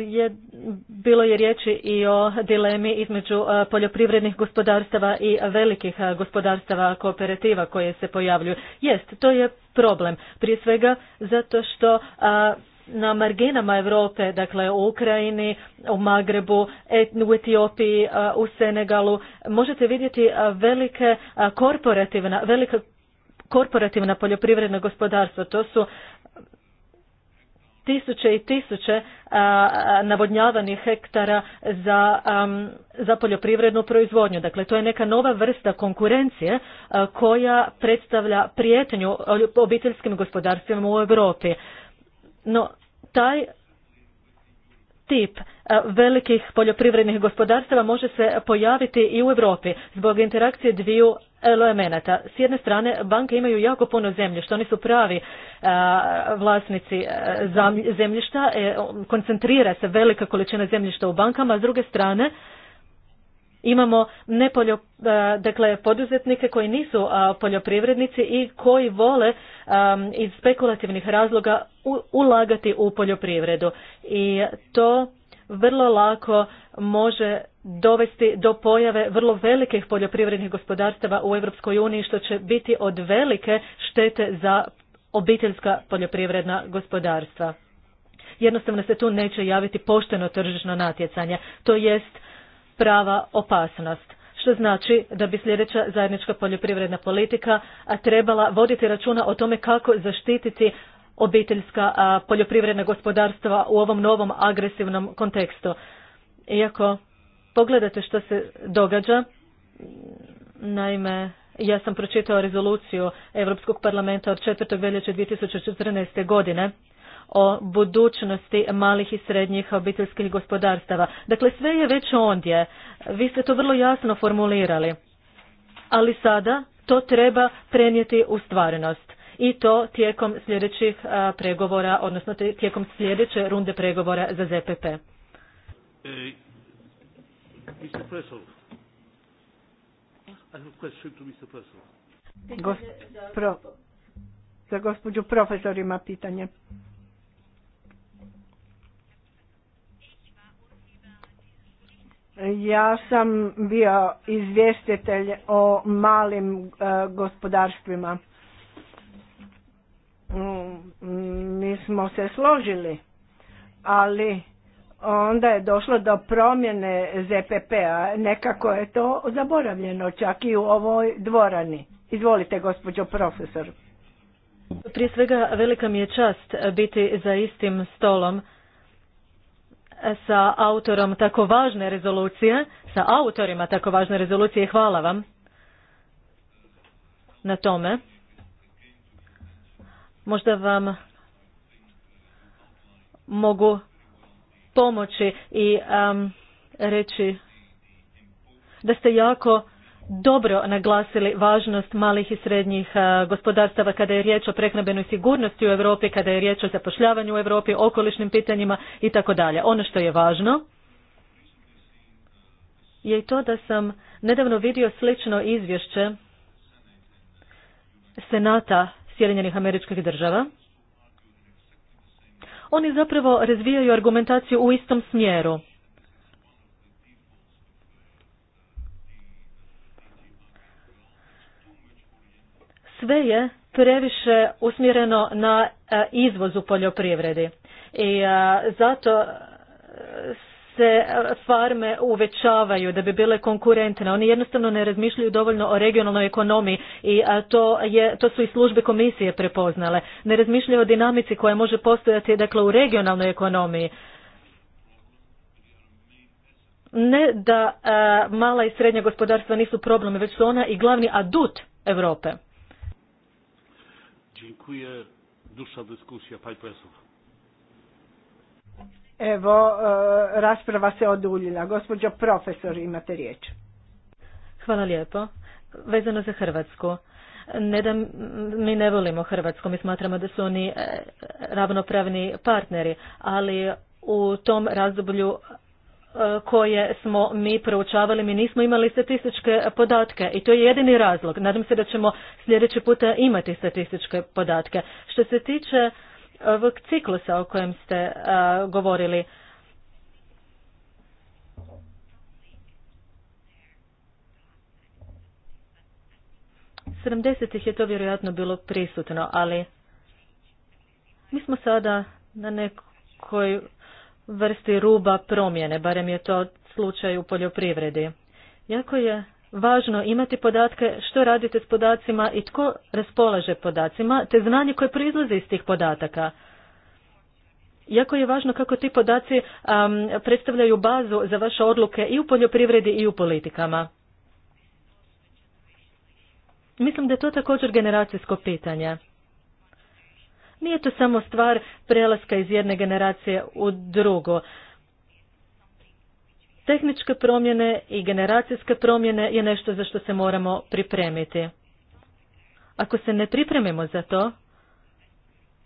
je, bilo je riječi i o dilemi između e, poljoprivrednih gospodarstava i velikih e, gospodarstava kooperativa koje se pojavljuju. Jest, to je problem. Prije svega zato što e, na marginama Europe, dakle u Ukrajini, u Magrebu, u Etiopiji, u Senegalu, možete vidjeti velike korporativna, velika korporativna poljoprivredna gospodarstva. To su tisuće i tisuće navodnjavanih hektara za, za poljoprivrednu proizvodnju. Dakle, to je neka nova vrsta konkurencije koja predstavlja prijetnju obiteljskim gospodarstvima u Europi. No, taj tip velikih poljoprivrednih gospodarstava može se pojaviti i u Europi zbog interakcije dviju elemenata. S jedne strane, banke imaju jako puno zemljišta, oni su pravi vlasnici zemljišta, e, koncentrira se velika količina zemljišta u bankama, a s druge strane, imamo nepoljo, dakle, poduzetnike koji nisu poljoprivrednici i koji vole iz spekulativnih razloga ulagati u poljoprivredu. I to vrlo lako može dovesti do pojave vrlo velikih poljoprivrednih gospodarstava u Europskoj uniji što će biti od velike štete za obiteljska poljoprivredna gospodarstva. Jednostavno se tu neće javiti pošteno tržišno natjecanje, to jest prava opasnost. Što znači da bi sljedeća zajednička poljoprivredna politika trebala voditi računa o tome kako zaštititi obiteljska poljoprivredna gospodarstva u ovom novom agresivnom kontekstu. Iako pogledate što se događa, naime, ja sam pročitao rezoluciju Europskog parlamenta od 4. veljače 2014. godine o budućnosti malih i srednjih obiteljskih gospodarstava. Dakle, sve je već ondje. Vi ste to vrlo jasno formulirali. Ali sada to treba prenijeti u stvarnost i to tijekom sljedećih pregovora, odnosno tijekom sljedeće runde pregovora za ZPP. E, za gospođu profesor ima pitanje. Ja sam bio izvjestitelj o malim e, gospodarstvima nismo mm, smo se složili, ali onda je došlo do promjene ZPP-a, nekako je to zaboravljeno čak i u ovoj dvorani. Izvolite gospođo profesor. Prije svega velika mi je čast biti za istim stolom sa autorom tako važne rezolucije, sa autorima tako važne rezolucije. Hvala vam na tome možda vam mogu pomoći i reći da ste jako dobro naglasili važnost malih i srednjih gospodarstava kada je riječ o prehrambenoj sigurnosti u Europi, kada je riječ o zapošljavanju u Europi, okolišnim pitanjima i tako dalje. Ono što je važno je i to da sam nedavno vidio slično izvješće Senata Sjedinjenih američkih država, oni zapravo razvijaju argumentaciju u istom smjeru. Sve je previše usmjereno na e, izvozu poljoprivredi i e, zato e, se e, farme uvećavaju da bi bile konkurentne. Oni jednostavno ne razmišljaju dovoljno o regionalnoj ekonomiji i to, je, to su i službe komisije prepoznale. Ne razmišljaju o dinamici koja može postojati dakle, u regionalnoj ekonomiji ne da e, mala i srednja gospodarstva nisu problem, već su ona i glavni adut Europe. Dziękuję. Dusza dyskusja. Pani Evo, e, rasprava se oduljila. Gospođo profesor, imate riječ. Hvala lijepo. Vezano za Hrvatsku. Ne da mi ne volimo Hrvatsku, mi smatramo da su oni e, ravnopravni partneri, ali u tom razdoblju e, koje smo mi proučavali, mi nismo imali statističke podatke i to je jedini razlog. Nadam se da ćemo sljedeći puta imati statističke podatke. Što se tiče ovog ciklusa o kojem ste uh govorili. ih je to vjerojatno bilo prisutno, ali mi smo sada na nekoj vrsti ruba promjene, barem je to slučaj u poljoprivredi. Jako je važno imati podatke što radite s podacima i tko raspolaže podacima, te znanje koje proizlazi iz tih podataka. Jako je važno kako ti podaci predstavljaju bazu za vaše odluke i u poljoprivredi i u politikama. Mislim da je to također generacijsko pitanje. Nije to samo stvar prelaska iz jedne generacije u drugu. Tehničke promjene i generacijske promjene je nešto za što se moramo pripremiti. Ako se ne pripremimo za to,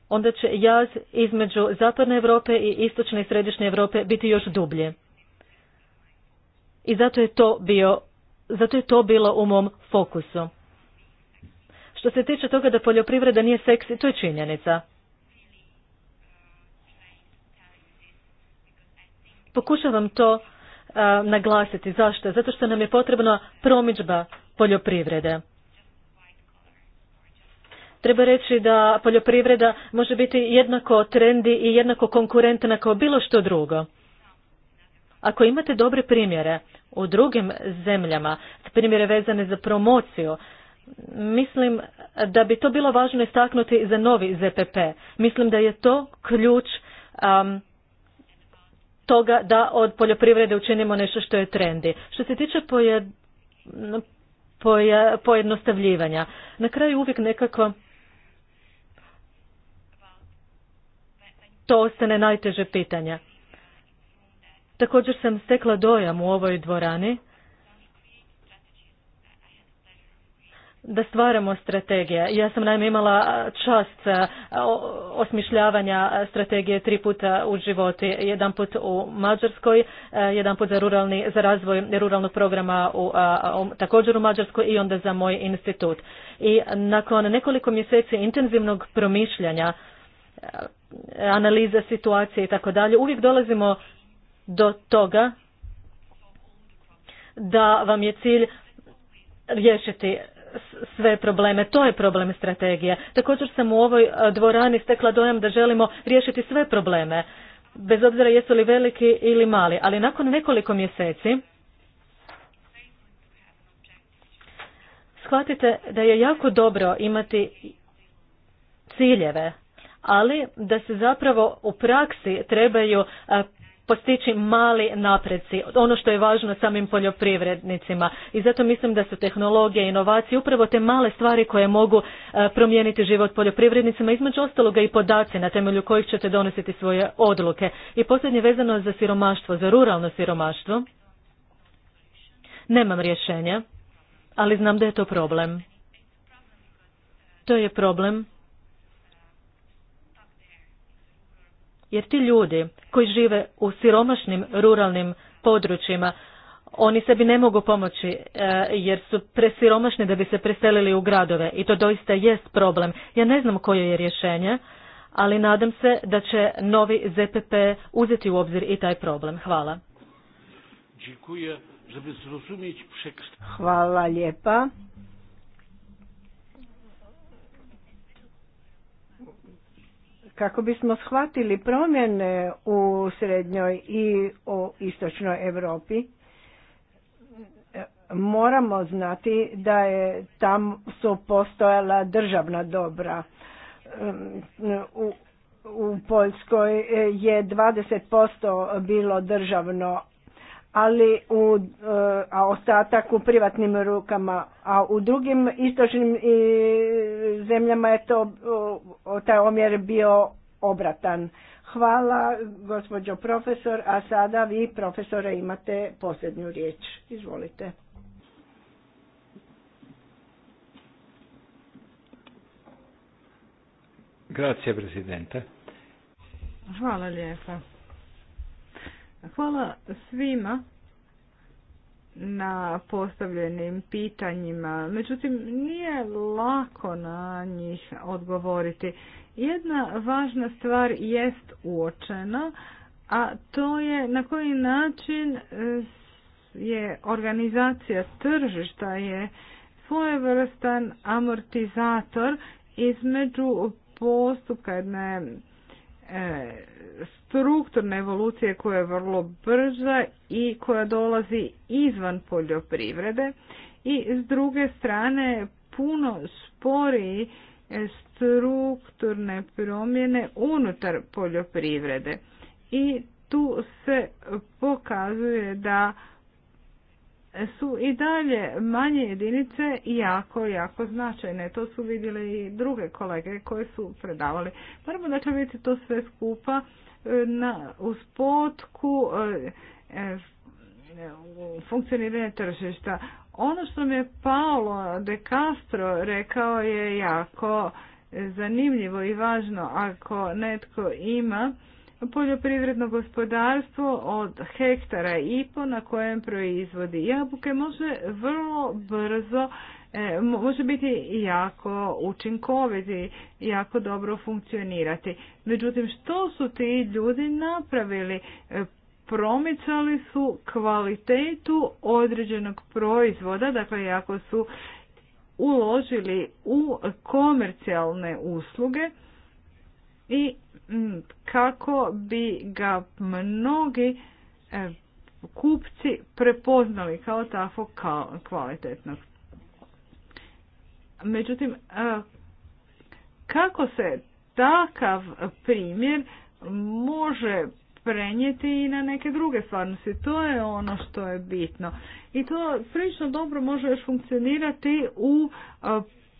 onda će jaz između Zapadne Europe i Istočne i Središnje Europe biti još dublje. I zato je to, bio, zato je to bilo u mom fokusu. Što se tiče toga da poljoprivreda nije seksi, to je činjenica. Pokušavam to naglasiti. Zašto? Zato što nam je potrebna promičba poljoprivrede. Treba reći da poljoprivreda može biti jednako trendi i jednako konkurentna kao bilo što drugo. Ako imate dobre primjere u drugim zemljama, primjere vezane za promociju, mislim da bi to bilo važno istaknuti za novi ZPP. Mislim da je to ključ um, toga da od poljoprivrede učinimo nešto što je trendi. Što se tiče pojed, pojednostavljivanja, na kraju uvijek nekako to ostane najteže pitanja. Također sam stekla dojam u ovoj dvorani da stvaramo strategije. Ja sam naime imala čast e, osmišljavanja strategije tri puta u životu, jedan put u Mađarskoj, e, jedan put za, ruralni, za razvoj ruralnog programa u, također u Mađarskoj i onda za moj institut. I nakon nekoliko mjeseci intenzivnog promišljanja, e, analiza situacije i tako dalje, uvijek dolazimo do toga da vam je cilj riješiti sve probleme. To je problem strategije. Također sam u ovoj e, dvorani stekla dojam da želimo riješiti sve probleme, bez obzira jesu li veliki ili mali. Ali nakon nekoliko mjeseci shvatite da je jako dobro imati ciljeve, ali da se zapravo u praksi trebaju e, postići mali napreci, ono što je važno samim poljoprivrednicima. I zato mislim da su tehnologije, inovacije, upravo te male stvari koje mogu e, promijeniti život poljoprivrednicima, između ostaloga i podaci na temelju kojih ćete donositi svoje odluke. I posljednje vezano za siromaštvo, za ruralno siromaštvo. Nemam rješenja, ali znam da je to problem. To je problem jer ti ljudi koji žive u siromašnim ruralnim područjima, oni sebi ne mogu pomoći e, jer su presiromašni da bi se preselili u gradove i to doista jest problem. Ja ne znam koje je rješenje, ali nadam se da će novi ZPP uzeti u obzir i taj problem. Hvala. Hvala lijepa. kako bismo shvatili promjene u srednjoj i u istočnoj Europi moramo znati da je tam su postojala državna dobra u, u Poljskoj je 20% bilo državno ali u, e, a ostatak u privatnim rukama, a u drugim istočnim i zemljama je to taj omjer bio obratan. Hvala gospođo profesor, a sada vi profesore imate posljednju riječ. Izvolite. Grazie Presidente. Hvala lijepa. Hvala svima na postavljenim pitanjima. Međutim, nije lako na njih odgovoriti. Jedna važna stvar jest uočena, a to je na koji način eh, je organizacija tržišta je svojevrstan amortizator između postupka jedne E, strukturne evolucije koja je vrlo brža i koja dolazi izvan poljoprivrede i s druge strane puno sporiji strukturne promjene unutar poljoprivrede i tu se pokazuje da su i dalje manje jedinice jako, jako značajne. To su vidjeli i druge kolege koje su predavali. da dakle vidjeti to sve skupa e, na, u spotku e, e, funkcioniranje tržišta. Ono što mi je Paolo de Castro rekao je jako zanimljivo i važno ako netko ima poljoprivredno gospodarstvo od hektara i po na kojem proizvodi jabuke može vrlo brzo e, može biti jako i jako dobro funkcionirati. Međutim, što su ti ljudi napravili? E, promicali su kvalitetu određenog proizvoda, dakle jako su uložili u komercijalne usluge, i mm, kako bi ga mnogi e, kupci prepoznali kao tako kvalitetnog. Međutim, e, kako se takav primjer može prenijeti i na neke druge stvarnosti. To je ono što je bitno. I to prilično dobro može još funkcionirati u e,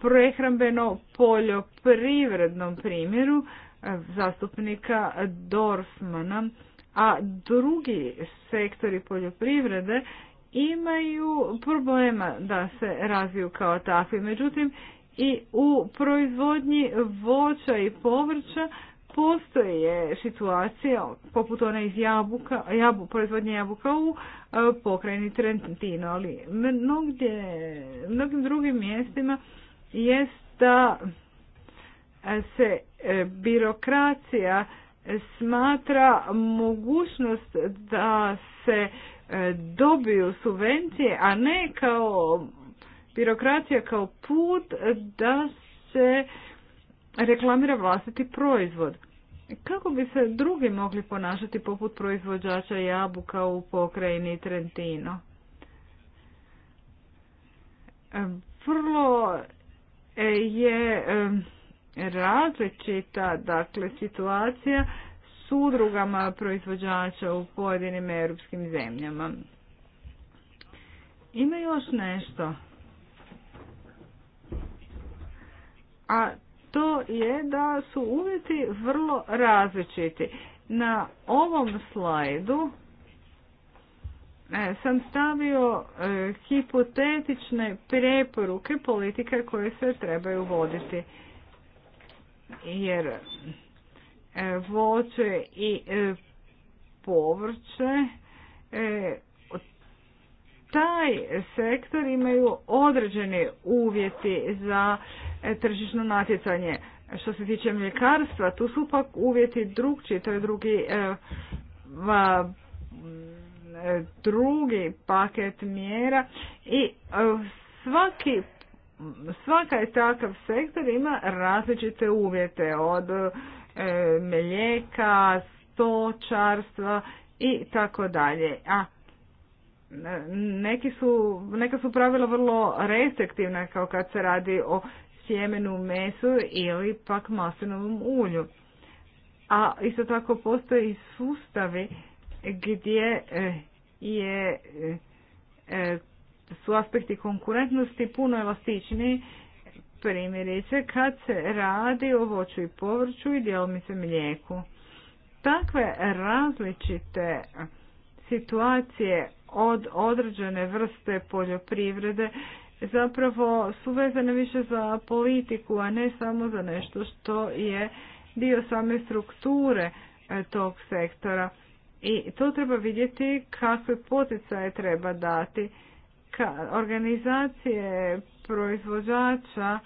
prehrambeno poljoprivrednom primjeru zastupnika Dorfmana, a drugi sektori poljoprivrede imaju problema da se razviju kao takvi. Međutim, i u proizvodnji voća i povrća postoje situacija poput one iz jabuka, proizvodnje jabuka u e, pokrajini Trentino, ali mnogdje, mnogim drugim mjestima jest da se e, birokracija smatra mogućnost da se e, dobiju subvencije, a ne kao birokracija kao put da se reklamira vlastiti proizvod. Kako bi se drugi mogli ponašati poput proizvođača jabuka u pokrajini Trentino? E, vrlo je različita dakle, situacija s udrugama proizvođača u pojedinim europskim zemljama. Ima još nešto. A to je da su uvjeti vrlo različiti. Na ovom slajdu e, sam stavio e, hipotetične preporuke politike koje se trebaju voditi jer e, voće i e, povrće e, taj sektor imaju određeni uvjeti za tržišno natjecanje. Što se tiče mljekarstva, tu su pak uvjeti drugčiji, to je drugi drugi paket mjera i svaki svaka je takav sektor ima različite uvjete od e, stočarstva i tako dalje. A neki su, neka su pravila vrlo restriktivna kao kad se radi o sjemenu, mesu ili pak maslinovom ulju. A isto tako postoje i sustavi gdje e, je e, su aspekti konkurentnosti puno elastičniji primjerice kad se radi o voću i povrću i se mlijeku. Takve različite situacije od određene vrste poljoprivrede zapravo su vezane više za politiku, a ne samo za nešto što je dio same strukture e, tog sektora. I to treba vidjeti kakve poticaje treba dati organizacije proizvođača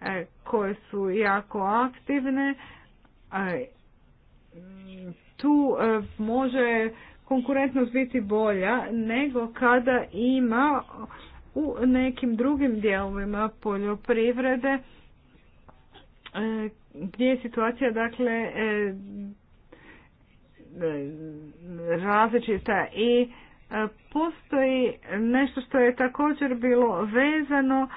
e, koje su jako aktivne, e, tu e, može konkurentnost biti bolja nego kada ima u nekim drugim dijelovima poljoprivrede gdje je situacija dakle različita i postoji nešto što je također bilo vezano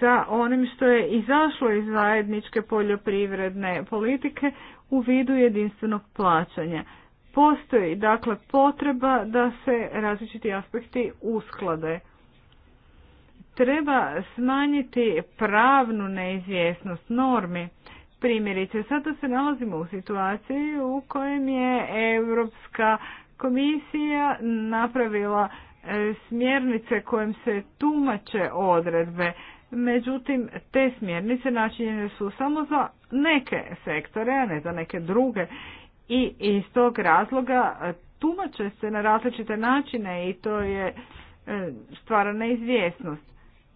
za onim što je izašlo iz zajedničke poljoprivredne politike u vidu jedinstvenog plaćanja. Postoji dakle potreba da se različiti aspekti usklade. Treba smanjiti pravnu neizvjesnost normi. Primjerice, sada se nalazimo u situaciji u kojem je Europska komisija napravila e, smjernice kojim se tumače odredbe. Međutim, te smjernice načinjene su samo za neke sektore, a ne za neke druge. I iz tog razloga e, tumače se na različite načine i to je e, stvara neizvjesnost.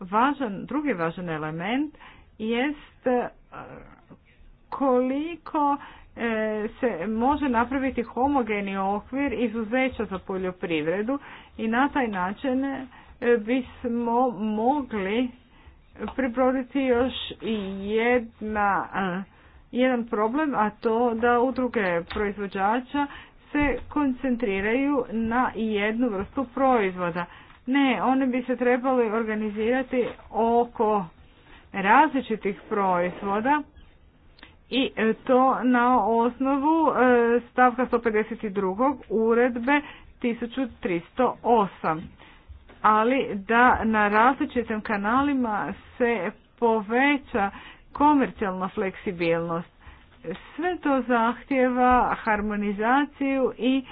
Važan, drugi važan element jest koliko E, se može napraviti homogeni okvir izuzeća za poljoprivredu i na taj način e, bismo mogli pribroditi još jedna, e, jedan problem, a to da udruge proizvođača se koncentriraju na jednu vrstu proizvoda. Ne, one bi se trebali organizirati oko različitih proizvoda i e, to na osnovu e, stavka 152. uredbe 1308. Ali da na različitim kanalima se poveća komercijalna fleksibilnost. Sve to zahtjeva harmonizaciju i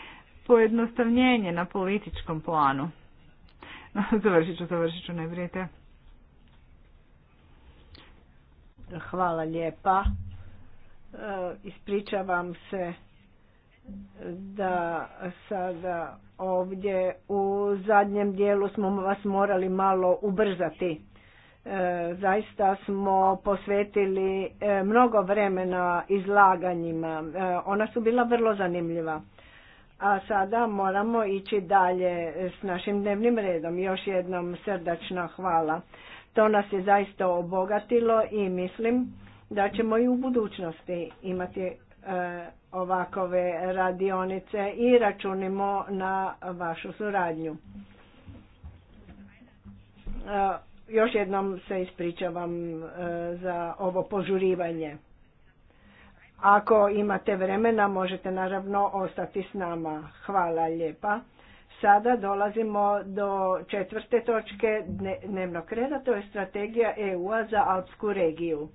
pojednostavnjenje na političkom planu. <laughs> završit ću, završit ću, ne brijete. Hvala lijepa. Eh, ispričavam se da sada ovdje u zadnjem dijelu smo vas morali malo ubrzati. Eh, zaista smo posvetili eh, mnogo vremena izlaganjima. ona su bila vrlo zanimljiva. A sada moramo ići dalje s našim dnevnim redom. Još jednom srdačna hvala. To nas je zaista obogatilo i mislim da ćemo i u budućnosti imati e, ovakove radionice i računimo na vašu suradnju. E, još jednom se ispričavam e, za ovo požurivanje. Ako imate vremena možete naravno ostati s nama. Hvala lijepa. Sada dolazimo do četvrte točke dnevnog reda, to je strategija EU-a za Alpsku regiju.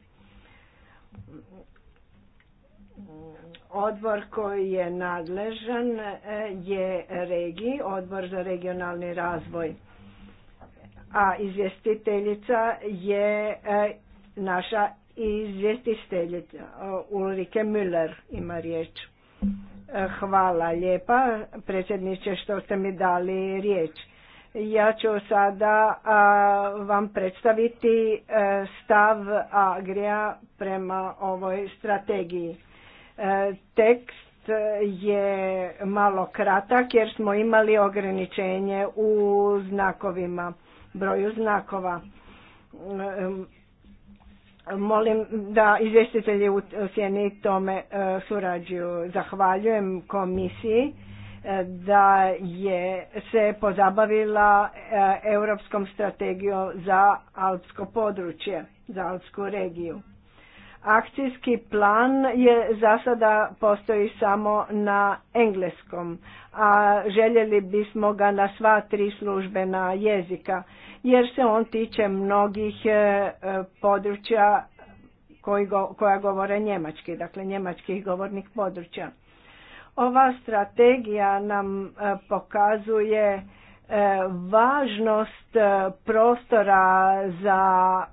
Odbor koji je nadležan e, je regiji, odbor za regionalni razvoj. A izvjestiteljica je e, naša izvjestiteljica e, Ulrike Müller ima riječ. Hvala lijepa predsjedniče što ste mi dali riječ. Ja ću sada vam predstaviti e, stav Agrija prema ovoj strategiji. E, tekst je malo kratak jer smo imali ograničenje u znakovima, broju znakova. E, molim da izvjestitelji u sjeni tome surađuju. Zahvaljujem komisiji da je se pozabavila eh, europskom strategijom za alpsko područje, za alpsku regiju. Akcijski plan je za sada postoji samo na engleskom, a željeli bismo ga na sva tri službena jezika, jer se on tiče mnogih eh, područja koja govore njemački, dakle njemačkih govornih područja. Ova strategija nam e, pokazuje e, važnost e, prostora za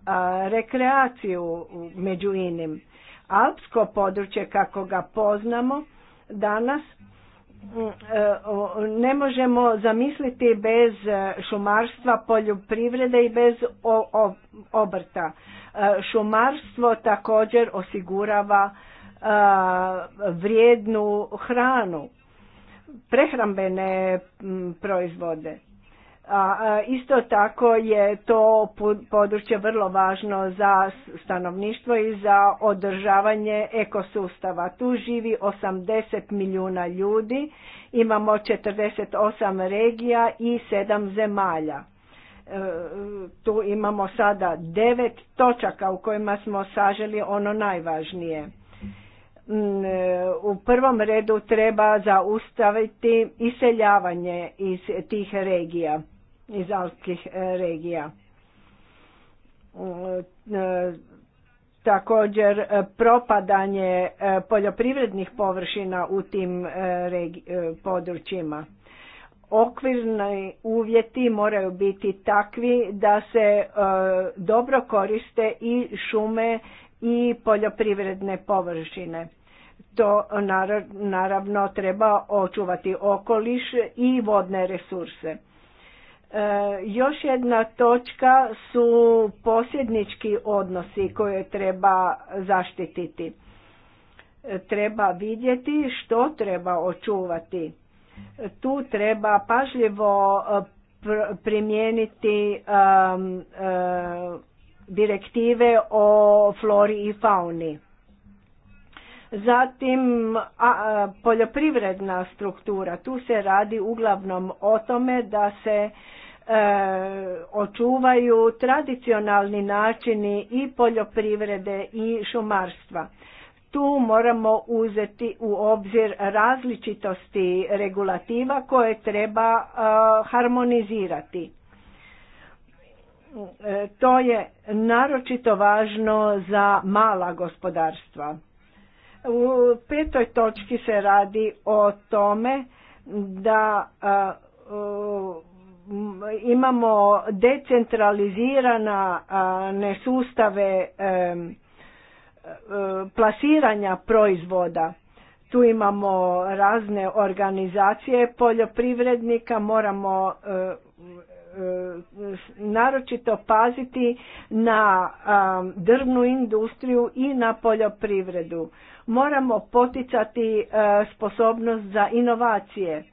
rekreaciju među inim. Alpsko područje kako ga poznamo danas ne možemo zamisliti bez šumarstva, poljoprivrede i bez obrta. Šumarstvo također osigurava vrijednu hranu, prehrambene proizvode. A isto tako je to područje vrlo važno za stanovništvo i za održavanje ekosustava. Tu živi 80 milijuna ljudi, imamo 48 regija i 7 zemalja. E, tu imamo sada devet točaka u kojima smo saželi ono najvažnije. Mm, e, u prvom redu treba zaustaviti iseljavanje iz tih regija, iz alpskih e, regija. Mm, e, također propadanje poljoprivrednih površina u tim područjima. Okvirni uvjeti moraju biti takvi da se dobro koriste i šume i poljoprivredne površine to naravno treba očuvati okoliš i vodne resurse. E, još jedna točka su posjednički odnosi koje treba zaštititi. E, treba vidjeti što treba očuvati. E, tu treba pažljivo primijeniti direktive o flori i fauni. Zatim poljoprivredna struktura, tu se radi uglavnom o tome da se e, očuvaju tradicionalni načini i poljoprivrede i šumarstva. Tu moramo uzeti u obzir različitosti regulativa koje treba e, harmonizirati. E, to je naročito važno za mala gospodarstva u petoj točki se radi o tome da imamo decentralizirana nesustave sustave e, plasiranja proizvoda. Tu imamo razne organizacije poljoprivrednika, moramo e, e, naročito paziti na drvnu industriju i na poljoprivredu. Moramo poticati e, sposobnost za inovacije.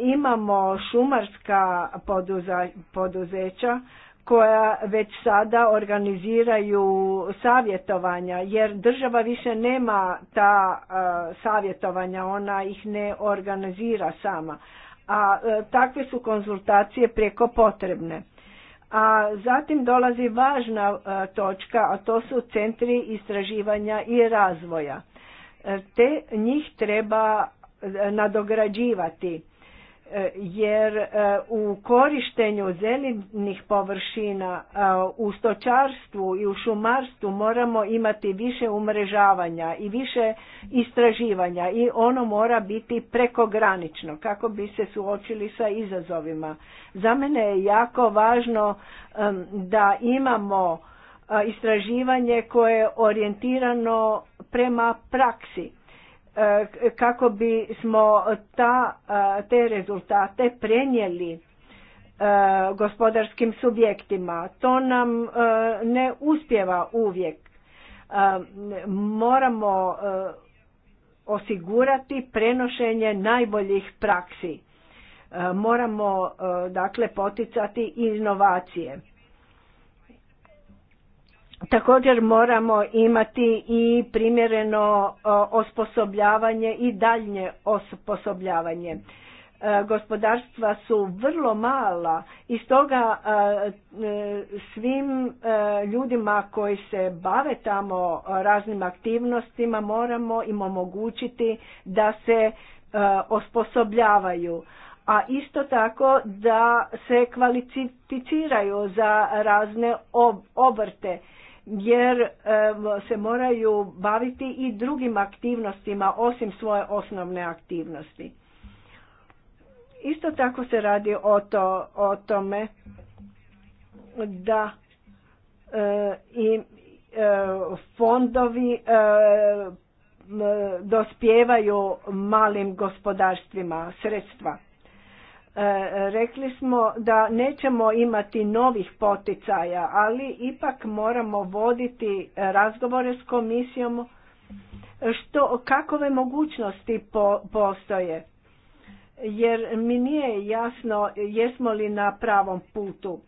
Imamo šumarska poduzeća koja već sada organiziraju savjetovanja jer država više nema ta e, savjetovanja, ona ih ne organizira sama. A e, takve su konzultacije preko potrebne. A zatim dolazi važna točka, a to su centri istraživanja i razvoja te njih treba e, nadograđivati e, jer e, u korištenju zelenih površina u stočarstvu i u šumarstvu moramo imati više umrežavanja i više istraživanja i ono mora biti prekogranično kako bi se suočili sa izazovima. Za mene je jako važno da imamo istraživanje koje je orijentirano prema praksi e, kako bi smo ta, te rezultate prenijeli e, gospodarskim subjektima. To nam e, ne uspjeva uvijek. Moramo osigurati prenošenje najboljih praksi. Moramo dakle poticati inovacije Također moramo imati i primjereno osposobljavanje i daljnje osposobljavanje. E, gospodarstva su vrlo mala i stoga e, e, svim ljudima koji se bave tamo raznim aktivnostima moramo im omogućiti da se osposobljavaju a isto tako da se kvalificiraju za razne obrte jer se moraju baviti i drugim aktivnostima osim svoje osnovne aktivnosti. Isto tako se radi o, to, o tome da eh, i eh, fondovi dospjevaju eh, dospijevaju malim gospodarstvima sredstva. E, rekli smo da nećemo imati novih poticaja, ali ipak moramo voditi razgovore s komisijom što, kakove mogućnosti postoje. Jer mi nije jasno jesmo li na pravom putu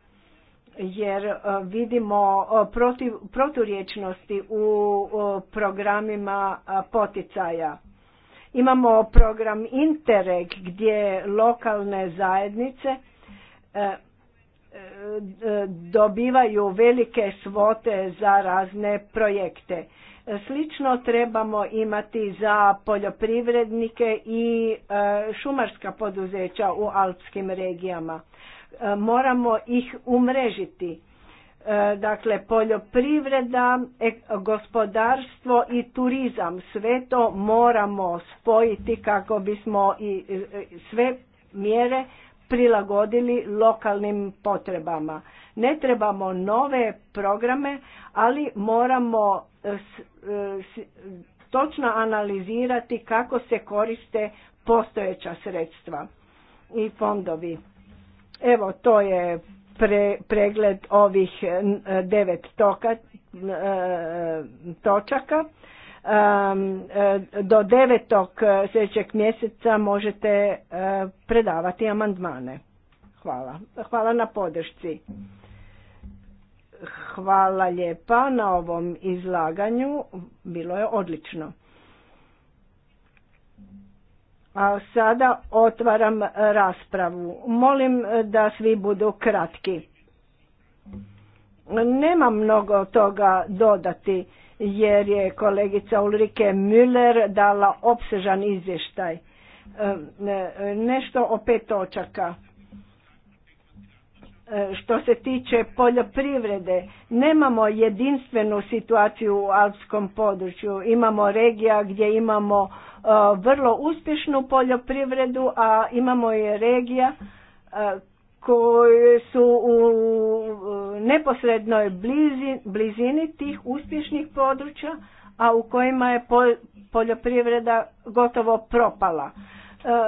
jer e, vidimo e, protiv, proturječnosti u programima poticaja. Imamo program Interreg gdje lokalne zajednice e, e, e, dobivaju velike svote za razne projekte. Slično trebamo imati za poljoprivrednike i šumarska poduzeća u alpskim regijama. Moramo ih umrežiti E, dakle poljoprivreda, e, gospodarstvo i turizam, sve to moramo spojiti kako bismo i e, sve mjere prilagodili lokalnim potrebama. Ne trebamo nove programe, ali moramo točno analizirati kako se koriste postojeća sredstva i fondovi. Evo, to je pre, pregled ovih e, e, devet toka, e, točaka. Do devetog sljedećeg mjeseca možete predavati amandmane. Hvala. Hvala na podršci. Hvala lijepa na ovom izlaganju. Bilo je odlično. A sada otvaram raspravu. Molim da svi budu kratki. Nema mnogo toga dodati jer je kolegica Ulrike Müller dala opsežan izvještaj. E, nešto o pet točaka. E, što se tiče poljoprivrede, nemamo jedinstvenu situaciju u alpskom području. Imamo regija gdje imamo vrlo uspješnu poljoprivredu, a imamo i regija koje su u neposrednoj blizini, tih uspješnih područja, a u kojima je poljoprivreda gotovo propala.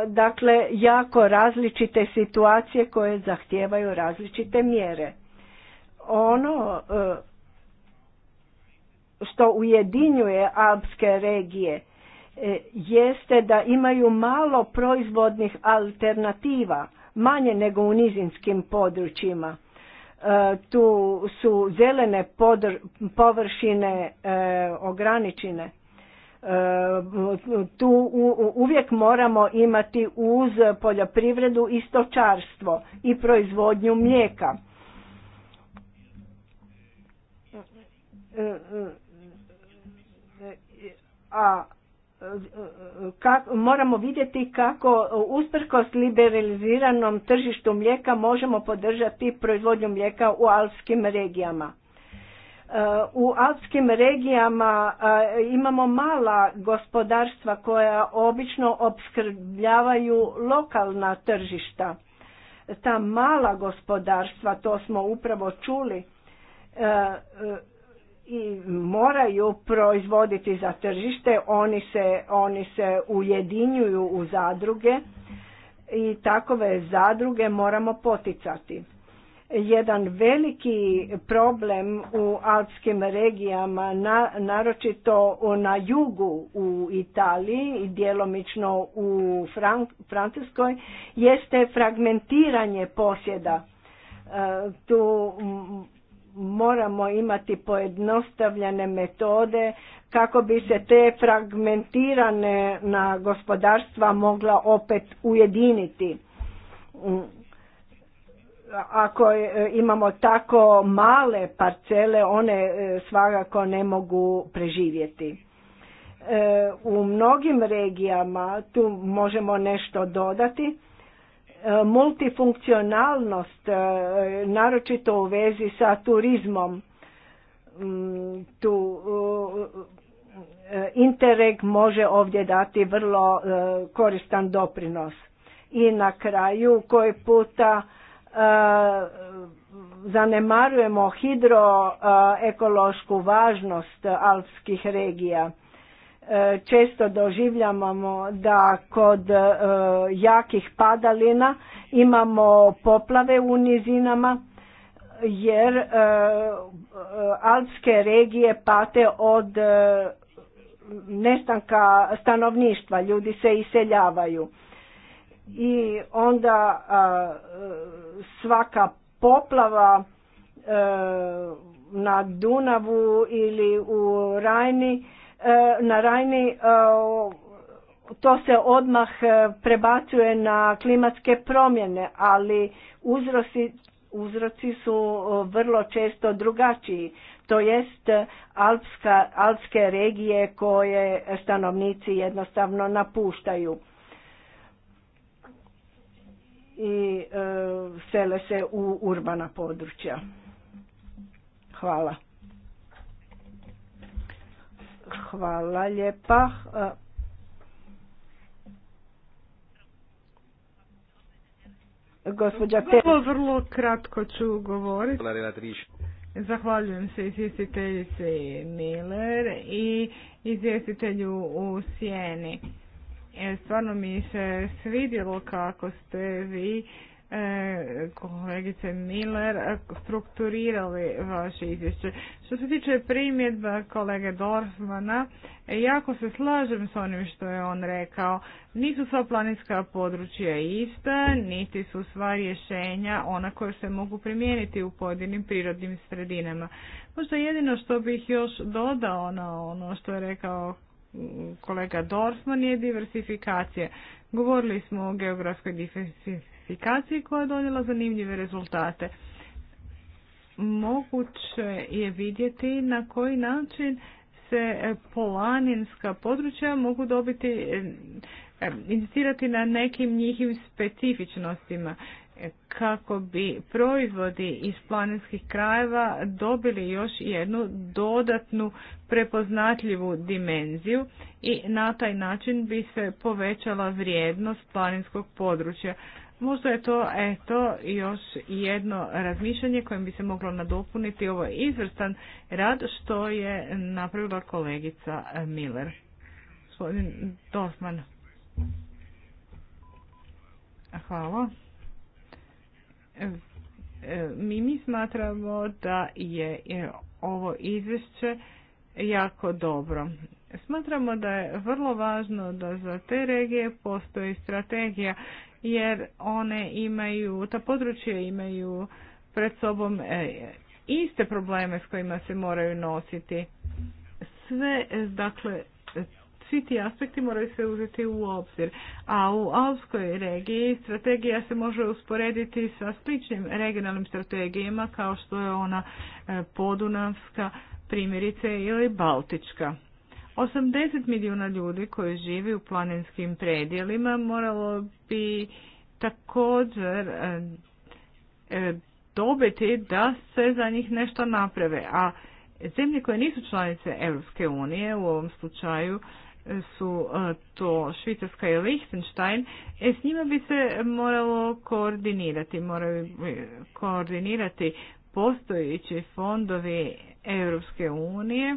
Dakle, jako različite situacije koje zahtijevaju različite mjere. Ono što ujedinjuje alpske regije E, jeste da imaju malo proizvodnih alternativa, manje nego u nizinskim područjima. E, tu su zelene podr površine e, ograničene. Tu uvijek moramo imati uz poljoprivredu i stočarstvo i proizvodnju mlijeka a moramo vidjeti kako usprkos liberaliziranom tržištu mlijeka možemo podržati proizvodnju mlijeka u alpskim regijama. E, u alpskim regijama e, imamo mala gospodarstva koja obično opskrbljavaju lokalna tržišta. Ta mala gospodarstva, to smo upravo čuli, e, i moraju proizvoditi za tržište, oni se, oni se ujedinjuju u zadruge i takove zadruge moramo poticati. Jedan veliki problem u alpskim regijama, na, naročito na jugu u Italiji i djelomično u Francuskoj, jeste fragmentiranje posjeda. E, tu moramo imati pojednostavljene metode kako bi se te fragmentirane na gospodarstva mogla opet ujediniti. Mm. Ako e, imamo tako male parcele, one e, svakako ne mogu preživjeti. E, u mnogim regijama tu možemo nešto dodati multifunkcionalnost, e, naročito u vezi sa turizmom. Mm, tu e, Interreg može ovdje dati vrlo e, koristan doprinos. I na kraju koji puta zanemarujemo hidroekološku važnost alpskih regija često doživljavamo da kod e, jakih padalina imamo poplave u nizinama jer e, alpske regije pate od e, nestanka stanovništva, ljudi se iseljavaju. I onda svaka poplava na Dunavu ili u Rajni E, na Rajni e, to se odmah e, prebacuje na klimatske promjene, ali uzroci, uzroci su vrlo često drugačiji. To jest alpska, alpske regije koje stanovnici jednostavno napuštaju i sele se u urbana područja. Hvala. Hvala lijepa. E, gospođa vrlo, vrlo kratko ću govoriti. Zahvaljujem se izvjestiteljice Miller i izvjestitelju u Sjeni. E, stvarno mi se svidjelo kako ste vi E, kolegice Miller strukturirali vaše izvješće. Što se tiče primjedba kolege Dorfmana, jako se slažem s onim što je on rekao. Nisu sva planinska područja ista, niti su sva rješenja ona koja se mogu primijeniti u pojedinim prirodnim sredinama. Možda jedino što bih još dodao na ono što je rekao kolega Dorfman je diversifikacija. Govorili smo o geografskoj diversifikaciji klasifikaciji koja je donijela zanimljive rezultate. Moguće je vidjeti na koji način se e, polaninska područja mogu dobiti, e, e, insistirati na nekim njihim specifičnostima kako bi proizvodi iz planinskih krajeva dobili još jednu dodatnu prepoznatljivu dimenziju i na taj način bi se povećala vrijednost planinskog područja. Možda je to eto još jedno razmišljanje kojem bi se moglo nadopuniti ovo je izvrstan rad što je napravila kolegica Miller. Gospodin Dosman. Hvala. E, mi mi smatramo da je e, ovo izvješće jako dobro. Smatramo da je vrlo važno da za te regije postoji strategija jer one imaju, ta područja imaju pred sobom e, iste probleme s kojima se moraju nositi. Sve, e, dakle, svi ti aspekti moraju se uzeti u obzir, a u Alpskoj regiji strategija se može usporediti sa sličnim regionalnim strategijama kao što je ona e, podunavska, primjerice ili baltička. 80 milijuna ljudi koji živi u planinskim predjelima moralo bi također e, e, dobiti da se za njih nešto naprave, a zemlje koje nisu članice Europske unije u ovom slučaju e, su to Švicarska i Liechtenstein, s njima bi se moralo koordinirati, moraju koordinirati postojeći fondovi Europske unije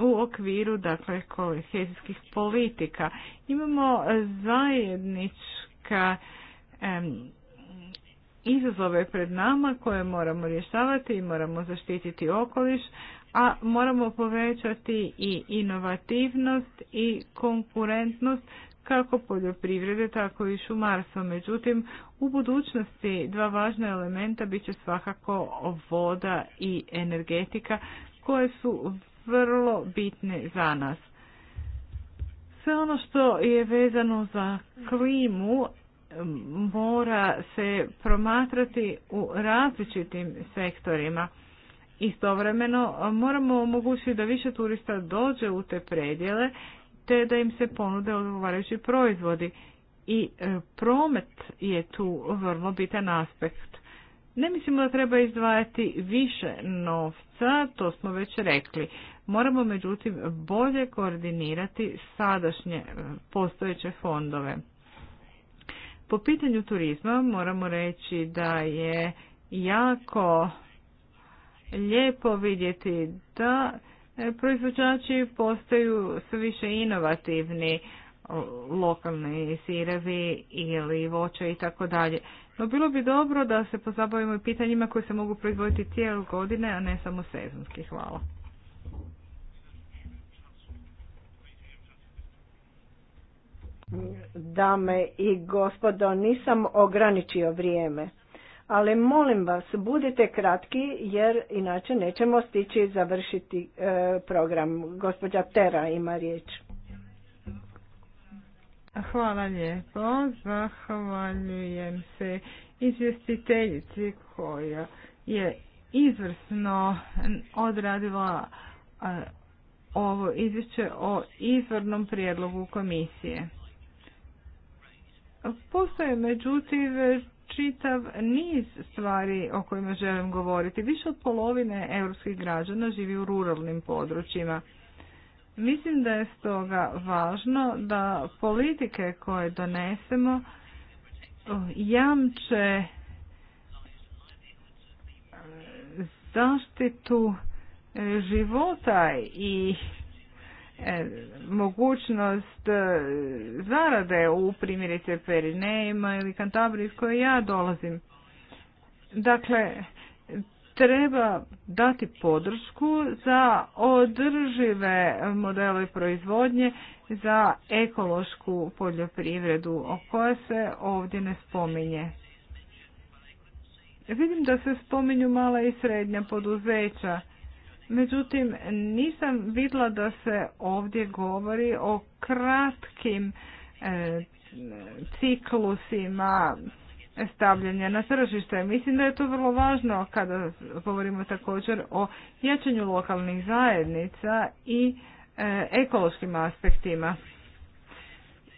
u okviru dakle kohezijskih politika. Imamo zajednička izazove pred nama koje moramo rješavati i moramo zaštititi okoliš, a moramo povećati i inovativnost i konkurentnost kako poljoprivrede, tako i šumarstva. Međutim, u budućnosti dva važna elementa bit će svakako voda i energetika koje su vrlo bitne za nas. Sve ono što je vezano za klimu mora se promatrati u različitim sektorima. Istovremeno moramo omogućiti da više turista dođe u te predjele te da im se ponude odgovarajući proizvodi. I e, promet je tu vrlo bitan aspekt. Ne mislimo da treba izdvajati više novca, to smo već rekli. Moramo međutim bolje koordinirati sadašnje e, postojeće fondove. Po pitanju turizma moramo reći da je jako lijepo vidjeti da e, proizvođači postaju sve više inovativni lokalni sirevi ili voće i tako dalje. No bilo bi dobro da se pozabavimo i pitanjima koje se mogu proizvoditi cijelu godine, a ne samo sezonski. Hvala. Dame i gospodo, nisam ograničio vrijeme, ali molim vas, budite kratki jer inače nećemo stići završiti e, program. Gospođa Tera ima riječ. Hvala lijepo. Zahvaljujem se izvjestiteljici koja je izvrsno odradila ovo izvješće o izvornom prijedlogu komisije. Postoje međutim čitav niz stvari o kojima želim govoriti. Više od polovine europskih građana živi u ruralnim područjima. Mislim da je stoga važno da politike koje donesemo jamče e, zaštitu e, života i e, mogućnost zarade u primjerice Perinejima ili Kantabriji iz koje ja dolazim. Dakle, treba dati podršku za održive modele proizvodnje za ekološku poljoprivredu o koja se ovdje ne spominje. Vidim da se spominju mala i srednja poduzeća, međutim nisam vidla da se ovdje govori o kratkim e, ciklusima stavljanja na tržište. Mislim da je to vrlo važno kada govorimo također o jačanju lokalnih zajednica i e, ekološkim aspektima.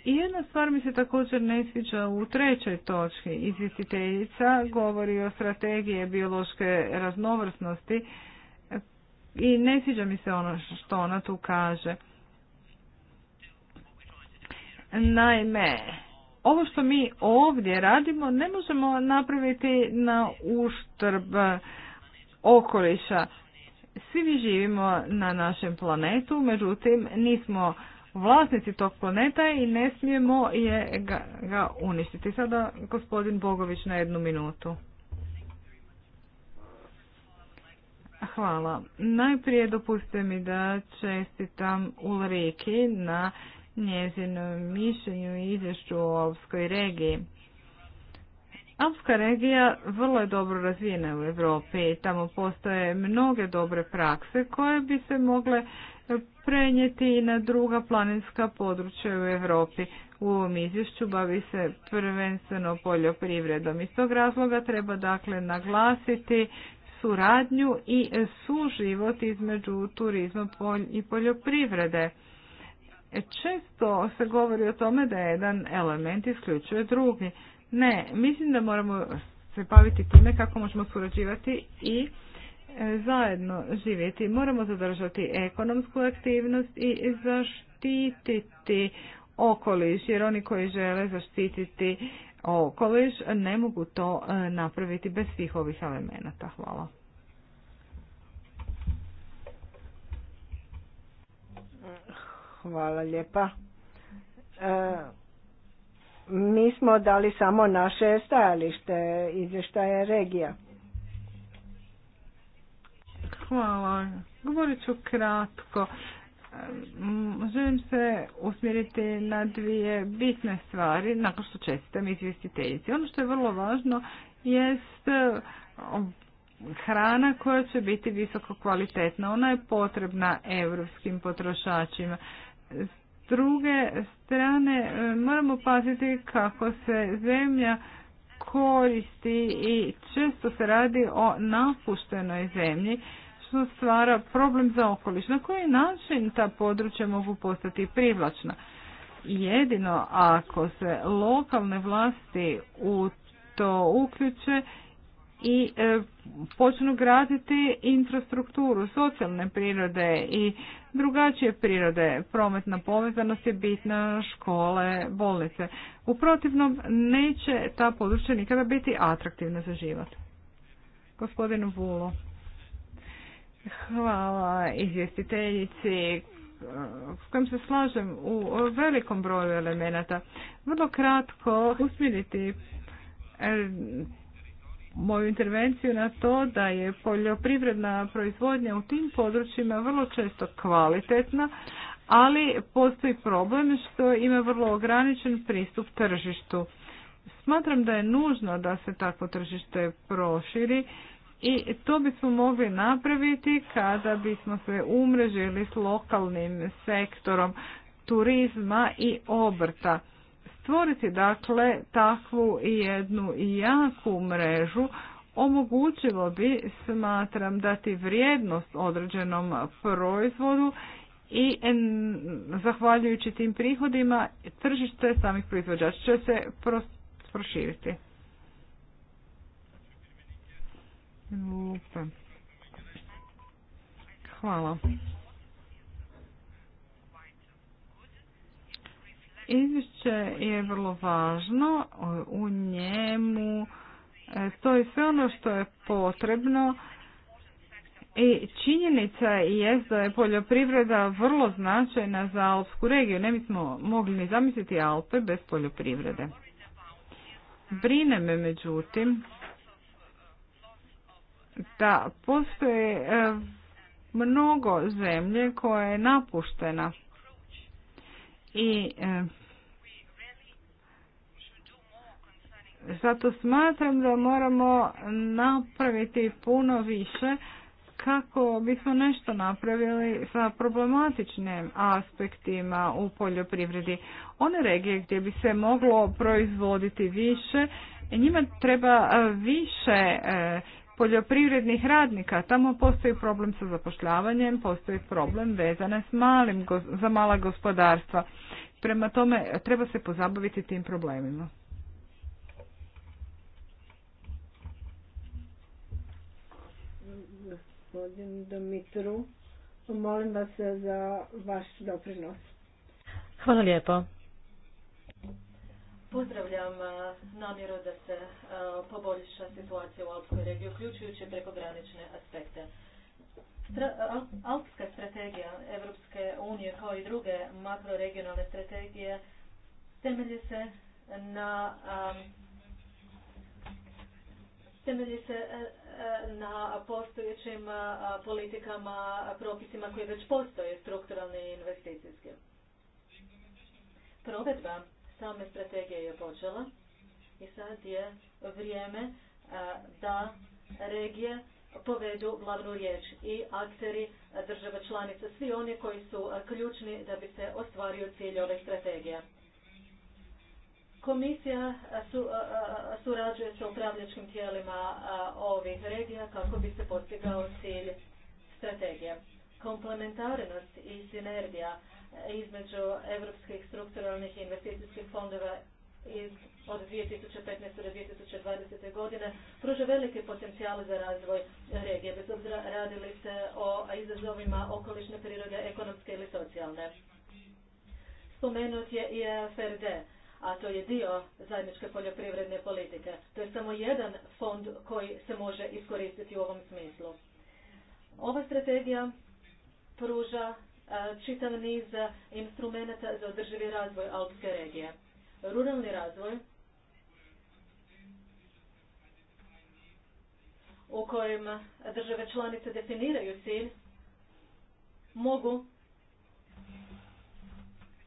I jedna stvar mi se također ne sviđa u trećoj točki. Izvjestiteljica govori o strategije biološke raznovrsnosti i ne sviđa mi se ono što ona tu kaže. Naime, ovo što mi ovdje radimo ne možemo napraviti na uštrb e, okoliša. Svi mi živimo na našem planetu, međutim nismo vlasnici tog planeta i ne smijemo je ga, uništiti. Sada gospodin Bogović na jednu minutu. Hvala. Najprije dopustite mi da čestitam Ulriki na njezinom mišljenju i izvješću o Alpskoj regiji. Alpska regija vrlo je dobro razvijena u Europi i tamo postoje mnoge dobre prakse koje bi se mogle prenijeti i na druga planinska područja u Europi. U ovom izvješću bavi se prvenstveno poljoprivredom. Iz tog razloga treba dakle naglasiti suradnju i suživot između turizma i poljoprivrede. E, često se govori o tome da jedan element isključuje drugi. Ne, mislim da moramo se baviti time kako možemo surađivati i e, zajedno živjeti. Moramo zadržati ekonomsku aktivnost i zaštititi okoliš, jer oni koji žele zaštititi okoliš ne mogu to e, napraviti bez svih ovih elemenata. Hvala. Hvala lijepa. E, mi smo dali samo naše stajalište, izvještaje regija. Hvala. Govorit ću kratko. E, želim se usmjeriti na dvije bitne stvari nakon što čestitam izvjestiteljici. Ono što je vrlo važno jest e, hrana koja će biti visoko kvalitetna. Ona je potrebna europskim potrošačima. S druge strane, e, moramo paziti kako se zemlja koristi i često se radi o napuštenoj zemlji što stvara problem za okoliš. Na koji način ta područja mogu postati privlačna? Jedino ako se lokalne vlasti u to uključe i e, počnu graditi infrastrukturu socijalne prirode i drugačije prirode. Prometna povezanost je bitna, škole, bolnice. U protivnom neće ta područja nikada biti atraktivna za život. Gospodin Vulo. Hvala izvjestiteljici s kojim se slažem u velikom broju elemenata. Vrlo kratko usmjeriti moju intervenciju na to da je poljoprivredna proizvodnja u tim područjima vrlo često kvalitetna, ali postoji problem što ima vrlo ograničen pristup tržištu. Smatram da je nužno da se takvo tržište proširi i to bismo mogli napraviti kada bismo se umrežili s lokalnim sektorom turizma i obrta Stvoriti dakle takvu jednu jaku mrežu omogućilo bi, smatram, dati vrijednost određenom proizvodu i zahvaljujući tim prihodima tržište samih proizvođača će se proširiti. Hvala. Izvješće je vrlo važno, u njemu e, stoji sve ono što je potrebno i činjenica je da je poljoprivreda vrlo značajna za Alpsku regiju. Ne bismo mogli ni zamisliti Alpe bez poljoprivrede. Brine me međutim da postoje e, mnogo zemlje koja je napuštena i e, zato smatram da moramo napraviti puno više kako bismo nešto napravili sa problematičnim aspektima u poljoprivredi. One regije gdje bi se moglo proizvoditi više, njima treba više e, poljoprivrednih radnika. Tamo postoji problem sa zapošljavanjem, postoji problem vezane s malim, za mala gospodarstva. Prema tome treba se pozabaviti tim problemima. Gospodin Dmitru, molim vas za vaš doprinos. Hvala lijepo. Pozdravljam e, namjeru da se e, poboljša situacija u Alpskoj regiji, uključujući prekogranične aspekte. E, alpska strategija Evropske unije kao i druge makroregionalne strategije temelje se na temelje se na postojećim politikama, propisima koje već postoje, strukturalni i investicijski. Provedba same strategije je počela i sad je vrijeme e, da regije povedu glavnu riječ i akteri država članica, svi oni koji su ključni da bi se ostvario cilj ove strategije. Komisija su, e, e, surađuje sa upravljačkim tijelima ovih regija kako bi se postigao cilj strategije. Komplementarnost i sinergija između europskih strukturalnih i investicijskih fondova iz, od 2015. do 2020. godine pruža velike potencijale za razvoj regije, bez obzira radili se o izazovima okolišne prirode, ekonomske ili socijalne. Spomenut je i e FRD, a to je dio zajedničke poljoprivredne politike. To je samo jedan fond koji se može iskoristiti u ovom smislu. Ova strategija pruža E, čitav niz instrumenta za održivi razvoj Alpske regije. Ruralni razvoj u kojima države članice definiraju cilj mogu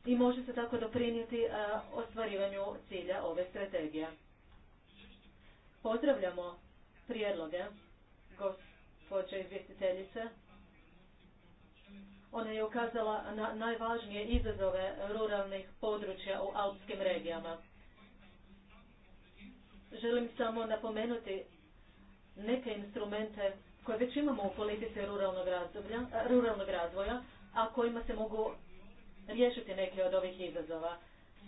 i može se tako doprinijeti e, ostvarivanju cilja ove strategije. Pozdravljamo prijedloge gospođe izvjestiteljice ona je ukazala na najvažnije izazove ruralnih područja u alpskim regijama. Želim samo napomenuti neke instrumente koje već imamo u politici ruralnog, eh, ruralnog razvoja, a kojima se mogu riješiti neke od ovih izazova.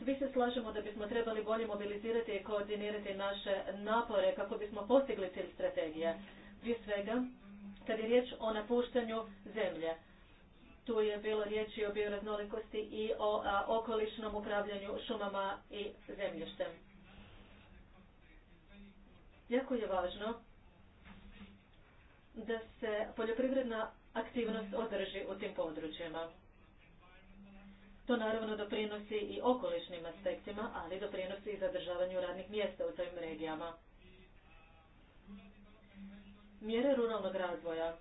Svi se slažemo da bismo trebali bolje mobilizirati i koordinirati naše napore kako bismo postigli cilj strategije. Prije svega, kad je riječ o napuštanju zemlje tu je bilo riječi o bioraznolikosti i o okolišnom upravljanju šumama i zemljištem. Jako je važno da se poljoprivredna aktivnost održi u tim područjima. To naravno doprinosi i okolišnim aspektima, ali doprinosi i zadržavanju radnih mjesta u tim regijama. Mjere ruralnog razvoja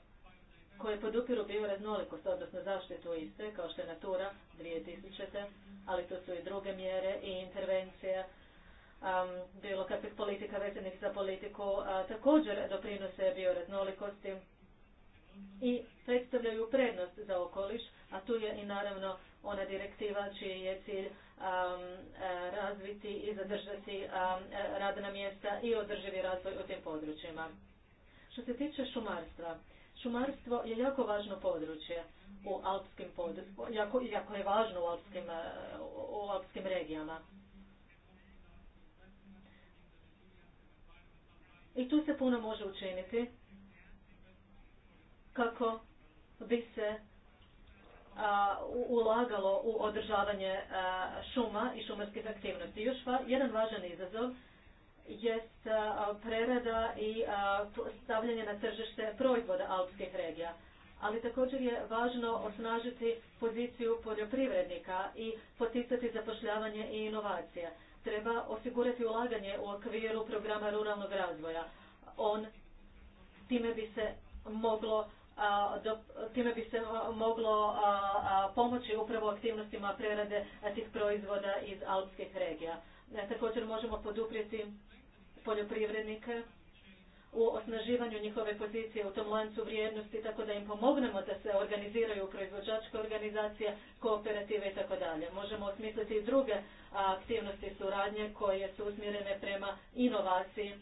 koje podupiru bioraznolikost, odnosno zaštitu iste, kao što je Natura 2000, ali to su i druge mjere i intervencije, um, bilo kakvih politika vezanih za politiku, također doprinose bioraznolikosti i predstavljaju prednost za okoliš, a tu je i naravno ona direktiva čiji je cilj um, razviti i zadržati um, radna mjesta i održivi razvoj u tim područjima. Što se tiče šumarstva, Šumarstvo je jako važno područje u alpskim području, jako, jako je važno u alpskim, e, u alpskim regijama. I tu se puno može učiniti kako bi se a, e, ulagalo u održavanje e, šuma i šumarskih aktivnosti. Još jedan važan izazov jest prerada i stavljanje na tržište proizvoda alpskih regija. Ali također je važno osnažiti poziciju poljoprivrednika i poticati zapošljavanje i inovacije. Treba osigurati ulaganje u okviru programa ruralnog razvoja. On time bi se moglo time bi se moglo pomoći upravo aktivnostima prerade tih proizvoda iz alpskih regija. E, također možemo poduprijeti poljoprivrednike u osnaživanju njihove pozicije u tom lancu vrijednosti, tako da im pomognemo da se organiziraju proizvođačke organizacije, kooperative i tako dalje. Možemo osmisliti i druge aktivnosti suradnje koje su usmjerene prema inovaciji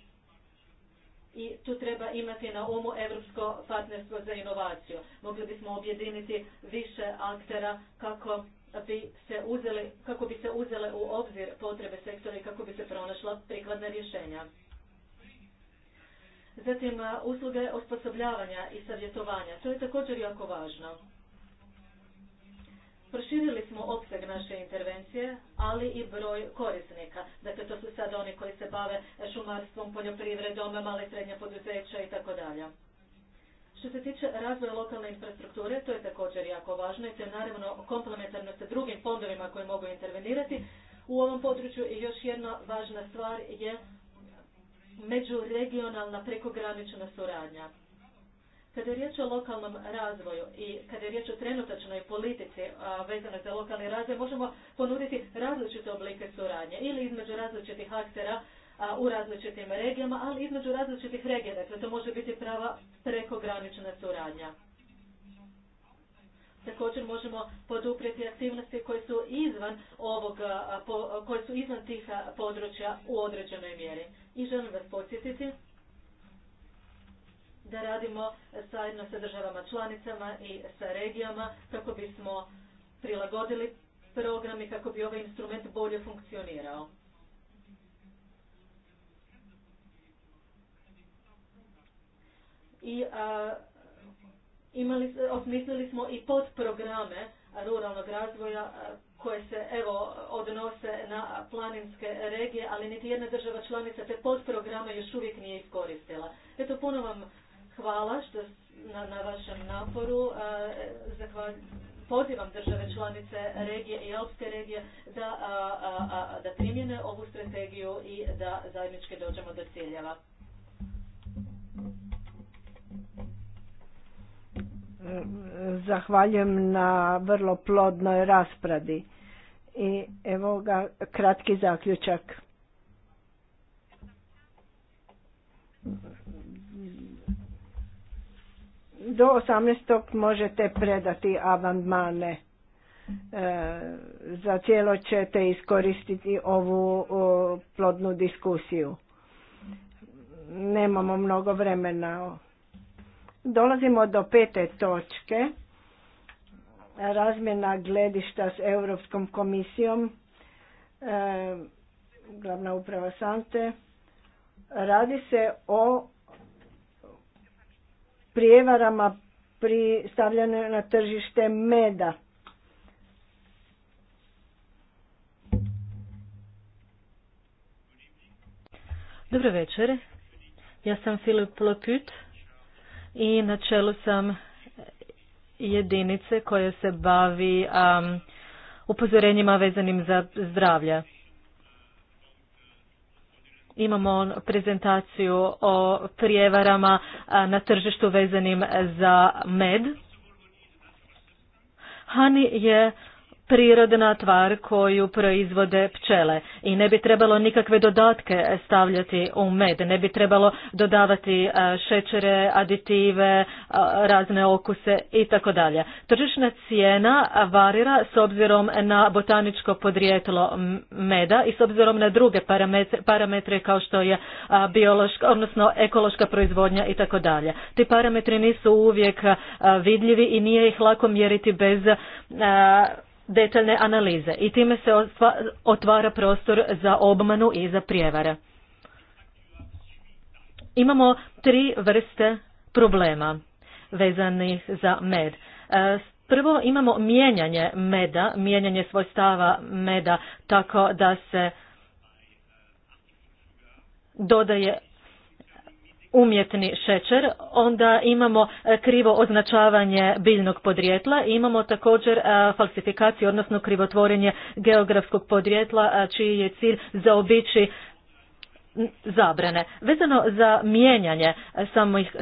i tu treba imati na umu Europsko partnerstvo za inovaciju. Mogli bismo objediniti više aktera kako bi se uzeli, kako bi se uzele u obzir potrebe sektora i kako bi se pronašla prikladna rješenja. Zatim, usluge osposobljavanja i savjetovanja. To je također jako važno. Proširili smo opseg naše intervencije, ali i broj korisnika. Dakle, to su sad oni koji se bave šumarstvom, poljoprivredom, male i srednje poduzeća i tako dalje. Što se tiče razvoja lokalne infrastrukture, to je također jako važno i to je naravno komplementarno sa drugim fondovima koji mogu intervenirati. U ovom području i još jedna važna stvar je međuregionalna prekogranična suradnja. Kada je riječ o lokalnom razvoju i kada je riječ o trenutačnoj politici vezanoj za lokalni razvoj, možemo ponuditi različite oblike suradnje ili između različitih aktera u različitim regijama, ali između različitih regija. Dakle, to može biti prava prekogranična suradnja. Također možemo poduprijeti aktivnosti koje su izvan ovog, koje su izvan tih područja u određenoj mjeri. I želim vas podsjetiti da radimo zajedno sa državama članicama i sa regijama kako bismo prilagodili program i kako bi ovaj instrument bolje funkcionirao. i a, imali, osmislili smo i podprograme ruralnog razvoja a, koje se evo odnose na planinske regije, ali niti jedna država članica te podprograme još uvijek nije iskoristila. Eto, puno vam hvala što na, vašem naporu. A, pozivam države članice regije i Alpske regije da, da primjene ovu strategiju i da zajednički dođemo do ciljeva. Zahvaljujem na vrlo plodnoj raspravi. I evo ga kratki zaključak. Do 18. možete predati amandmane. E, za cijelo ćete iskoristiti ovu plodnu diskusiju. Nemamo mnogo vremena. Dolazimo do pete točke, razmjena gledišta s Europskom komisijom, e, glavna uprava Sante. Radi se o prijevarama pri stavljanju na tržište meda. Dobro večer. Ja sam Filip Lokut i na čelu sam jedinice koja se bavi upozorenjima vezanim za zdravlje. Imamo prezentaciju o prijevarama na tržištu vezanim za med. Hani je prirodna tvar koju proizvode pčele i ne bi trebalo nikakve dodatke stavljati u med, ne bi trebalo dodavati e, šećere, aditive, e, razne okuse i tako dalje. Tržišna cijena varira s obzirom na botaničko podrijetlo meda i s obzirom na druge parametre kao što je e, biološka, odnosno ekološka proizvodnja i tako dalje. Ti parametri nisu uvijek vidljivi i nije ih lako mjeriti bez detaljne analize i time se otvara prostor za obmanu i za prijevare. Imamo tri vrste problema vezanih za med. E, prvo imamo mijenjanje meda, mijenjanje svojstava meda tako da se dodaje umjetni šećer, onda imamo e, krivo označavanje biljnog podrijetla, imamo također e, falsifikaciju, odnosno krivotvorenje geografskog podrijetla, e, čiji je cilj zaobići zabrane. Vezano za mijenjanje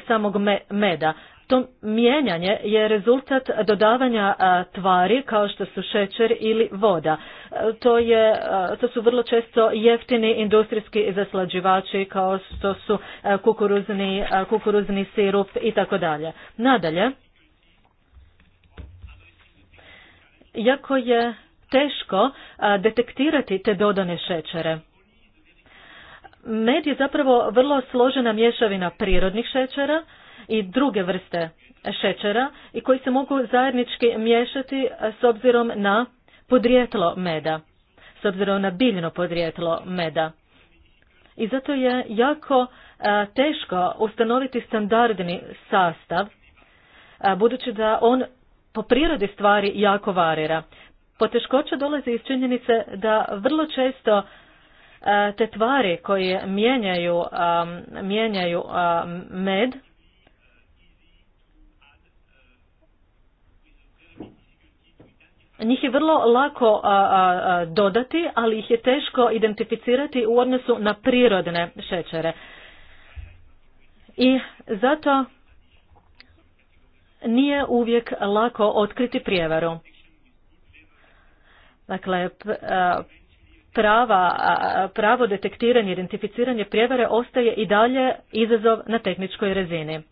samog meda, to mijenjanje je rezultat dodavanja tvari kao što su šećer ili voda. E, to, je, to su vrlo često jeftini industrijski zaslađivači kao što su kukuruzni, kukuruzni sirup i tako dalje. Nadalje, jako je teško detektirati te dodane šećere. Med je zapravo vrlo složena mješavina prirodnih šećera, i druge vrste šećera i koji se mogu zajednički miješati s obzirom na podrijetlo meda, s obzirom na biljno podrijetlo meda. I zato je jako teško ustanoviti standardni sastav, budući da on po prirodi stvari jako varira. Poteškoća dolazi iz činjenice da vrlo često te tvari koje mijenjaju, mijenjaju med, Njih je vrlo lako dodati, ali ih je teško identificirati u odnosu na prirodne šećere. I zato nije uvijek lako otkriti prijevaru. Dakle, prava, pravo detektiranje, identificiranje prijevare ostaje i dalje izazov na tehničkoj razini.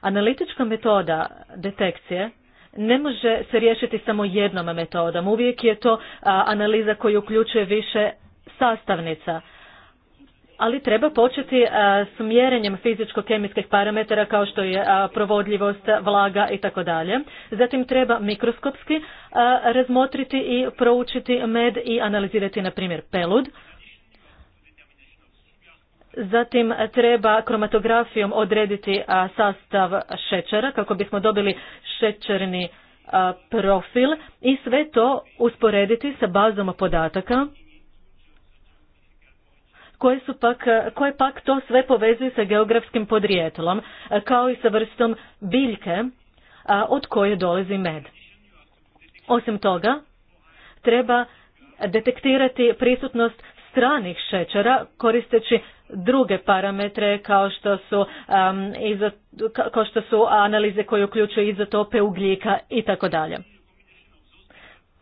Analitička metoda detekcije ne može se riješiti samo jednom metodom. Uvijek je to analiza koja uključuje više sastavnica. Ali treba početi s mjerenjem fizičko-kemijskih parametara kao što je provodljivost, vlaga i tako dalje. Zatim treba mikroskopski razmotriti i proučiti med i analizirati, na primjer, pelud. Zatim treba kromatografijom odrediti sastav šećera kako bismo dobili šećerni profil i sve to usporediti sa bazom podataka koje su pak, koje pak to sve povezuju sa geografskim podrijetlom kao i sa vrstom biljke od koje dolazi med. Osim toga, treba detektirati prisutnost stranih šećera koristeći druge parametre kao što su, um, kao što su analize koje uključuju izotope ugljika i tako dalje.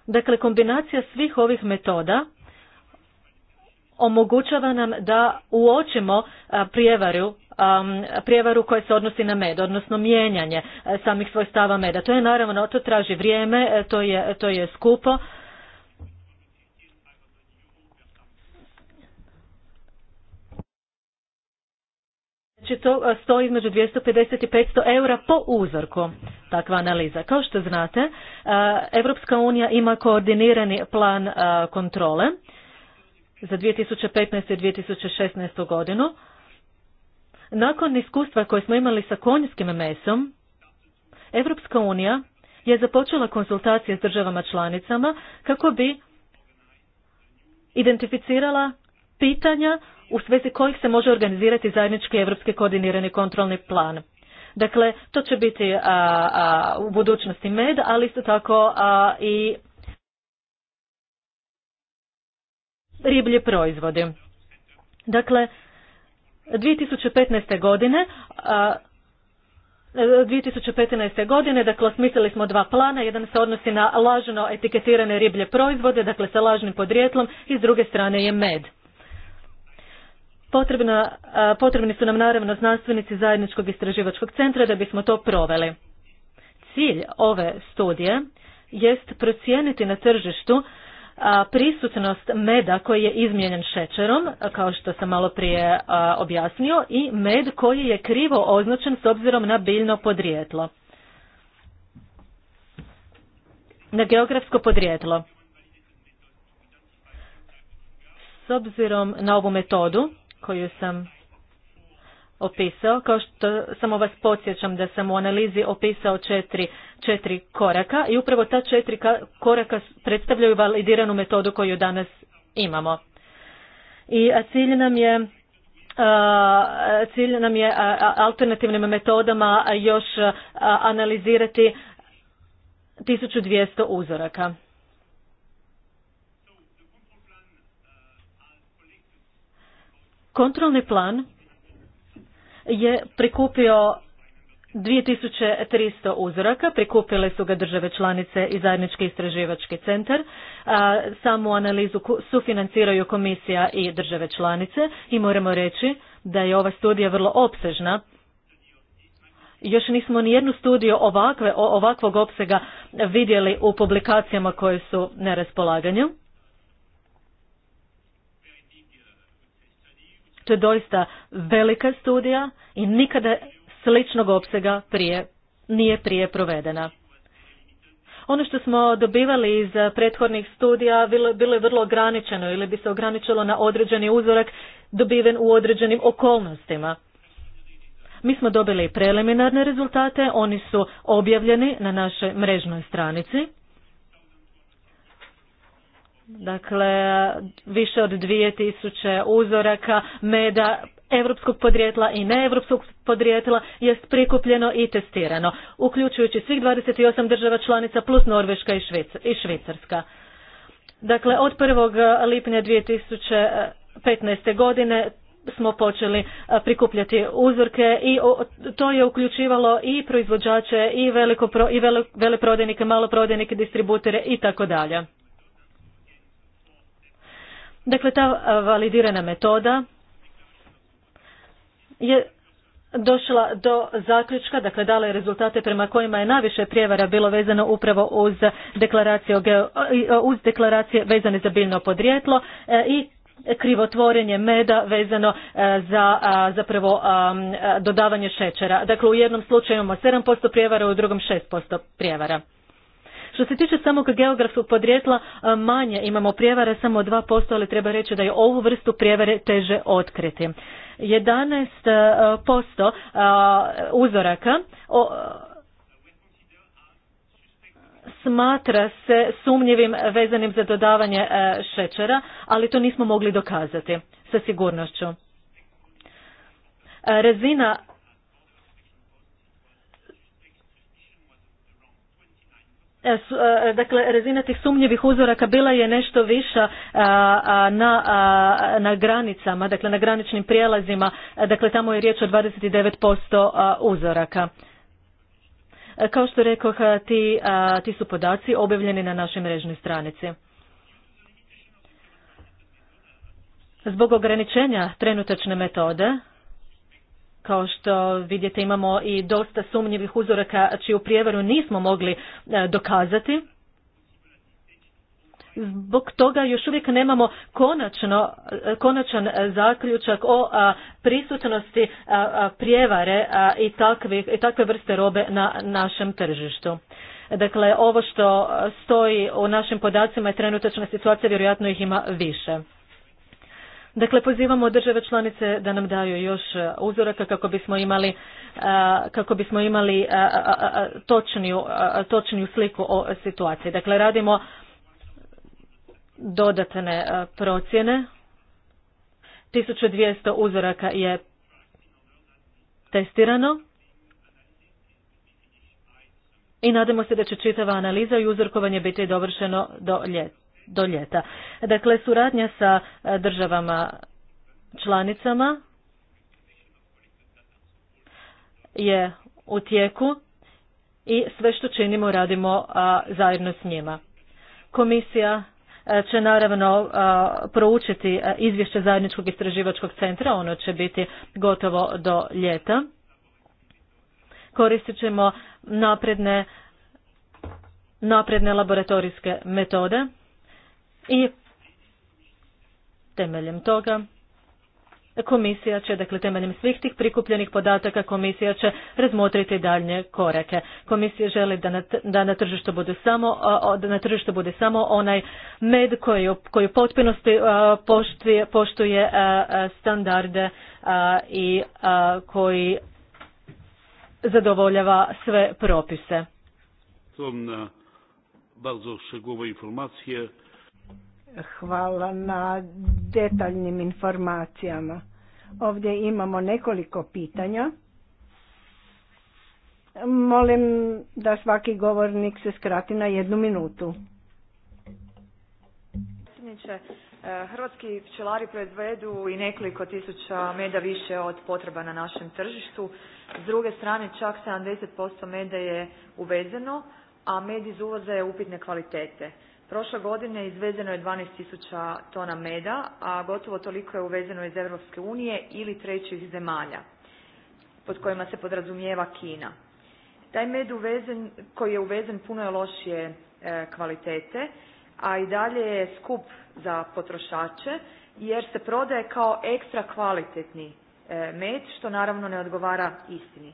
Dakle, kombinacija svih ovih metoda omogućava nam da uočimo prijevaru prijevaru koja se odnosi na med, odnosno mijenjanje e, samih svojstava meda. To je naravno, to traži vrijeme, e, to je, to je skupo, Znači to stoji između 250 i 500 eura po uzorku takva analiza. Kao što znate, Evropska unija ima koordinirani plan kontrole za 2015. i 2016. godinu. Nakon iskustva koje smo imali sa konjskim mesom, europska unija je započela konsultacije s državama članicama kako bi identificirala pitanja u svezi kojih se može organizirati zajednički evropski koordinirani kontrolni plan. Dakle, to će biti a, a, u budućnosti med, ali isto tako i riblje proizvode. Dakle, 2015. godine 2015. godine, dakle, osmislili smo dva plana, jedan se odnosi na lažno etiketirane riblje proizvode, dakle, sa lažnim podrijetlom i s druge strane je med potrebni su nam naravno znanstvenici zajedničkog istraživačkog centra da bismo to proveli. Cilj ove studije jest procijeniti na tržištu prisutnost meda koji je izmijenjen šećerom, kao što sam malo prije objasnio, i med koji je krivo označen s obzirom na biljno podrijetlo. Na geografsko podrijetlo. S obzirom na ovu metodu, koju sam opisao, kao što samo vas podsjećam da sam u analizi opisao četiri, četiri koraka i upravo ta četiri koraka predstavljaju validiranu metodu koju danas imamo. I cilj nam je cilj nam je alternativnim metodama još analizirati 1200 uzoraka. Kontrolni plan je prikupio 2300 uzoraka, prikupile su ga države članice i zajednički istraživački centar. Samu analizu sufinanciraju komisija i države članice i moramo reći da je ova studija vrlo opsežna. Još nismo ni jednu studiju ovakve, ovakvog opsega vidjeli u publikacijama koje su na raspolaganju. To je doista velika studija i nikada sličnog opsega prije nije prije provedena. Ono što smo dobivali iz prethodnih studija bilo je vrlo ograničeno ili bi se ograničilo na određeni uzorak dobiven u određenim okolnostima. Mi smo dobili preliminarne rezultate, oni su objavljeni na našoj mrežnoj stranici. Dakle, više od 2000 uzoraka meda europskog podrijetla i neevropskog podrijetla je prikupljeno i testirano, uključujući svih 28 država članica plus Norveška i Švicarska. Dakle, od 1. lipnja 2015. godine smo počeli prikupljati uzorke i to je uključivalo i proizvođače i, veliko, i veleprodajnike, maloprodajnike, distributere i tako dalje. Dakle, ta validirana metoda je došla do zaključka, dakle dala je rezultate prema kojima je najviše prijevara bilo vezano upravo uz deklaracije, uz deklaracije vezane za biljno podrijetlo e, i krivotvorenje meda vezano e, za zapravo dodavanje šećera. Dakle, u jednom slučaju imamo 7% prijevara, u drugom 6% prijevara. Što se tiče samog geografskog podrijetla, e, manje imamo prijevare, samo 2%, ali treba reći da je ovu vrstu prijevare teže otkriti. 11% e, e, uzoraka smatra se sumnjivim vezanim za dodavanje šećera, ali to nismo mogli dokazati sa sigurnošću. Razina E, e, e, dakle razina tih sumnjivih uzoraka bila je nešto viša na, na granicama, dakle na graničnim prijelazima, dakle tamo je riječ o 29% uzoraka. Kao što rekoh, ti, ti su podaci objavljeni na našoj mrežnoj stranici. Zbog ograničenja trenutačne metode, kao što vidite imamo i dosta sumnjivih uzoraka čiju prijevaru nismo mogli e, dokazati. Zbog toga još uvijek nemamo konačno, e, konačan e, zaključak o prisutnosti prijevare i, takvih i takve vrste robe na našem tržištu. Dakle, ovo što stoji u našim podacima je trenutačna situacija, vjerojatno ih ima više. Dakle, pozivamo države članice da nam daju još e, uzoraka kako bismo imali, e, kako bismo imali e, točniju, točniju sliku o situaciji. Dakle, radimo dodatne procjene. 1200 uzoraka je testirano i nadamo se da će čitava analiza i uzorkovanje biti dovršeno do ljeta do ljeta. Dakle, suradnja sa e, državama članicama je u tijeku i sve što činimo radimo zajedno s njima. Komisija e, će naravno e, proučiti izvješće zajedničkog istraživačkog centra, ono će biti gotovo do ljeta. Koristit ćemo napredne, napredne laboratorijske metode i temeljem toga Komisija će, dakle temeljem svih tih prikupljenih podataka, komisija će razmotriti daljnje korake. Komisija želi da na, da na tržištu bude samo, da na tržištu bude samo onaj med koji, koji u potpunosti poštuje, poštuje standarde i koji zadovoljava sve propise. To na e, bardzo szczegółowe informacije. Hvala na detaljnim informacijama. Ovdje imamo nekoliko pitanja. Molim da svaki govornik se skrati na jednu minutu. E, hrvatski pčelari proizvedu i nekoliko tisuća meda više od potreba na našem tržištu. S druge strane čak 70% meda je uvezeno, a med iz uvoza je upitne kvalitete. Prošle godine izvezeno je tisuća tona meda, a gotovo toliko je uvezeno iz Europske unije ili trećih zemalja pod kojima se podrazumijeva Kina. Taj med uvezen, koji je uvezen puno je lošije e, kvalitete, a i dalje je skup za potrošače jer se prodaje kao ekstra kvalitetni e, med što naravno ne odgovara istini.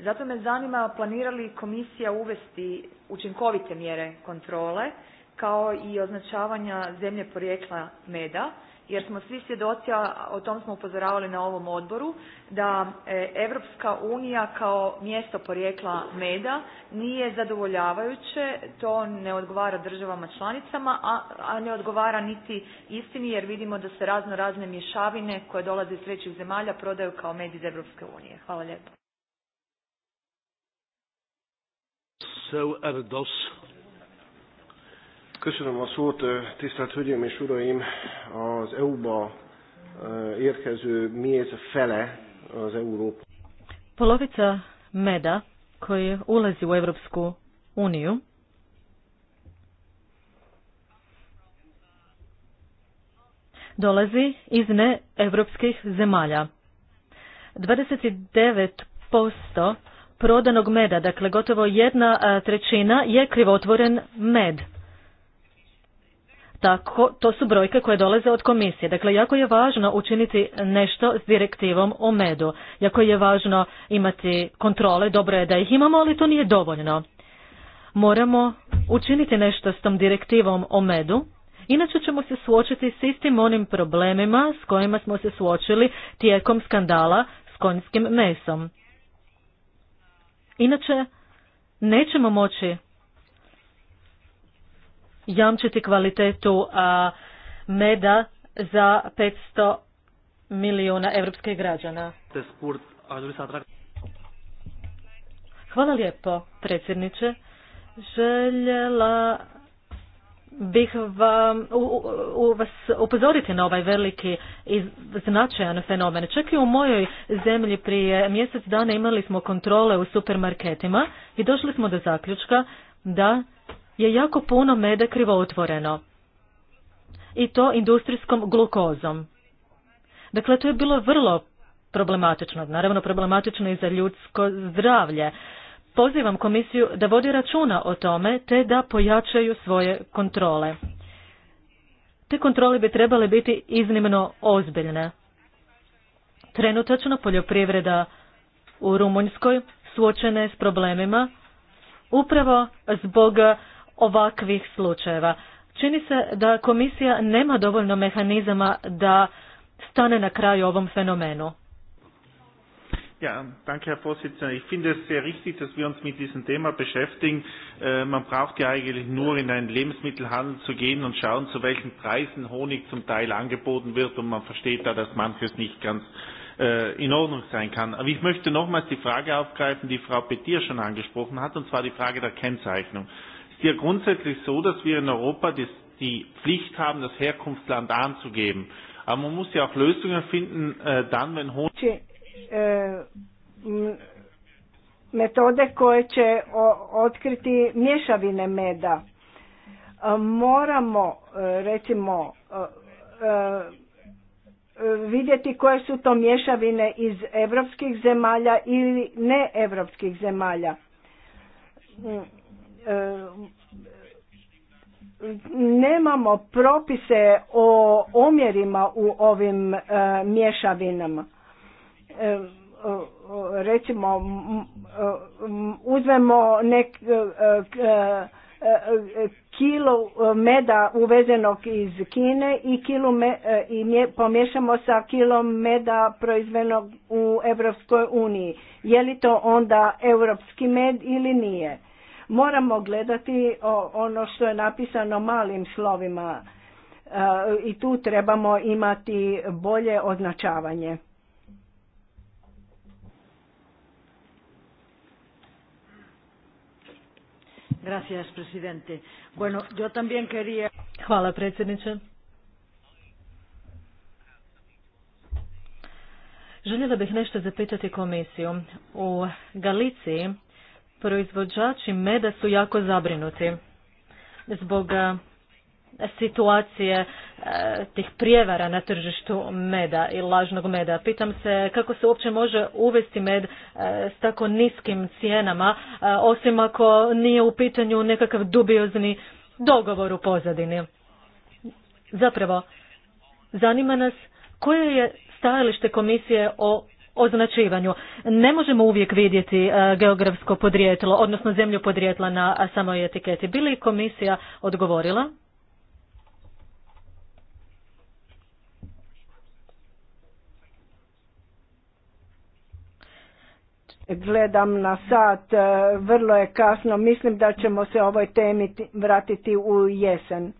Zato me zanima planira li komisija uvesti učinkovite mjere kontrole kao i označavanja zemlje porijekla meda jer smo svi svjedoci, a o tom smo upozoravali na ovom odboru, da Europska unija kao mjesto porijekla meda nije zadovoljavajuće, to ne odgovara državama članicama, a, ne odgovara niti istini jer vidimo da se razno razne mješavine koje dolaze iz trećih zemalja prodaju kao med iz Europske unije. Hvala lijepo. Köszönöm a szót, tisztelt Hölgyeim és Uraim! Az EU-ba érkező méz fele az Európa. Polovica meda koji ulazi u Europsku uniju dolazi iz neevropskih zemalja. 29% prodanog meda, dakle gotovo jedna trećina, je krivotvoren med. Tako, to su brojke koje dolaze od komisije. Dakle, jako je važno učiniti nešto s direktivom o medu. Jako je važno imati kontrole, dobro je da ih imamo, ali to nije dovoljno. Moramo učiniti nešto s tom direktivom o medu, inače ćemo se suočiti s istim onim problemima s kojima smo se suočili tijekom skandala s konjskim mesom. Inače, nećemo moći jamčiti kvalitetu meda za 500 milijuna evropskih građana. Hvala lijepo, predsjedniče. Željela bih vam vas upozoriti na ovaj veliki i značajan fenomen. Čak i u mojoj zemlji prije mjesec dana imali smo kontrole u supermarketima i došli smo do zaključka da je jako puno meda krivotvoreno. I to industrijskom glukozom. Dakle, to je bilo vrlo problematično, naravno problematično i za ljudsko zdravlje. Pozivam komisiju da vodi računa o tome te da pojačaju svoje kontrole. Te kontrole bi trebale biti iznimno ozbiljne. Trenutačno poljoprivreda u Rumunjskoj suočena je s problemima upravo zbog ovakvih slučajeva. Čini se da komisija nema dovoljno mehanizama da stane na kraju ovom fenomenu. Ja, danke, Herr Vorsitzender. Ich finde es sehr richtig, dass wir uns mit diesem Thema beschäftigen. Äh, man braucht ja eigentlich nur in einen Lebensmittelhandel zu gehen und schauen, zu welchen Preisen Honig zum Teil angeboten wird. Und man versteht da, dass manches nicht ganz äh, in Ordnung sein kann. Aber ich möchte nochmals die Frage aufgreifen, die Frau Petir schon angesprochen hat, und zwar die Frage der Kennzeichnung ist ja grundsätzlich so, dass wir in Europa die Pflicht haben, das Herkunftsland anzugeben. Aber man muss ja auch Lösungen finden, äh, dann, wenn hohe... Znači, metode koje će otkriti mješavine meda. E, moramo, e, recimo, e, vidjeti koje su to mješavine iz evropskih zemalja ili ne neevropskih zemalja nemamo propise o omjerima u ovim e, mješavinama e, recimo e, uzmemo nek kilo meda uvezenog iz Kine i kilo i pomiješamo sa kilom meda proizvenog u Europskoj uniji. Je li to onda europski med ili nije? Moramo gledati ono što je napisano malim slovima e, i tu trebamo imati bolje označavanje. Gracias, presidente. Bueno, yo también quería... Hvala, predsjedniče. Željela bih nešto zapitati komisiju. U Galiciji Proizvođači meda su jako zabrinuti zbog eh, situacije eh, tih prijevara na tržištu meda i lažnog meda. Pitam se kako se uopće može uvesti med eh, s tako niskim cijenama, osim ako nije u pitanju nekakav dubiozni dogovor u pozadini. Zapravo, zanima nas koje je stajalište komisije o označivanju. Ne možemo uvijek vidjeti e, geografsko podrijetlo, odnosno zemlju podrijetla na samoj etiketi. Bili komisija odgovorila? Gledam na sat, e, vrlo je kasno, mislim da ćemo se ovoj temi vratiti u jesen.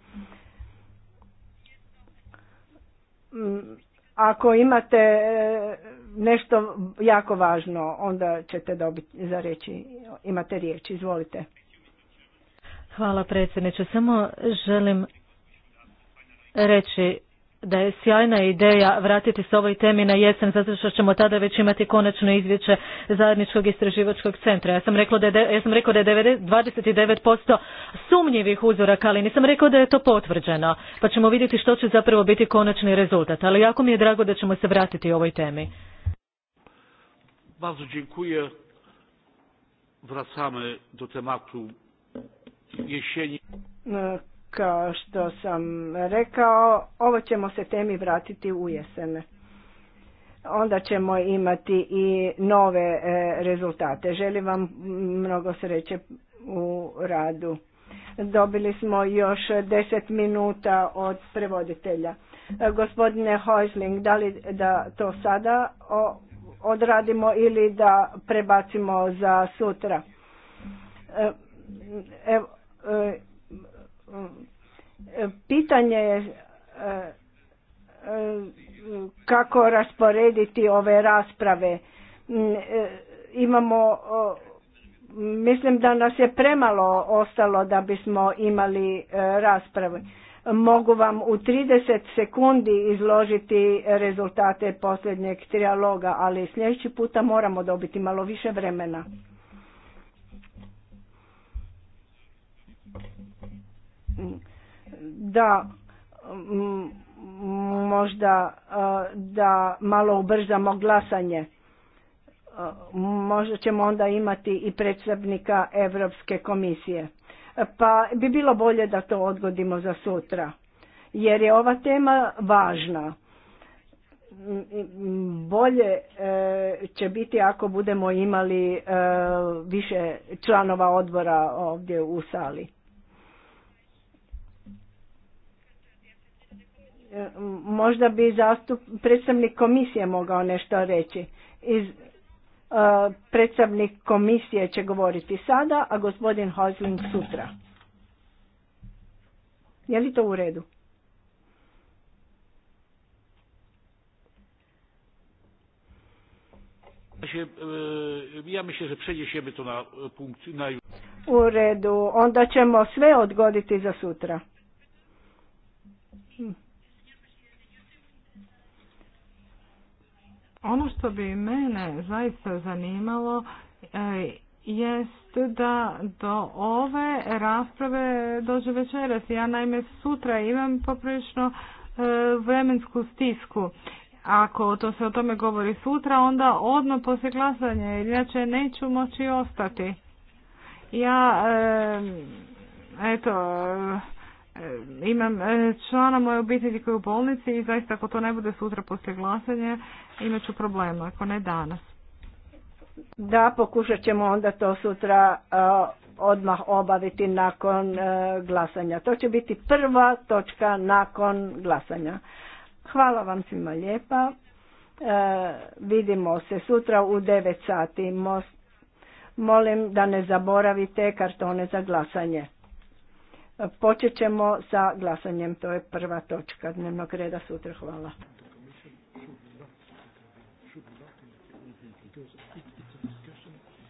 Mm, ako imate e, nešto jako važno, onda ćete dobiti za reći, imate riječ, izvolite. Hvala predsjedniče, samo želim reći da je sjajna ideja vratiti se ovoj temi na jesen zato što ćemo tada već imati konačno izvješće zajedničkog istraživačkog centra. Ja sam rekla da je, ja sam rekao da je 29% sumnjivih uzoraka, ali nisam rekao da je to potvrđeno. Pa ćemo vidjeti što će zapravo biti konačni rezultat. Ali jako mi je drago da ćemo se vratiti ovoj temi. Bardzo dziękuję. Wracamy do tematu jesieni. E, kao što sam rekao, ovo ćemo se temi vratiti u jesen. Onda ćemo imati i nove e, rezultate. Želim vam mnogo sreće u radu. Dobili smo još deset minuta od prevoditelja. E, gospodine Hojsling, da li da to sada odradimo ili da prebacimo za sutra. E, evo, e, e, pitanje je kako rasporediti ove rasprave. Mm, imamo, mislim da nas je premalo ostalo da bismo imali rasprave. Mogu vam u 30 sekundi izložiti rezultate posljednjeg trialoga, ali sljedeći puta moramo dobiti malo više vremena. Da, možda da malo ubrzamo glasanje. Možda ćemo onda imati i predstavnika Europske komisije pa bi bilo bolje da to odgodimo za sutra. Jer je ova tema važna. Bolje e, će biti ako budemo imali e, više članova odbora ovdje u sali. E, možda bi predstavnik komisije mogao nešto reći. Iz, E, predstavnik komisije će govoriti sada, a gospodin Hosling sutra. Je li to u redu? E, ja na e, U redu, onda ćemo sve odgoditi za sutra. Ono što bi mene zaista zanimalo e, jest da do ove rasprave dođe večeras. Ja naime sutra imam poprilično e, vremensku stisku. Ako to se o tome govori sutra, onda odmah poslije glasanja, jer inače neću moći ostati. Ja, e, eto, E, imam e, člana moje obitelji koji je u bolnici i zaista ako to ne bude sutra poslije glasanja imat ću problema, ako ne danas. Da, pokušat ćemo onda to sutra e, odmah obaviti nakon glasanja. To će biti prva točka nakon glasanja. Hvala vam svima lijepa. Vidimo se sutra u 9 sati. Molim da ne zaboravite kartone za glasanje. Počet ćemo sa glasanjem, to je prva točka dnevnog reda sutra. Hvala.